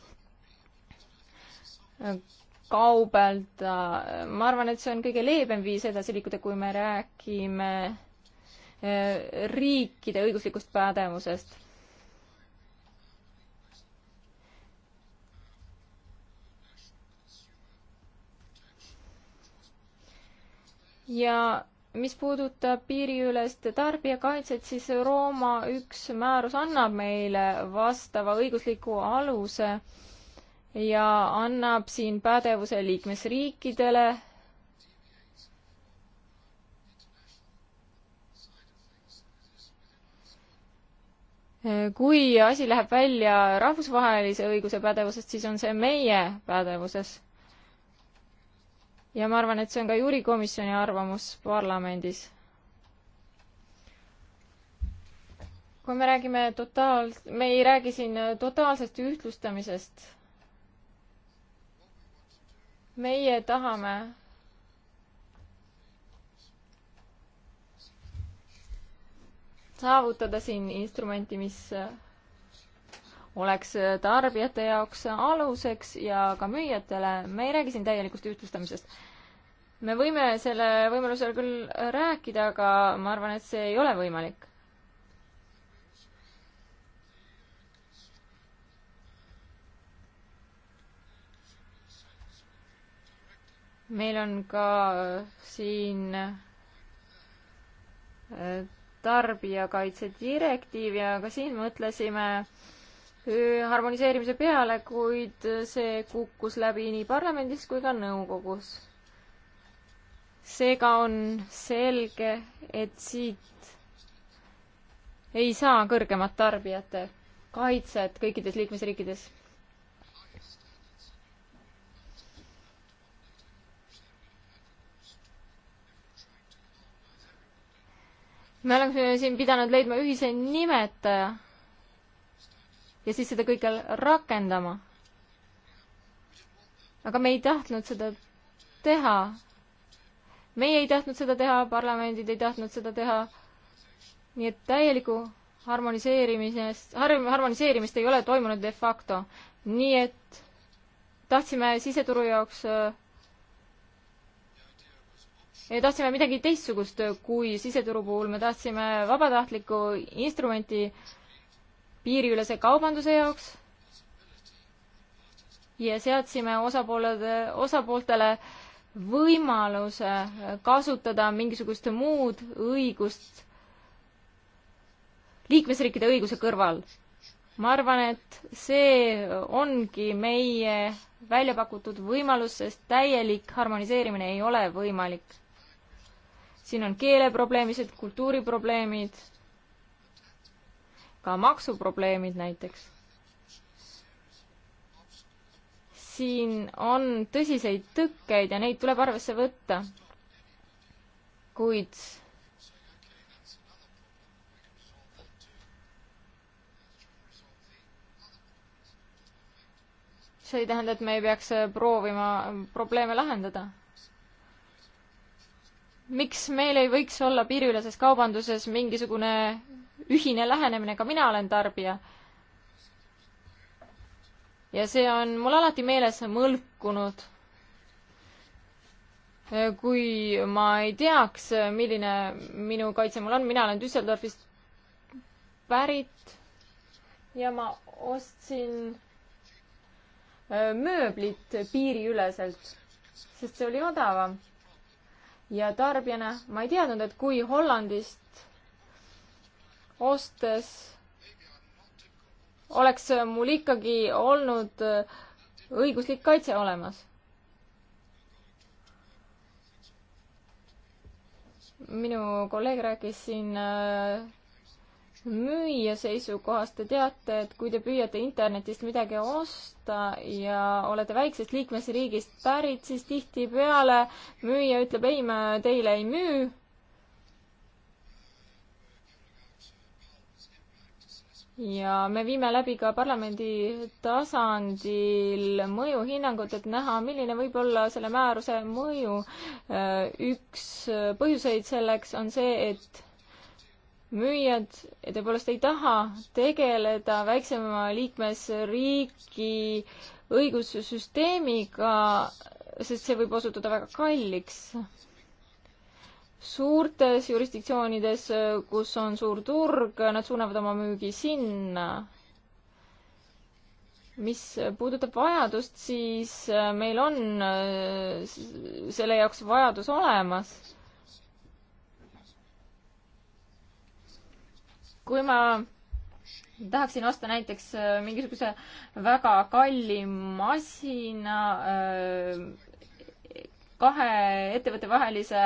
kaubelda. Äh, ma arvan, et see on kõige leebem viis edasi liikuda, kui me räägime äh, riikide õiguslikust pädevusest. ja mis puudutab piiriülest tarbijakaitset, siis Rooma üks määrus annab meile vastava õigusliku aluse äh, ja annab siin pädevuse liikmesriikidele kui asi läheb välja rahvusvahelise õiguse pädevusest, siis on see meie pädevuses. ja ma arvan, et see on ka juurikomisjoni arvamus parlamendis. kui me räägime totaal-, me ei räägi siin totaalsest ühtlustamisest meie tahame saavutada siin instrumenti, mis oleks tarbijate jaoks aluseks ja ka müüjatele. me ei räägi siin täielikust ühtlustamisest. me võime selle võimalusel küll rääkida, aga ma arvan, et see ei ole võimalik meil on ka äh, siin äh, tarbijakaitse direktiiv ja ka siin mõtlesime äh, harmoniseerimise peale, kuid see kukkus läbi nii parlamendis kui ka nõukogus. seega on selge, et siit ei saa kõrgemat tarbijate kaitset kõikides liikmesriikides me oleme siin pidanud leidma ühise nimetaja ja siis seda kõike rakendama. aga me ei tahtnud seda teha. meie ei tahtnud seda teha, parlamendid ei tahtnud seda teha. nii et täielikku harmoniseerimisest, harmoniseerimist ei ole toimunud de facto. nii et tahtsime siseturu jaoks äh, tahtsime midagi teistsugust kui siseturu puhul, me tahtsime vabatahtlikku instrumenti piiriülese kaubanduse jaoks ja seadsime osapoolede, osapooltele võimaluse kasutada mingisugust muud õigust liikmesriikide õiguse kõrval. ma arvan, et see ongi meie välja pakutud võimalus, sest täielik harmoniseerimine ei ole võimalik siin on keeleprobleemisid, kultuuriprobleemid, ka maksuprobleemid näiteks. siin on tõsiseid tõkkeid ja neid tuleb arvesse võtta. kuid see ei tähenda, et me ei peaks proovima probleeme lahendada miks meil ei võiks olla piiriüleses kaubanduses mingisugune ühine lähenemine, ka mina olen tarbija. ja see on mul alati meeles mõlkunud. kui ma ei teaks, milline minu kaitse mul on, mina olen Düsseldorfist pärit ja ma ostsin äh, mööblit piiriüleselt, sest see oli odavam ja tarbijana ma ei teadnud, et kui Hollandist ostes oleks mul ikkagi olnud äh, õiguslik kaitse olemas. minu kolleeg rääkis siin äh, müüja seisukohast te teate, et kui te püüate internetist midagi osta ja olete väiksest liikmesriigist pärit, siis tihtipeale müüja ütleb ei, ma teile ei müü. ja me viime läbi ka parlamendi tasandil mõjuhinnangut, et näha, milline võib olla selle määruse mõju. üks põhjuseid selleks on see, et müüjad tõepoolest ei taha tegeleda väiksema liikmesriigi õigussüsteemiga, sest see võib osutuda väga kalliks. suurtes jurisdiktsioonides, kus on suur turg, nad suunavad oma müügi sinna. mis puudutab vajadust, siis meil on äh, selle jaoks vajadus olemas kui ma tahaksin osta näiteks äh, mingisuguse väga kalli masina äh, kahe ettevõtte vahelise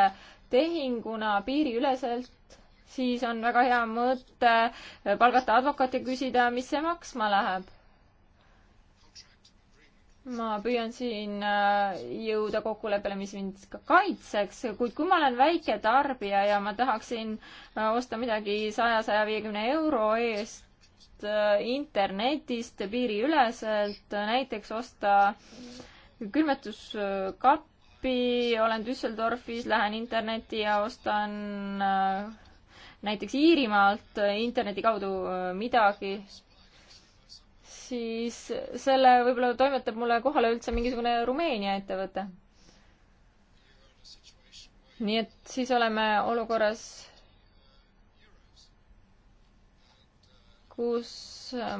tehinguna piiriüleselt, siis on väga hea mõte palgata advokaat ja küsida, mis see maksma läheb ma püüan siin äh, jõuda kokkuleppele, mis mind ka kaitseks, kuid kui ma olen väiketarbija ja ma tahaksin äh, osta midagi saja, saja viiekümne euro eest äh, internetist piiriüleselt, näiteks osta külmetuskappi, olen Düsseldorfis, lähen internetti ja ostan näiteks Iirimaalt interneti kaudu midagi siis selle võib-olla toimetab mulle kohale üldse mingisugune Rumeenia ettevõte. nii et siis oleme olukorras, kus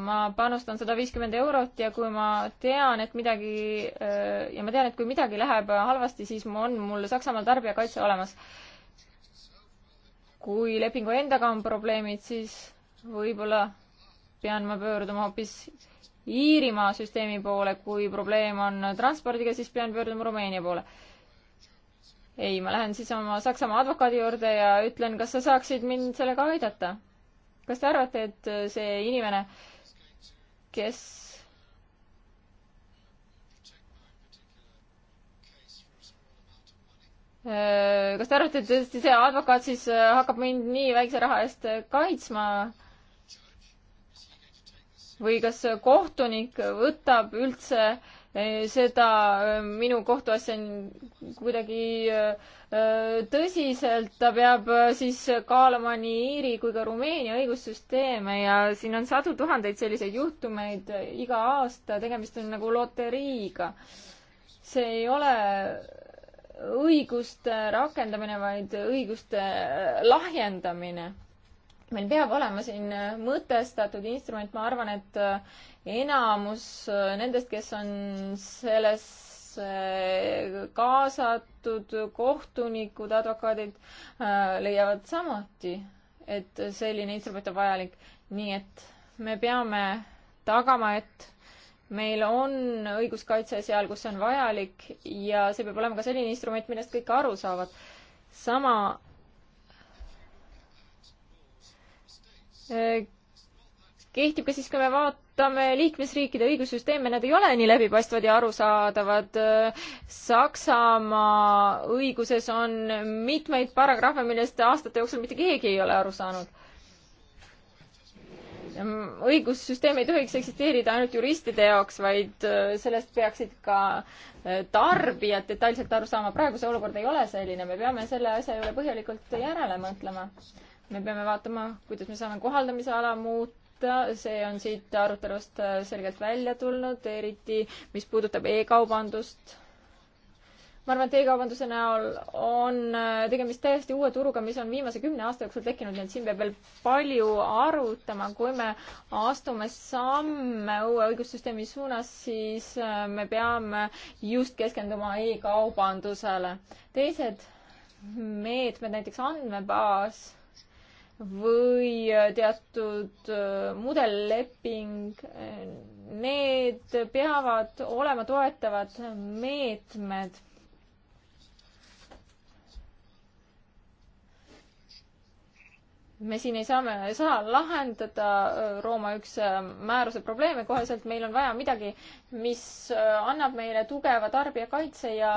ma panustan sada viiskümmend eurot ja kui ma tean, et midagi ja ma tean, et kui midagi läheb halvasti, siis mul on mul Saksamaal tarbijakaitse olemas. kui lepingu endaga on probleemid, siis võib-olla pean ma pöörduma hoopis Iirimaa süsteemi poole, kui probleem on transpordiga, siis pean pöörduma Rumeenia poole. ei, ma lähen siis oma Saksamaa advokaadi juurde ja ütlen, kas sa saaksid mind sellega aidata. kas te arvate, et see inimene, kes kas te arvate, et see advokaat siis hakkab mind nii väikse raha eest kaitsma? või kas kohtunik võtab üldse eh, seda eh, minu kohtuasja kuidagi eh, tõsiselt, ta peab siis kaaluma nii Iiri kui ka Rumeenia õigussüsteeme ja siin on sadu tuhandeid selliseid juhtumeid iga aasta, tegemist on nagu loteriiga. see ei ole õiguste rakendamine, vaid õiguste lahjendamine meil peab olema siin äh, mõtestatud instrument, ma arvan, et äh, enamus äh, nendest, kes on sellesse kaasatud, kohtunikud, advokaadid, leiavad samuti, et selline instrument on vajalik. nii et me peame tagama, et meil on õiguskaitse seal, kus see on vajalik ja see peab olema ka selline instrument, millest kõik aru saavad. sama kehtib ka siis, kui me vaatame liikmesriikide õigussüsteeme, nad ei ole nii läbipaistvad ja arusaadavad. Saksamaa õiguses on mitmeid paragrahve, millest aastate jooksul mitte keegi ei ole aru saanud õigussüsteem ei tohiks eksisteerida ainult juristide jaoks, vaid äh, sellest peaksid ka äh, tarbijad detailselt aru saama. praegu see olukord ei ole selline, me peame selle asja üle põhjalikult järele mõtlema me peame vaatama, kuidas me saame kohaldamise ala muuta, see on siit arutelust äh, selgelt välja tulnud, eriti mis puudutab e-kaubandust. ma arvan, et e-kaubanduse näol on äh, tegemist täiesti uue turuga, mis on viimase kümne aasta jooksul tekkinud, nii et siin peab veel palju arutama, kui me astume samme uue õigussüsteemi suunas, siis äh, me peame just keskenduma e-kaubandusele. teised meetmed, näiteks andmebaas või teatud äh, mudelleping, need peavad olema toetavad meetmed. me siin ei saa, saa lahendada äh, Rooma üks äh, määruse probleeme koheselt, meil on vaja midagi, mis annab meile tugeva tarbijakaitse ja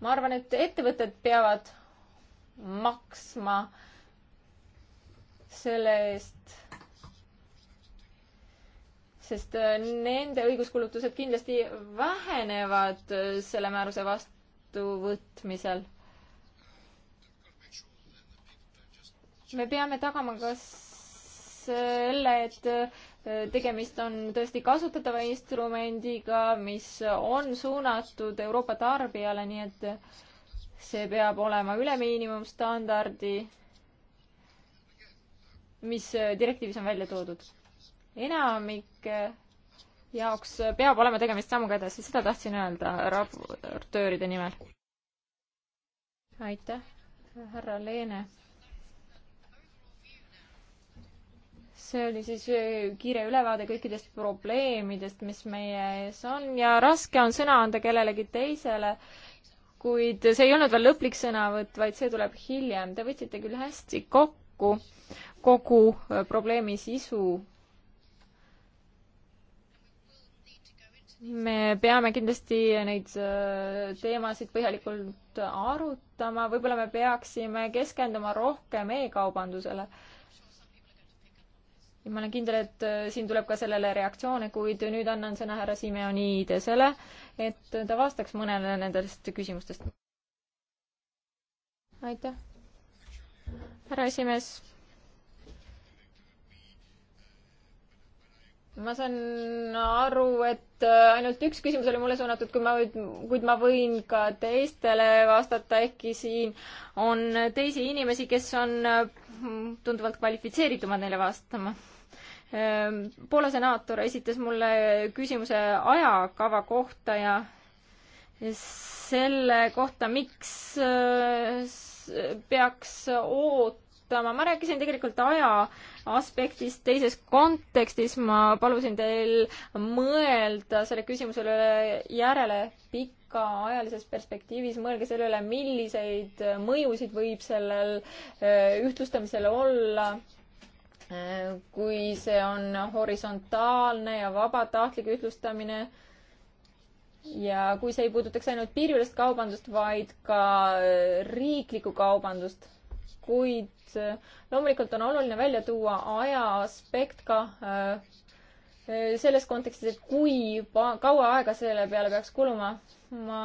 ma arvan, et ettevõtted peavad maksma äh, selle eest, sest äh, nende õiguskulutused kindlasti vähenevad äh, selle määruse vastuvõtmisel. me peame tagama ka selle, et äh, tegemist on tõesti kasutatava instrumendiga, mis on suunatud Euroopa tarbijale, nii et see peab olema üle miinimumstandardi mis äh, direktiivis on välja toodud. enamike äh, jaoks äh, peab olema tegemist sammuga edasi, seda tahtsin öelda raportööride nimel. aitäh, härra Leene. see oli siis kiire ülevaade kõikidest probleemidest, mis meie ees on ja raske on sõna anda kellelegi teisele, kuid see ei olnud veel lõplik sõnavõtt, vaid see tuleb hiljem. Te võtsite küll hästi kokku kokku kogu äh, probleemi sisu. me peame kindlasti neid äh, teemasid põhjalikult arutama, võib-olla me peaksime keskenduma rohkem e-kaubandusele. ja ma olen kindel, et äh, siin tuleb ka sellele reaktsioone, kuid nüüd annan sõna härra Simeonidesele, et ta vastaks mõnele nendest küsimustest. aitäh härra esimees. ma saan aru, et äh, ainult üks küsimus oli mulle suunatud, kui ma, kuid ma võin ka teistele vastata, ehkki siin on teisi inimesi, kes on äh, tunduvalt kvalifitseeritumad neile vastama ähm, Poola senaator esitas mulle küsimuse ajakava kohta ja selle kohta, miks äh, peaks ootama, ma rääkisin tegelikult aja aspektist teises kontekstis, ma palusin teil mõelda selle küsimuse üle järele pikaajalises perspektiivis, mõelge selle üle, milliseid mõjusid võib sellel äh, ühtlustamisel olla äh, kui see on horisontaalne ja vabatahtlik ühtlustamine äh, ja kui see ei puudutaks ainult piiriülest kaubandust, vaid ka äh, riiklikku kaubandust, kuid äh, loomulikult on oluline välja tuua aja aspekt ka äh, selles kontekstis, et kui kaua aega selle peale peaks kuluma. ma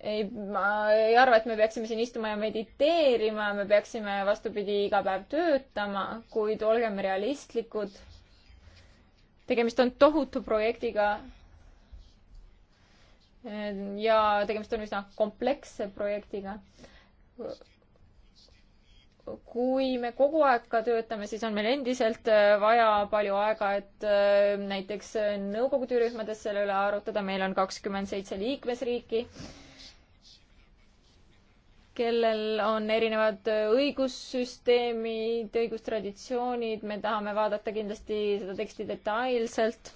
ei, ma ei arva, et me peaksime siin istuma ja mediteerima, me peaksime vastupidi iga päev töötama, kuid olgem realistlikud. tegemist on tohutu projektiga ja tegemist on üsna kompleksse projektiga. kui me kogu aeg ka töötame, siis on meil endiselt äh, vaja palju aega, et äh, näiteks nõukogu töörühmades selle üle arutada, meil on kakskümmend seitse liikmesriiki kellel on erinevad õigussüsteemid, õigustraditsioonid, me tahame vaadata kindlasti seda teksti detailselt.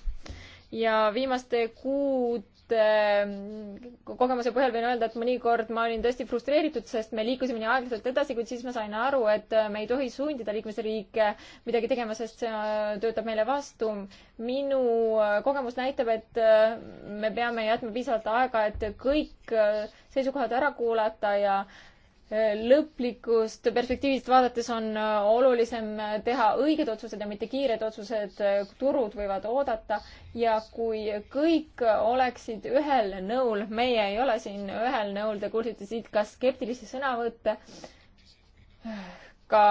ja viimaste kuud Ehm, kogemuse põhjal võin öelda, et mõnikord ma olin tõesti frustreeritud, sest me liikusime nii aeglaselt edasi, kuid siis ma sain aru, et ehm, me ei tohi sundida liikmesriike midagi tegema, sest see äh, töötab meile vastu. minu äh, kogemus näitab, et ehm, me peame jätma piisavalt aega, et kõik äh, seisukohad ära kuulata ja äh, lõplikust perspektiivist vaadates on äh, olulisem äh, teha õiged otsused ja mitte kiired otsused, äh, turud võivad oodata ja kui kõik oleksid ühel nõul, meie ei ole siin ühel nõul, te kuulsite siit ka skeptilisi sõnavõtte, ka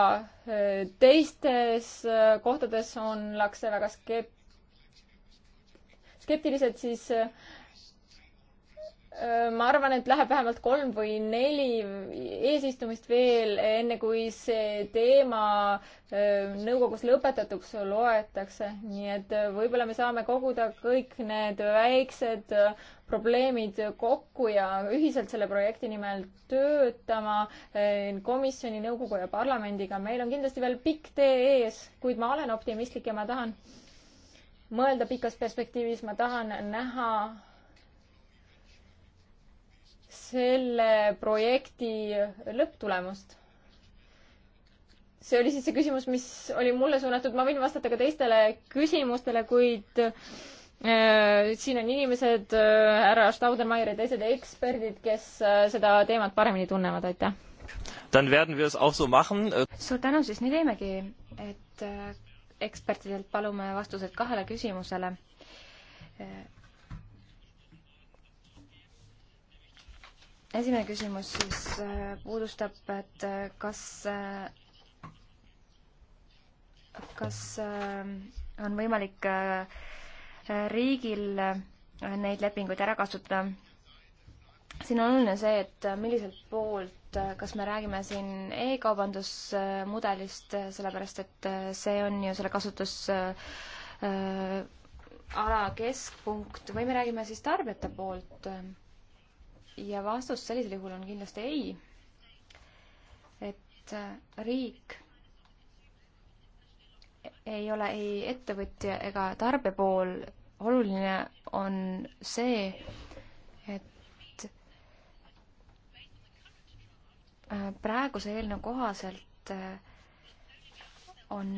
teistes kohtades ollakse väga skep-, skeptilised, siis ma arvan, et läheb vähemalt kolm või neli eesistumist veel, enne kui see teema nõukogus lõpetatuks loetakse. nii et võib-olla me saame koguda kõik need väiksed probleemid kokku ja ühiselt selle projekti nimel töötama komisjoni, nõukogu ja parlamendiga. meil on kindlasti veel pikk tee ees, kuid ma olen optimistlik ja ma tahan mõelda pikas perspektiivis, ma tahan näha selle projekti lõpptulemust? see oli siis see küsimus, mis oli mulle suunatud, ma võin vastata ka teistele küsimustele, kuid äh, siin on inimesed, äh, härra Staudenmaier ja teised eksperdid, kes äh, seda teemat paremini tunnevad, aitäh. suur tänu, siis nii teemegi, et ekspertidelt palume vastused kahele küsimusele esimene küsimus siis äh, puudustab, et äh, kas, äh, kas on võimalik riigil neid lepinguid ära kasutada. siin on oluline see, et milliselt poolt, kas me räägime siin e-kaubandusmudelist, sellepärast et see on ju selle kasutus ala keskpunkt või me räägime siis tarbijate poolt ja vastus sellisel juhul on kindlasti ei. et riik ei ole ei ettevõtja ega tarbija pool, oluline on see, et praeguse eelnõu kohaselt on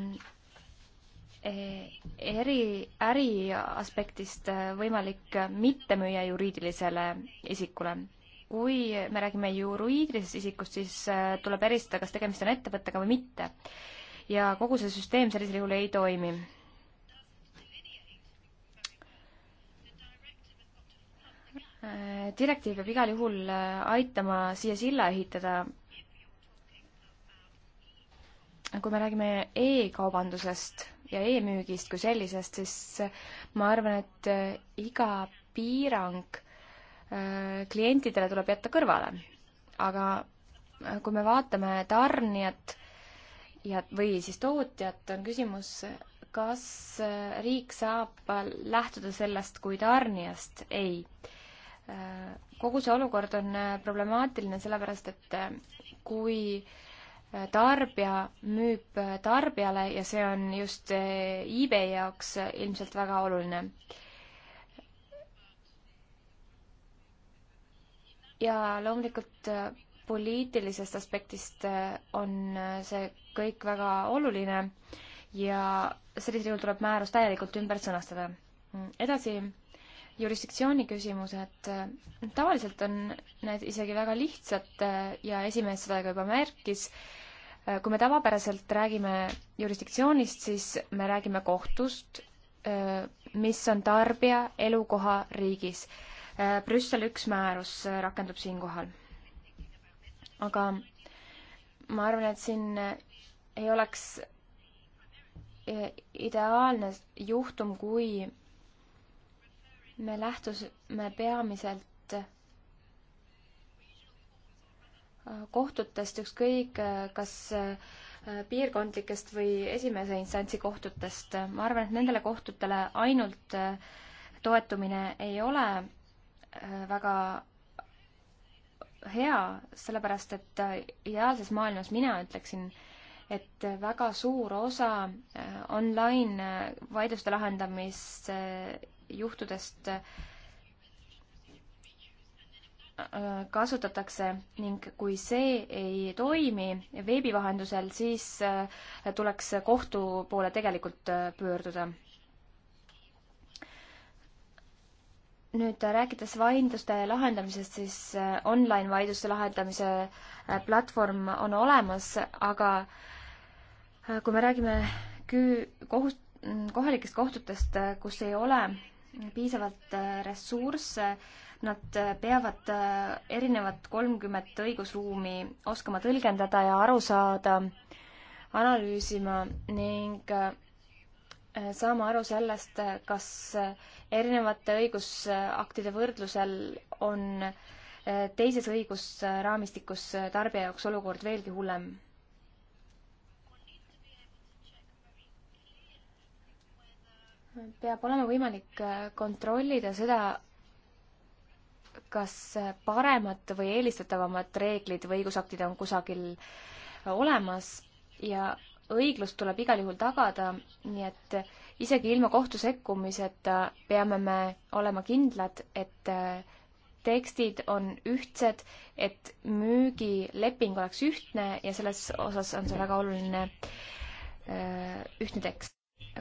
Eh, eri, äri aspektist eh, võimalik mitte müüa juriidilisele isikule. kui me räägime juriidilisest isikust, siis eh, tuleb eristada, kas tegemist on ettevõttega või mitte. ja kogu see süsteem sellisel juhul ei toimi direktiiv peab igal juhul aitama siia silla ehitada. kui me räägime e-kaubandusest ja e-müügist kui sellisest, siis äh, ma arvan, et äh, iga piirang äh, klientidele tuleb jätta kõrvale. aga kui me vaatame tarnijat ja, või siis tootjat, on küsimus, kas riik saab lähtuda sellest kui tarnijast? ei. kogu see olukord on problemaatiline, sellepärast et kui äh, tarbija müüb tarbijale ja see on just eh, eBay jaoks ilmselt väga oluline. ja loomulikult eh, poliitilisest aspektist eh, on see kõik väga oluline ja sellisel juhul tuleb määrus täielikult ümber sõnastada. edasi, jurisdiktsiooni küsimused. tavaliselt on need isegi väga lihtsad ja esimees seda ka juba märkis Äh, kui me tavapäraselt räägime jurisdiktsioonist, siis me räägime kohtust, äh, mis on tarbija elukoha riigis. Äh, Brüssel üks määrus rakendub siinkohal. aga ma arvan, et siin ei oleks ideaalne juhtum, kui me lähtusime peamiselt kohtutest, ükskõik kas äh, piirkondlikest või esimese instantsi kohtutest. ma arvan, et nendele kohtutele ainult äh, toetumine ei ole äh, väga hea, sellepärast et ideaalses maailmas mina ütleksin, et väga suur osa online vaidluste lahendamisjuhtudest äh, kasutatakse ning kui see ei toimi veebi vahendusel, siis äh, tuleks kohtu poole tegelikult äh, pöörduda. nüüd äh, rääkides vaidluste lahendamisest, siis online vaidluste lahendamise platvorm on olemas, aga kui me räägime küü-, kohust-, kohalikest kohtutest, kus ei ole piisavalt ressursse, Nad äh, peavad äh, erinevat kolmkümmet õigusruumi oskama tõlgendada ja aru saada, analüüsima ning äh, saama aru sellest, kas erinevate õigusaktide võrdlusel on teises õigusraamistikus tarbija jaoks olukord veelgi hullem peab olema võimalik kontrollida seda, kas paremad või eelistatavamad reeglid või õigusaktid on kusagil olemas ja õiglus tuleb igal juhul tagada, nii et isegi ilma kohtu sekkumiseta peame me olema kindlad, et tekstid on ühtsed, et müügileping oleks ühtne ja selles osas on see väga oluline äh, ühtne tekst.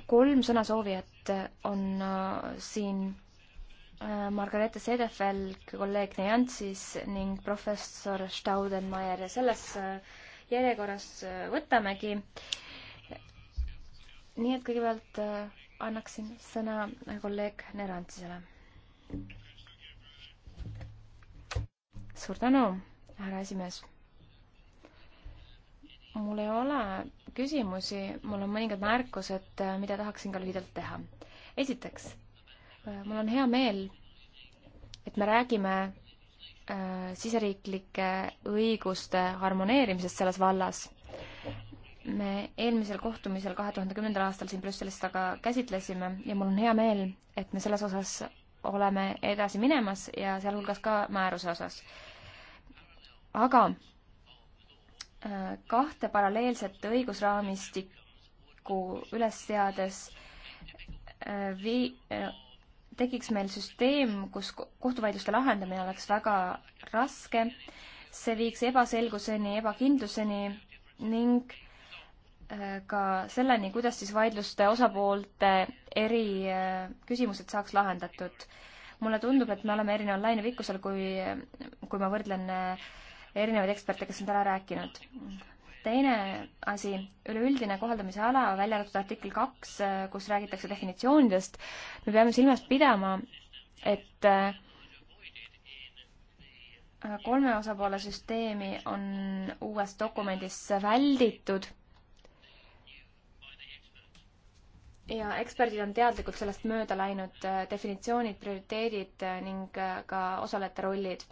kolm sõnasoovijat on äh, siin Äh, Margareeta Sedefelg, kolleeg Neantsis ning professor Staudenmaier ja selles äh, järjekorras äh, võtamegi. nii et kõigepealt annaksin sõna kolleeg Nerantsisele. suur tänu, härra esimees. mul ei ole küsimusi, mul on mõningad märkused, mida tahaksin ka lühidalt teha. esiteks Äh, mul on hea meel, et me räägime äh, siseriiklike õiguste harmoneerimisest selles vallas. me eelmisel kohtumisel kahe tuhande kümnendal aastal siin Brüsselis seda ka käsitlesime ja mul on hea meel, et me selles osas oleme edasi minemas ja sealhulgas ka määruse osas. aga äh, kahte paralleelset õigusraamistikku üles seades vii-, tekiks meil süsteem, kus kohtuvaidluste lahendamine oleks väga raske, see viiks ebaselguseni, ebakindluseni ning äh, ka selleni, kuidas siis vaidluste osapoolte eri äh, küsimused saaks lahendatud. mulle tundub, et me oleme erineval lainepikkusel, kui, kui ma võrdlen äh, erinevaid eksperte, kes on täna rääkinud teine asi, üleüldine kohaldamise ala, välja arvatud artikkel kaks, kus räägitakse definitsioonidest, me peame silmas pidama, et äh, kolme osapoole süsteemi on uues dokumendis välditud ja eksperdid on teadlikult sellest mööda läinud, äh, definitsioonid, prioriteedid äh, ning ka osalejate rollid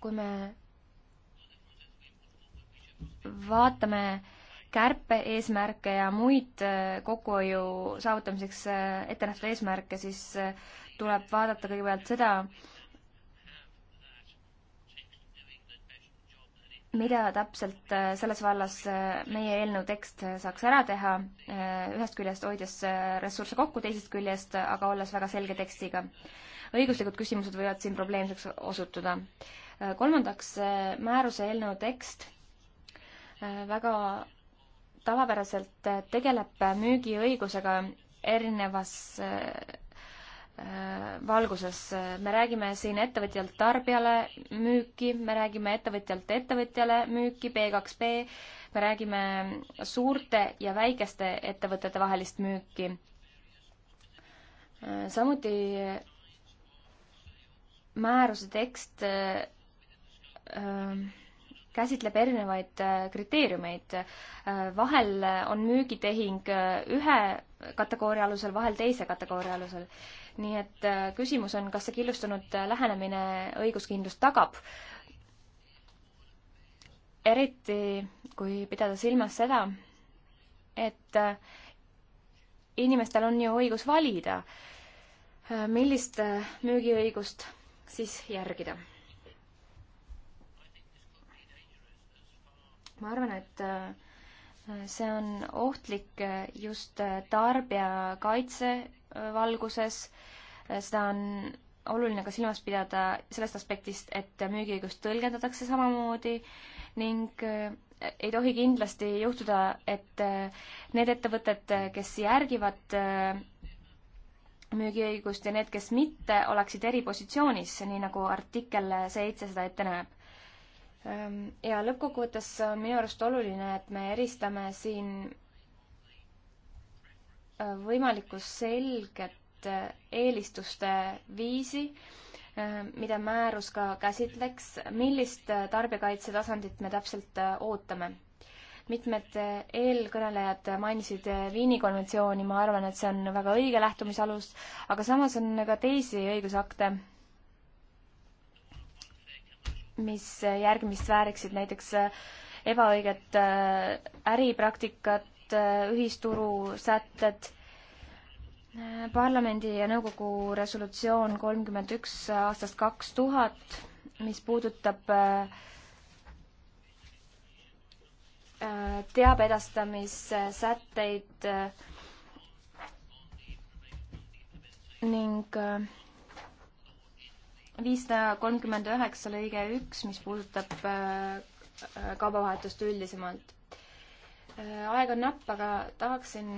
kui me vaatame kärpe-eesmärke ja muid äh, kokkuhoiu saavutamiseks äh, ette nähtud eesmärke, siis äh, tuleb vaadata kõigepealt seda, mida täpselt selles vallas meie eelnõu tekst saaks ära teha, ühest küljest hoides ressursse kokku, teisest küljest aga olles väga selge tekstiga õiguslikud küsimused võivad siin probleemseks osutuda. Äh, kolmandaks, määruse eelnõu tekst äh, väga tavapäraselt äh, tegeleb müügiõigusega erinevas valguses. me räägime siin ettevõtjalt tarbijale müüki, me räägime ettevõtjalt ettevõtjale müüki, B2B, me räägime suurte ja väikeste ettevõtete vahelist müüki. samuti määruse tekst äh, äh, käsitleb erinevaid äh, kriteeriumeid. vahel on müügitehing ühe kategooria alusel, vahel teise kategooria alusel. nii et küsimus on, kas see killustunud lähenemine õiguskindlust tagab. eriti kui pidada silmas seda, et inimestel on ju õigus valida, millist müügiõigust siis järgida. ma arvan, et äh, see on ohtlik äh, just äh, tarbijakaitse valguses. seda on oluline ka silmas pidada sellest aspektist, et müügiõigust tõlgendatakse samamoodi ning ei tohi kindlasti juhtuda, et need ettevõtted, kes järgivad müügiõigust ja need, kes mitte, oleksid eripositsioonis, nii nagu artikkel seitse seda ette näeb. Ehm, ja lõppkokkuvõttes on minu arust oluline, et me eristame siin äh, võimalikku selget äh, eelistuste viisi, äh, mida määrus ka käsitleks, millist tarbijakaitse tasandit me täpselt ootame mitmed eelkõnelejad mainisid Viini konventsiooni, ma arvan, et see on väga õige lähtumisalus, aga samas on ka teisi õigusakte, mis järgmist vääriksid, näiteks ebaõiget äripraktikat, ühisturu sätted parlamendi ja nõukogu resolutsioon kolmkümmend üks aastast kaks tuhat, mis puudutab teabe edastamissätteid äh, ning äh, viissada kolmkümmend üheksa lõige üks, mis puudutab äh, kaubavahetust üldisemalt. aeg on napp, aga tahaksin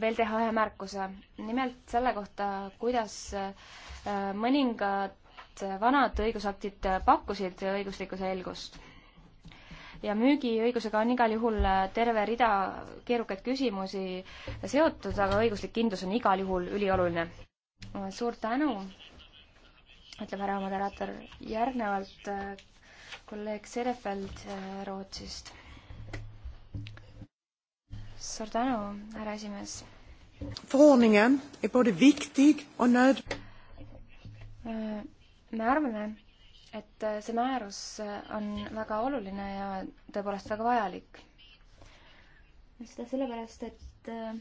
veel teha ühe märkuse. nimelt selle kohta, kuidas mõningad vanad õigusaktid pakkusid õiguslikku selgust ja müügiõigusega on igal juhul äh, terve rida keerukaid küsimusi seotud, aga õiguslik kindlus on igal juhul ülioluline. suur tänu, ütleb härra moderaator. järgnevalt äh, kolleeg Serefeld äh, Rootsist. suur tänu, härra esimees. Förordningen är både viktig och nöd-. me arvame, et äh, see määrus äh, on väga oluline ja tõepoolest väga vajalik. seda sellepärast, et äh,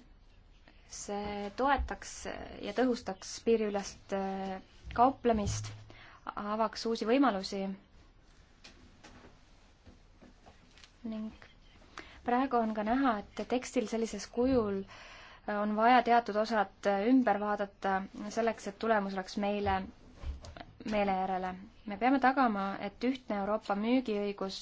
see toetaks ja tõhustaks piiriülest kauplemist, avaks uusi võimalusi ning praegu on ka näha, et tekstil sellises kujul on vaja teatud osad ümber vaadata selleks, et tulemus oleks meile meele järele me peame tagama, et ühtne Euroopa müügiõigus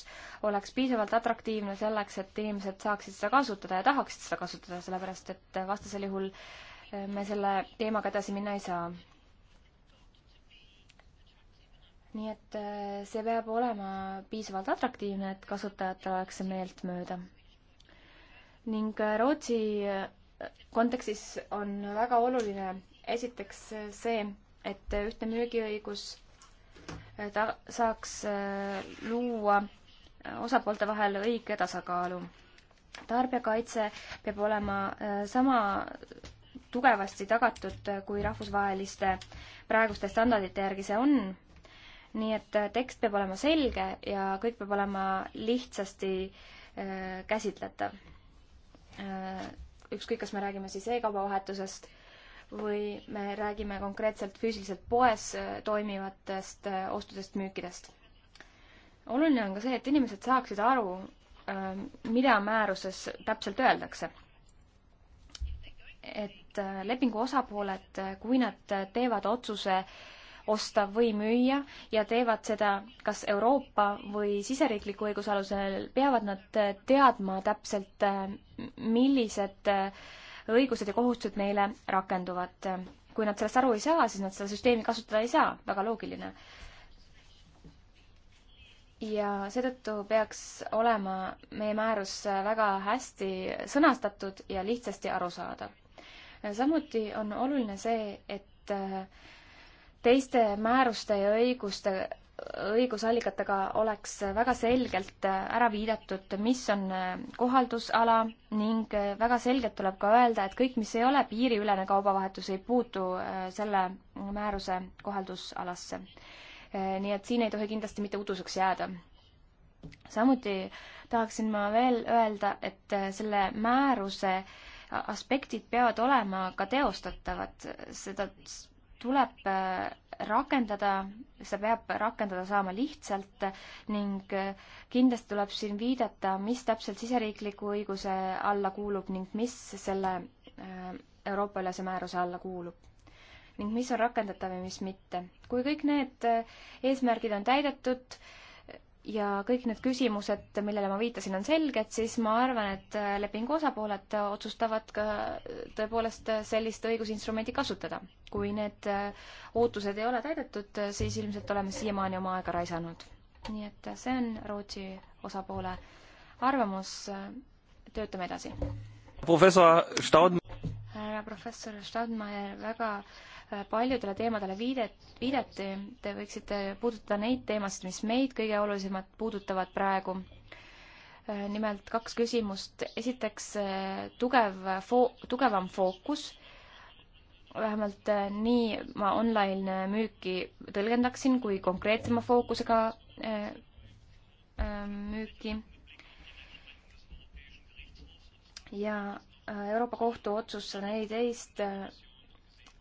oleks piisavalt atraktiivne selleks, et inimesed saaksid seda kasutada ja tahaksid seda kasutada, sellepärast et vastasel juhul eh, me selle teemaga edasi minna ei saa. nii et eh, see peab olema piisavalt atraktiivne, et kasutajatel oleks see meeltmööda. ning eh, Rootsi kontekstis on väga oluline esiteks see, et ühtne müügiõigus ta saaks äh, luua äh, osapoolte vahel õige tasakaalu. tarbijakaitse peab olema äh, sama tugevasti tagatud, kui rahvusvaheliste praeguste standardite järgi see on. nii et tekst peab olema selge ja kõik peab olema lihtsasti käsitletav. ükskõik, kas me räägime siis e-kaubavahetusest või me räägime konkreetselt füüsiliselt poes äh, toimivatest äh, ostudest-müükidest. oluline on ka see, et inimesed saaksid aru, ähm, mida määruses täpselt öeldakse. et äh, lepingu osapooled, kui nad teevad otsuse osta või müüa ja teevad seda kas Euroopa või siseriikliku õiguse alusel, peavad nad teadma täpselt, millised äh, õigused ja kohustused neile rakenduvad. kui nad sellest aru ei saa, siis nad seda süsteemi kasutada ei saa, väga loogiline. ja seetõttu peaks olema meie määrus väga hästi sõnastatud ja lihtsasti arusaadav. samuti on oluline see, et teiste määruste ja õiguste õigusallikatega oleks väga selgelt ära viidatud, mis on kohaldusala ning väga selgelt tuleb ka öelda, et kõik, mis ei ole piiriülene kaubavahetus, ei puutu äh, selle määruse kohaldusalasse. Äh, nii et siin ei tohi kindlasti mitte uduseks jääda. samuti tahaksin ma veel öelda, et äh, selle määruse aspektid peavad olema ka teostatavad, seda tuleb äh, rakendada, seda peab rakendada saama lihtsalt ning äh, kindlasti tuleb siin viidata, mis täpselt siseriikliku õiguse alla kuulub ning mis selle äh, Euroopa ülese määruse alla kuulub ning mis on rakendatav ja mis mitte. kui kõik need eesmärgid on täidetud, ja kõik need küsimused, millele ma viitasin, on selged, siis ma arvan, et äh, lepingu osapooled otsustavad ka äh, tõepoolest äh, sellist õigusinstrumenti kasutada. kui need ootused ei ole täidetud, siis ilmselt oleme siiamaani oma aega raisanud. nii et see on Rootsi osapoole arvamus, töötame edasi. professor Staud-. härra professor Staudmaier, väga äh, paljudele teemadele viidet, viideti, te võiksite puudutada neid teemasid, mis meid kõige olulisemad puudutavad praegu. Äh, nimelt kaks küsimust, esiteks äh, tugev foo-, tugevam fookus, vähemalt äh, nii ma online müüki tõlgendaksin, kui konkreetsema fookusega müüki. ja Euroopa Kohtu otsus sada neliteist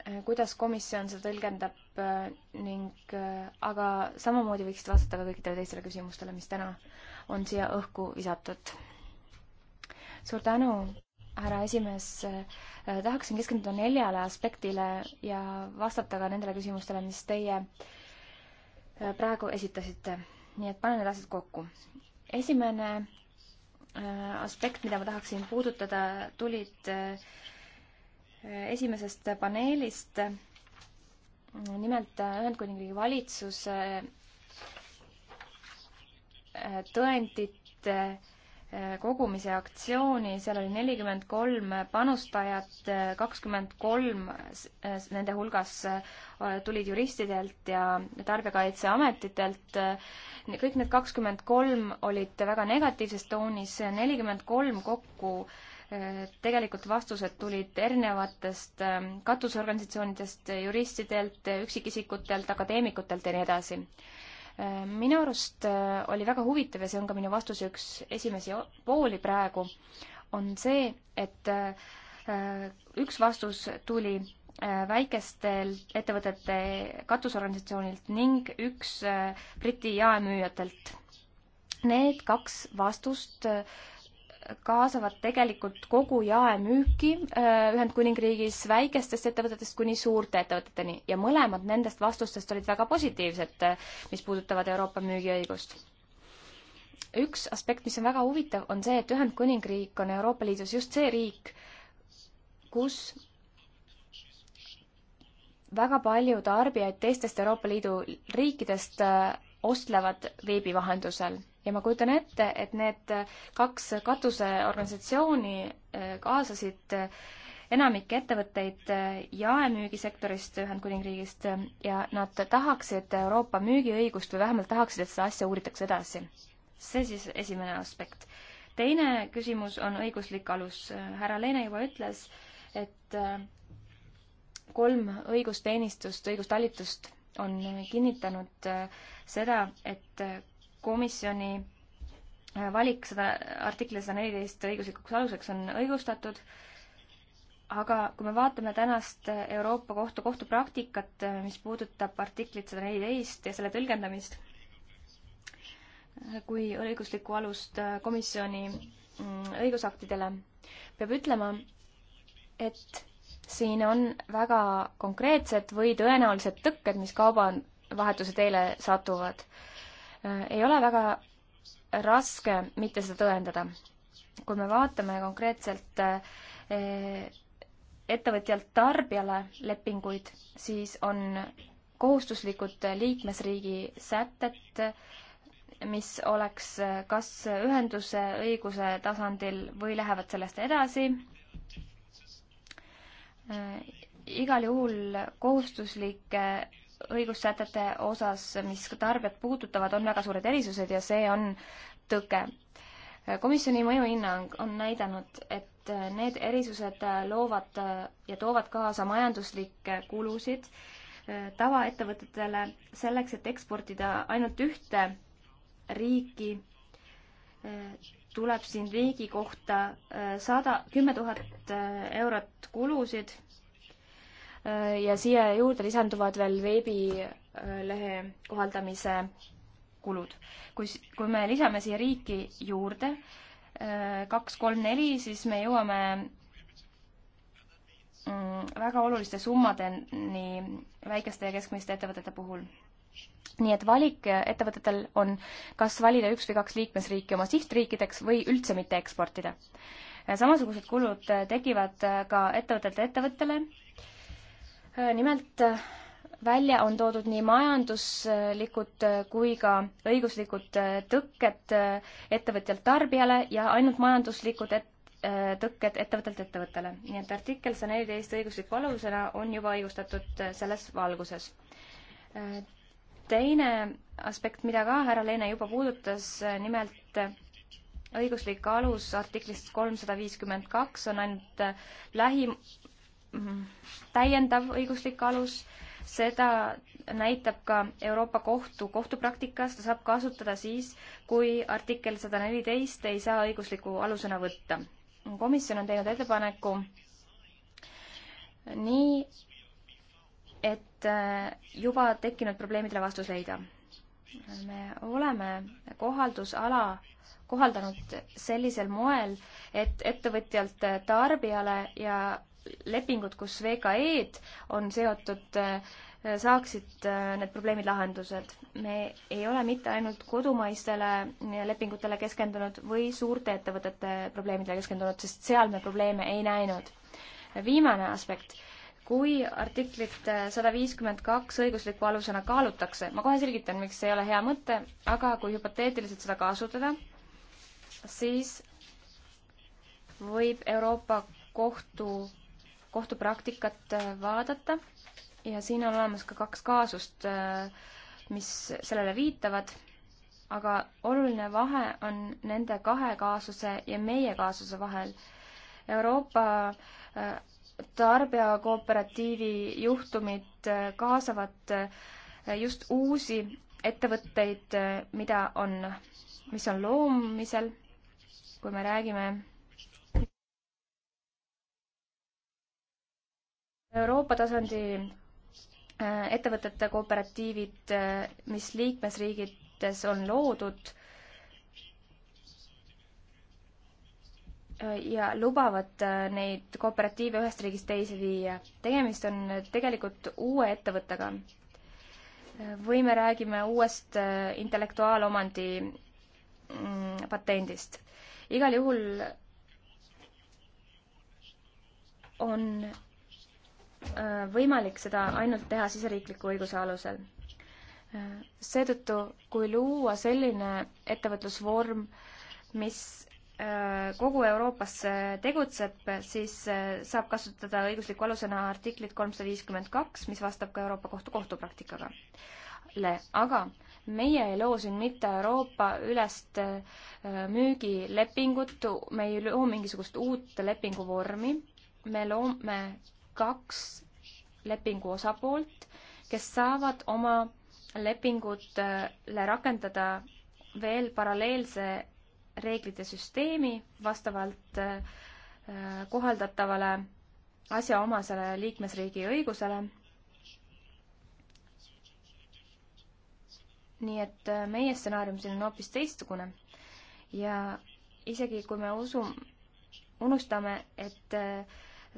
Äh, kuidas komisjon seda tõlgendab äh, ning, äh, aga samamoodi võiksite vastata ka kõikidele teistele küsimustele, mis täna on siia õhku visatud. suur tänu, härra esimees. tahaksin keskenduda neljale aspektile ja vastata ka nendele küsimustele, mis teie praegu esitasite. nii et panen need asjad kokku. esimene aspekt, mida ma tahaksin puudutada, tulid äh, esimesest paneelist. nimelt Ühendkuningriigi valitsus äh, tõendite äh, kogumise aktsiooni, seal oli nelikümmend kolm panustajat, äh, kakskümmend kolm nende hulgas tulid juristidelt ja Tarbijakaitseametitelt. kõik need kakskümmend kolm olid väga negatiivses toonis, nelikümmend kolm kokku äh, tegelikult vastused tulid erinevatest ähm, katusorganisatsioonidest, juristidelt, üksikisikutelt, akadeemikutelt ja nii edasi. Ähm, minu arust äh, oli väga huvitav ja see on ka minu vastuse üks esimesi pooli praegu, on see, et äh, äh, üks vastus tuli väikestel ettevõtete katusorganisatsioonilt ning üks Briti jaemüüjatelt. Need kaks vastust äh, kaasavad tegelikult kogu jaemüüki äh, Ühendkuningriigis väikestest ettevõtetest kuni suurte ettevõteteni ja mõlemad nendest vastustest olid väga positiivsed, äh, mis puudutavad Euroopa müügiõigust. üks aspekt, mis on väga huvitav, on see, et Ühendkuningriik on Euroopa Liidus just see riik, kus väga palju tarbijaid teistest Euroopa Liidu riikidest äh, ostlevad veebi vahendusel ja ma kujutan ette, et need kaks katuseorganisatsiooni eh, kaasasid eh, enamik ettevõtteid eh, jaemüügisektorist Ühendkuningriigist ja nad tahaksid Euroopa müügiõigust või vähemalt tahaksid, et seda asja uuritakse edasi. see siis esimene aspekt. teine küsimus on õiguslik alus. härra Leene juba ütles, et kolm õigusteenistust, õigustalitust on kinnitanud seda, et komisjoni äh, valik seda artikli sada neliteist õiguslikuks aluseks on õigustatud, aga kui me vaatame tänast äh, Euroopa Kohtu kohtupraktikat, äh, mis puudutab artiklit sada neliteist ja selle tõlgendamist, kui õiguslikku alust komisjoni mm, õigusaktidele, peab ütlema, et siin on väga konkreetsed või tõenäolised tõkked, mis kaubavahetuse teele satuvad Äh, ei ole väga raske mitte seda tõendada. kui me vaatame konkreetselt äh, ettevõtjalt tarbijale lepinguid, siis on kohustuslikud liikmesriigi sätted, mis oleks äh, kas ühenduse õiguse tasandil või lähevad sellest edasi. igal juhul kohustuslike õigussätete osas, mis tarbijat puudutavad, on väga suured erisused ja see on tõke. komisjoni mõjuhinnang on näidanud, et need erisused loovad ja toovad kaasa majanduslikke kulusid eh, tavaettevõtetele selleks, et eksportida ainult ühte riiki, eh, tuleb siin riigi kohta eh, sada, kümme tuhat eurot kulusid Äh, ja siia juurde lisanduvad veel veebilehe kohaldamise kulud. kui, kui me lisame siia riiki juurde äh, kaks, kolm, neli, siis me jõuame mm, väga oluliste summadeni väikeste ja keskmiste ettevõtete puhul. nii et valik ettevõtetel on kas valida üks või kaks liikmesriiki oma sihtriikideks või üldse mitte eksportida. samasugused kulud tekivad ka ettevõtete ettevõttele Äh, nimelt äh, välja on toodud nii majanduslikud äh, kui ka õiguslikud tõkked ettevõtjalt tarbijale ja ainult majanduslikud et, tõkked ettevõttelt ettevõttele. nii et artikkel sada neliteist õigusliku alusena on juba õigustatud selles valguses. teine aspekt, mida ka härra Leene juba puudutas, nimelt õiguslik alus artiklist kolmsada viiskümmend kaks on ainult lähi täiendav õiguslik alus, seda näitab ka Euroopa Kohtu kohtupraktika, seda saab kasutada siis, kui artikkel sada neliteist ei saa õigusliku alusena võtta. komisjon on teinud ettepaneku nii, et äh, juba tekkinud probleemidele vastus leida. me oleme kohaldusala kohaldanud sellisel moel, et ettevõtjalt tarbijale ja lepingud, kus VKE-d on seotud, äh, saaksid äh, need probleemid lahendused. me ei ole mitte ainult kodumaistele äh, lepingutele keskendunud või suurte ettevõtete probleemidele keskendunud, sest seal me probleeme ei näinud. viimane aspekt, kui artiklit sada viiskümmend kaks õigusliku alusena kaalutakse, ma kohe selgitan, miks see ei ole hea mõte, aga kui hüpoteetiliselt seda kasutada, siis võib Euroopa kohtu kohtupraktikat äh, vaadata ja siin on olemas ka kaks kaasust, äh, mis sellele viitavad, aga oluline vahe on nende kahe kaasuse ja meie kaasuse vahel. Euroopa äh, tarbijakooperatiivi juhtumid kaasavad just uusi ettevõtteid, mida on, mis on loomisel, kui me räägime Euroopa tasandi äh, ettevõtete kooperatiivid, äh, mis liikmesriigides on loodud äh, ja lubavad neid kooperatiive ühest riigist teise viia. tegemist on tegelikult uue ettevõttega. või me räägime uuest intellektuaalomandi mm, patendist. igal juhul on Äh, võimalik seda ainult teha siseriikliku õiguse alusel. Äh, seetõttu, kui luua selline ettevõtlusvorm, mis äh, kogu Euroopas tegutseb, siis saab kasutada õigusliku alusena artiklit kolmsada viiskümmend kaks, mis vastab ka Euroopa Kohtu kohtupraktikaga. aga meie ei loo siin mitte Euroopa ülest müügilepingut, me ei loo mingisugust uut lepinguvormi, me loome kaks lepingu osapoolt, kes saavad oma lepingutele rakendada veel paralleelse reeglite süsteemi vastavalt äh, kohaldatavale asjaomasele liikmesriigi õigusele nii et äh, meie stsenaarium siin on hoopis teistsugune. ja isegi kui me usu-, unustame, et äh,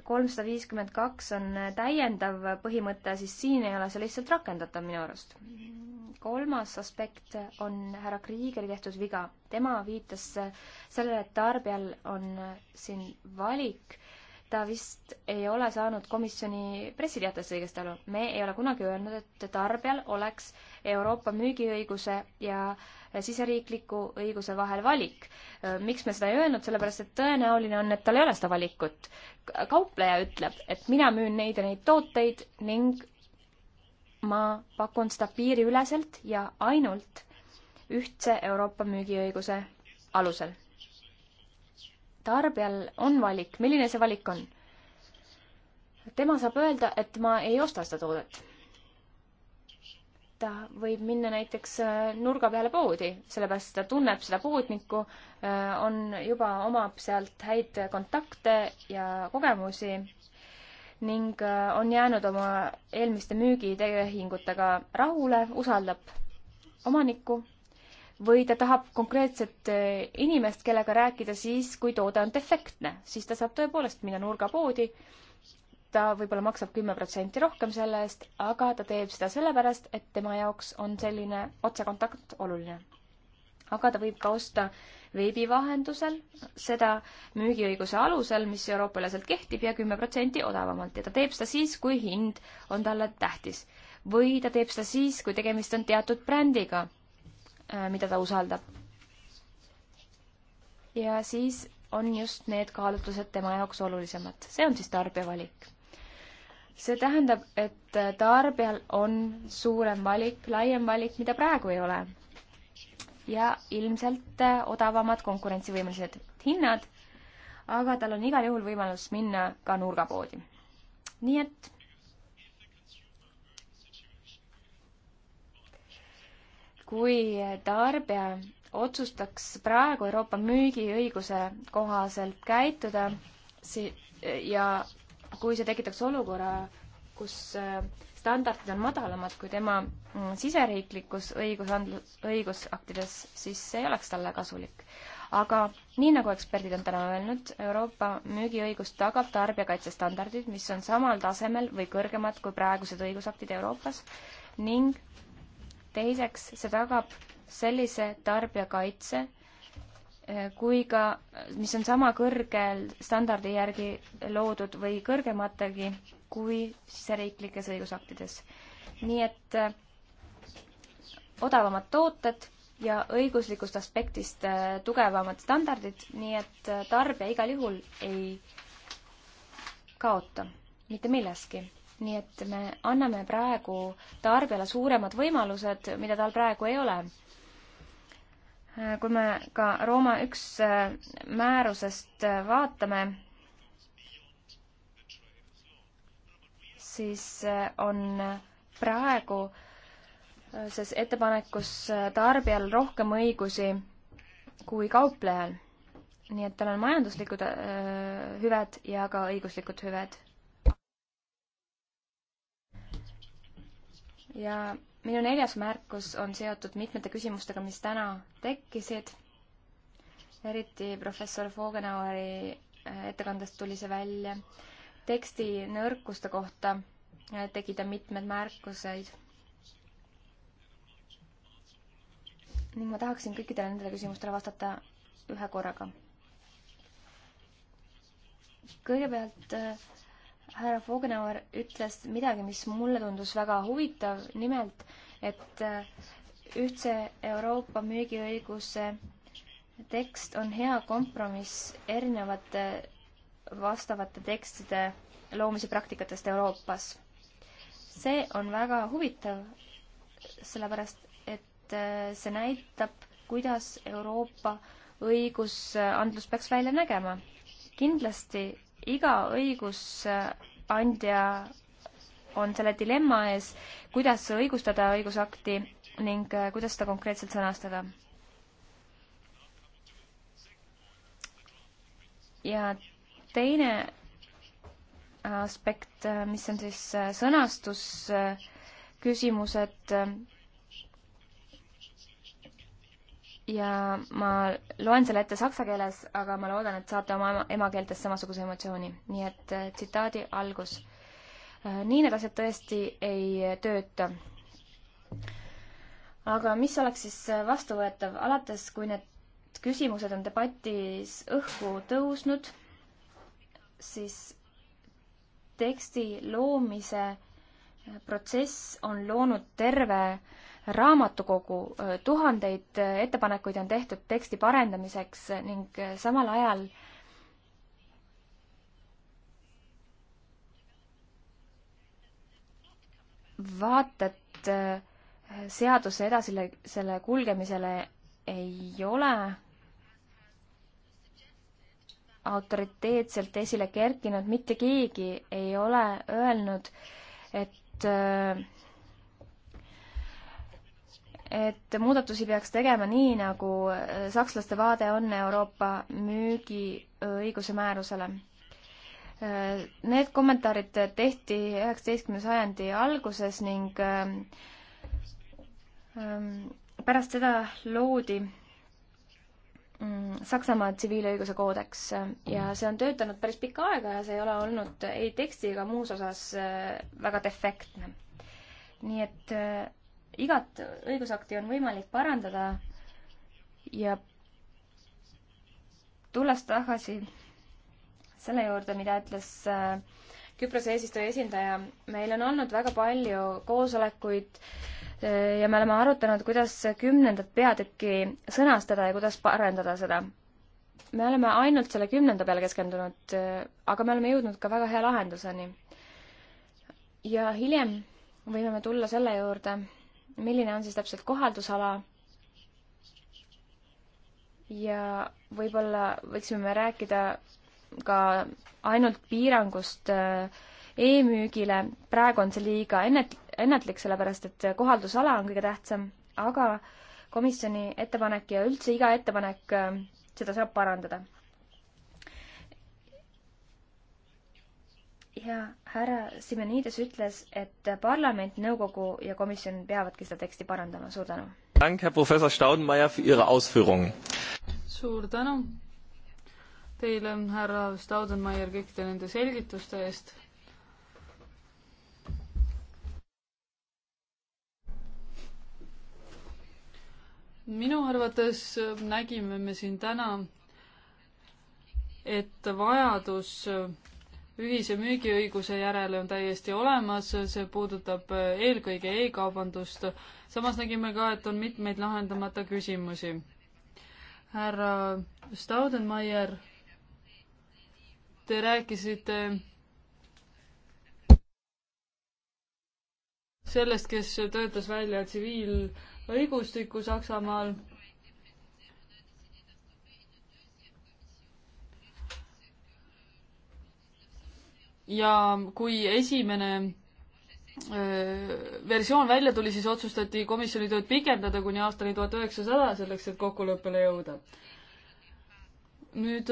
kolmsada viiskümmend kaks on täiendav põhimõte, siis siin ei ole see lihtsalt rakendatav minu arust. kolmas aspekt on härra Kriigeri tehtud viga. tema viitas sellele, et tarbijal on siin valik ta vist ei ole saanud komisjoni pressiteatest õigesti aru. me ei ole kunagi öelnud, et tarbijal oleks Euroopa müügiõiguse ja siseriikliku õiguse vahel valik. miks me seda ei öelnud, sellepärast et tõenäoline on, et tal ei ole seda valikut. kaupleja ütleb, et mina müün neid ja neid tooteid ning ma pakun seda piiriüleselt ja ainult ühtse Euroopa müügiõiguse alusel tarbijal on valik, milline see valik on? tema saab öelda, et ma ei osta seda toodet. ta võib minna näiteks äh, nurga peale poodi, sellepärast ta tunneb seda poodnikku, äh, on juba, omab sealt häid kontakte ja kogemusi ning äh, on jäänud oma eelmiste müügitehingutega rahule, usaldab omanikku või ta tahab konkreetset eh, inimest, kellega rääkida siis, kui toode on defektne, siis ta saab tõepoolest minna nurgapoodi. ta võib-olla maksab kümme protsenti rohkem selle eest, aga ta teeb seda sellepärast, et tema jaoks on selline otsekontakt oluline. aga ta võib ka osta veebi vahendusel seda müügiõiguse alusel, mis Euroopa-üleselt kehtib ja kümme protsenti odavamalt ja ta teeb seda siis, kui hind on talle tähtis. või ta teeb seda siis, kui tegemist on teatud brändiga Äh, mida ta usaldab. ja siis on just need kaalutlused tema jaoks olulisemad. see on siis tarbija valik. see tähendab, et äh, tarbijal on suurem valik, laiem valik, mida praegu ei ole. ja ilmselt äh, odavamad konkurentsivõimelised hinnad, aga tal on igal juhul võimalus minna ka nurgapoodi. nii et kui tarbija otsustaks praegu Euroopa müügiõiguse kohaselt käituda si- ja kui see tekitaks olukorra, kus äh, standardid on madalamad kui tema mm, siseriiklikus õigusandlus, õigusaktides, siis see ei oleks talle kasulik. aga nii, nagu eksperdid on täna öelnud, Euroopa müügiõigus tagab tarbijakaitsestandardid, mis on samal tasemel või kõrgemad kui praegused õigusaktid Euroopas ning teiseks, see tagab sellise tarbijakaitse eh, kui ka, mis on sama kõrgel standardi järgi loodud või kõrgemategi kui siseriiklikes õigusaktides. nii et äh, odavamad tooted ja õiguslikust aspektist äh, tugevamad standardid, nii et äh, tarbija igal juhul ei kaota mitte milleski nii et me anname praegu tarbijale suuremad võimalused, mida tal praegu ei ole. kui me ka Rooma üks äh, määrusest äh, vaatame, siis äh, on praegu selles ettepanekus tarbijal rohkem õigusi kui kauplejal. nii et tal on majanduslikud öö, hüved ja ka õiguslikud hüved ja minu neljas märkus on seotud mitmete küsimustega, mis täna tekkisid. eriti professor Vogenaueri äh, ettekandest tuli see välja. teksti nõrkuste kohta äh, tegi ta mitmed märkuseid. ning ma tahaksin kõikidele nendele küsimustele vastata ühe korraga. kõigepealt äh, härra Fognauer ütles midagi, mis mulle tundus väga huvitav, nimelt, et äh, ühtse Euroopa müügiõiguse tekst on hea kompromiss erinevate vastavate tekstide loomise praktikatest Euroopas. see on väga huvitav, sellepärast et äh, see näitab, kuidas Euroopa õigusandlus peaks välja nägema. kindlasti iga õigusandja on selle dilemma ees, kuidas õigustada õigusakti ning äh, kuidas seda konkreetselt sõnastada. ja teine aspekt, äh, mis on siis äh, sõnastus, küsimused ja ma loen selle ette saksa keeles, aga ma loodan, et saate oma emakeeltes samasuguse emotsiooni. nii et äh, tsitaadi algus. Äh, nii need asjad tõesti ei tööta. aga mis oleks siis äh, vastuvõetav, alates kui need küsimused on debatis õhku tõusnud, siis teksti loomise protsess on loonud terve äh, raamatukogu, tuhandeid ettepanekuid on tehtud teksti parendamiseks ning samal ajal vaated seaduse edasile, selle kulgemisele ei ole autoriteetselt esile kerkinud, mitte keegi ei ole öelnud, et et muudatusi peaks tegema nii, nagu äh, sakslaste vaade on Euroopa müügiõiguse määrusele. Äh, need kommentaarid tehti üheksateistkümnenda sajandi alguses ning äh, ähm, pärast seda loodi mm, Saksamaa tsiviilõiguse koodeks ja see on töötanud päris pikka aega ja see ei ole olnud ei teksti ega muus osas väga defektne. nii et igat õigusakti on võimalik parandada ja tulles tagasi selle juurde, mida ütles äh, Küprose eesistuja esindaja, meil on olnud väga palju koosolekuid äh, ja me oleme arutanud, kuidas kümnendat peatükki sõnastada ja kuidas parendada seda. me oleme ainult selle kümnenda peale keskendunud, äh, aga me oleme jõudnud ka väga hea lahenduseni. ja hiljem võime me tulla selle juurde milline on siis täpselt kohaldusala ja võib-olla võiksime me rääkida ka ainult piirangust äh, e-müügile, praegu on see liiga ennet-, ennatlik, sellepärast et kohaldusala on kõige tähtsam, aga komisjoni ettepanek ja üldse iga ettepanek, äh, seda saab parandada ja härra Simenides ütles, et parlament, nõukogu ja komisjon peavadki seda teksti parandama, suur tänu. Dank, Herr Professor Staudenmeier, für Ihre Ausführungen. suur tänu teile, härra Staudenmeier, kõikide nende selgituste eest. minu arvates nägime me siin täna, et vajadus ühise müügiõiguse järele on täiesti olemas, see puudutab eh, eelkõige e-kaubandust. samas nägime ka, et on mitmeid lahendamata küsimusi. härra Staudenmaier, te rääkisite sellest, kes töötas välja tsiviilõigustiku Saksamaal ja kui esimene versioon välja tuli, siis otsustati komisjoni tööd pikendada kuni aastani tuhat üheksasada, selleks et kokkuleppele jõuda. nüüd,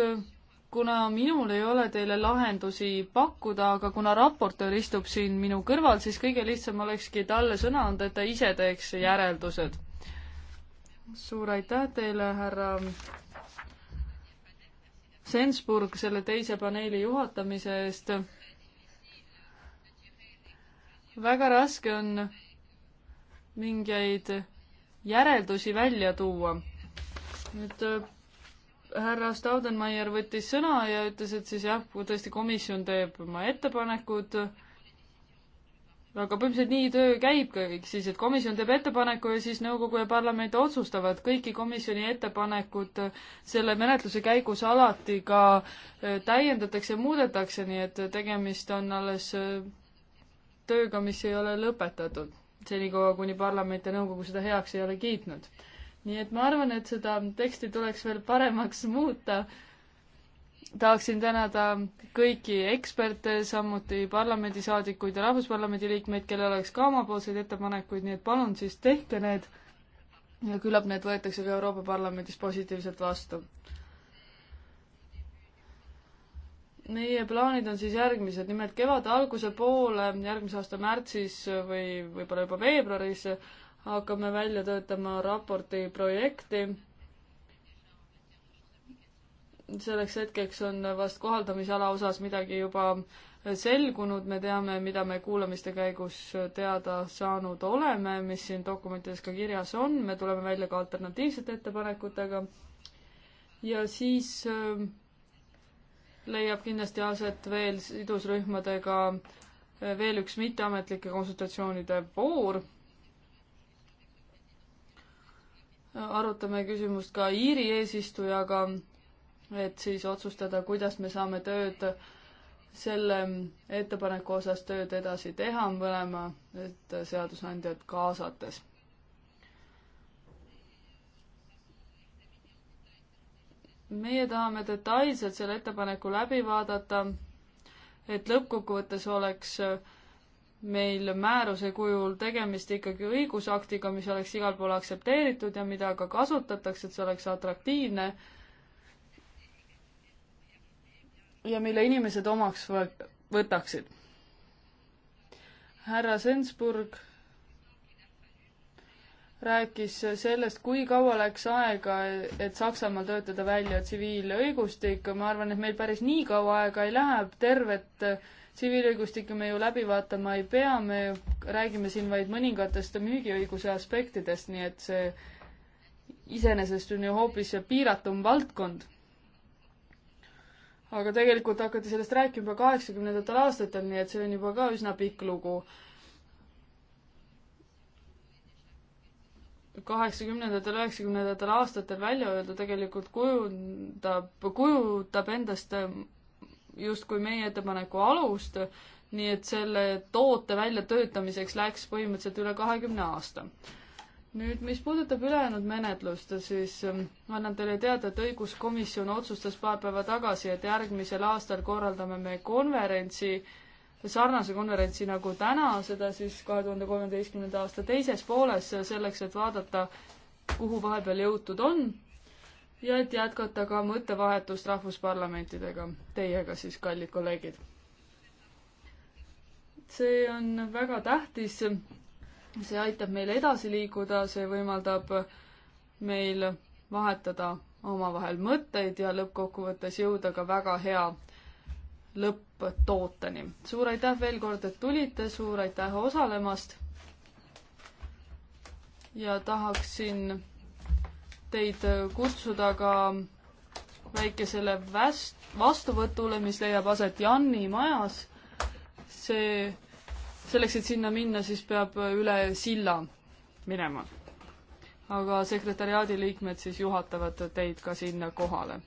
kuna minul ei ole teile lahendusi pakkuda, aga kuna raportöör istub siin minu kõrval, siis kõige lihtsam olekski talle sõna anda, et ta ise teeks järeldused. suur aitäh teile, härra Sensburg, selle teise paneeli juhatamise eest väga raske on mingeid järeldusi välja tuua. nüüd äh, härra Staudenmaier võttis sõna ja ütles, et siis jah, kui tõesti komisjon teeb oma ettepanekud, aga põhimõtteliselt nii töö käib kõik siis, et komisjon teeb ettepaneku ja siis nõukogu ja parlament otsustavad kõiki komisjoni ettepanekud selle menetluse käigus alati ka äh, täiendatakse ja muudetakse, nii et tegemist on alles äh, tööga, mis ei ole lõpetatud, senikaua kuni parlament ja nõukogu seda heaks ei ole kiitnud. nii et ma arvan, et seda teksti tuleks veel paremaks muuta. tahaksin tänada kõiki eksperte, samuti parlamendisaadikuid ja Rahvusparlamendi liikmeid, kellel oleks ka omapoolseid ettepanekuid, nii et palun siis tehke need ja küllap need võetakse ka Euroopa Parlamendis positiivselt vastu. meie plaanid on siis järgmised, nimelt kevade alguse poole, järgmise aasta märtsis või võib-olla juba veebruaris hakkame välja töötama raporti projekti. selleks hetkeks on vast kohaldamisala osas midagi juba selgunud, me teame, mida me kuulamiste käigus teada saanud oleme, mis siin dokumentides ka kirjas on, me tuleme välja ka alternatiivsete ettepanekutega. ja siis äh, leiab kindlasti aset veel sidusrühmadega veel üks mitteametlike konsultatsioonide voor. arutame küsimust ka Iiri eesistujaga, et siis otsustada, kuidas me saame tööd selle ettepaneku osas tööd edasi teha mõlema, et seadusandjad kaasates meie tahame detailselt selle ettepaneku läbi vaadata, et lõppkokkuvõttes oleks äh, meil määruse kujul tegemist ikkagi õigusaktiga, mis oleks igal pool aktsepteeritud ja mida ka kasutatakse, et see oleks atraktiivne ja mille inimesed omaks võtaksid. härra Sensburg rääkis sellest, kui kaua läks aega, et Saksamaal töötada välja tsiviilõigustik, ma arvan, et meil päris nii kaua aega ei lähe, tervet tsiviilõigustikku me ju läbi vaatama ei pea, me räägime siin vaid mõningatest müügiõiguse aspektidest, nii et see iseenesest on ju hoopis piiratum valdkond. aga tegelikult hakati sellest rääkima juba kaheksakümnendatel aastatel, nii et see on juba ka üsna pikk lugu kaheksakümnendatel, üheksakümnendatel aastatel välja öeldu tegelikult kujundab, kujutab endast justkui meie ettepaneku alust, nii et selle toote väljatöötamiseks läks põhimõtteliselt üle kahekümne aasta. nüüd, mis puudutab ülejäänud menetlust, siis ähm, ma annan teile teada, et õiguskomisjon otsustas paar päeva tagasi, et järgmisel aastal korraldame me konverentsi äh, sarnase konverentsi nagu täna, seda siis kahe tuhande kolmeteistkümnenda aasta teises pooles, selleks et vaadata, kuhu vahepeal jõutud on ja et jätkata ka mõttevahetust rahvusparlamentidega, teiega siis, kallid kolleegid. see on väga tähtis, see aitab meil edasi liikuda, see võimaldab meil vahetada omavahel mõtteid ja lõppkokkuvõttes jõuda ka väga hea lõpptooteni. suur aitäh veel kord, et tulite, suur aitäh osalemast. ja tahaksin teid kutsuda ka väikesele väst-, vastuvõtule, mis leiab aset Janni majas. see, selleks, et sinna minna, siis peab üle silla minema. aga sekretäriaadi liikmed siis juhatavad teid ka sinna kohale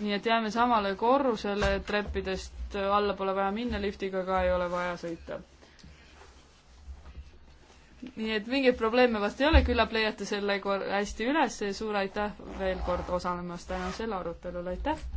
nii et jääme samale korrusele, treppidest alla pole vaja minna, liftiga ka ei ole vaja sõita. nii et mingeid probleeme vast ei ole, küllap leiate selle hästi üles ja suur aitäh veel kord osalemast tänasel arutelul, aitäh!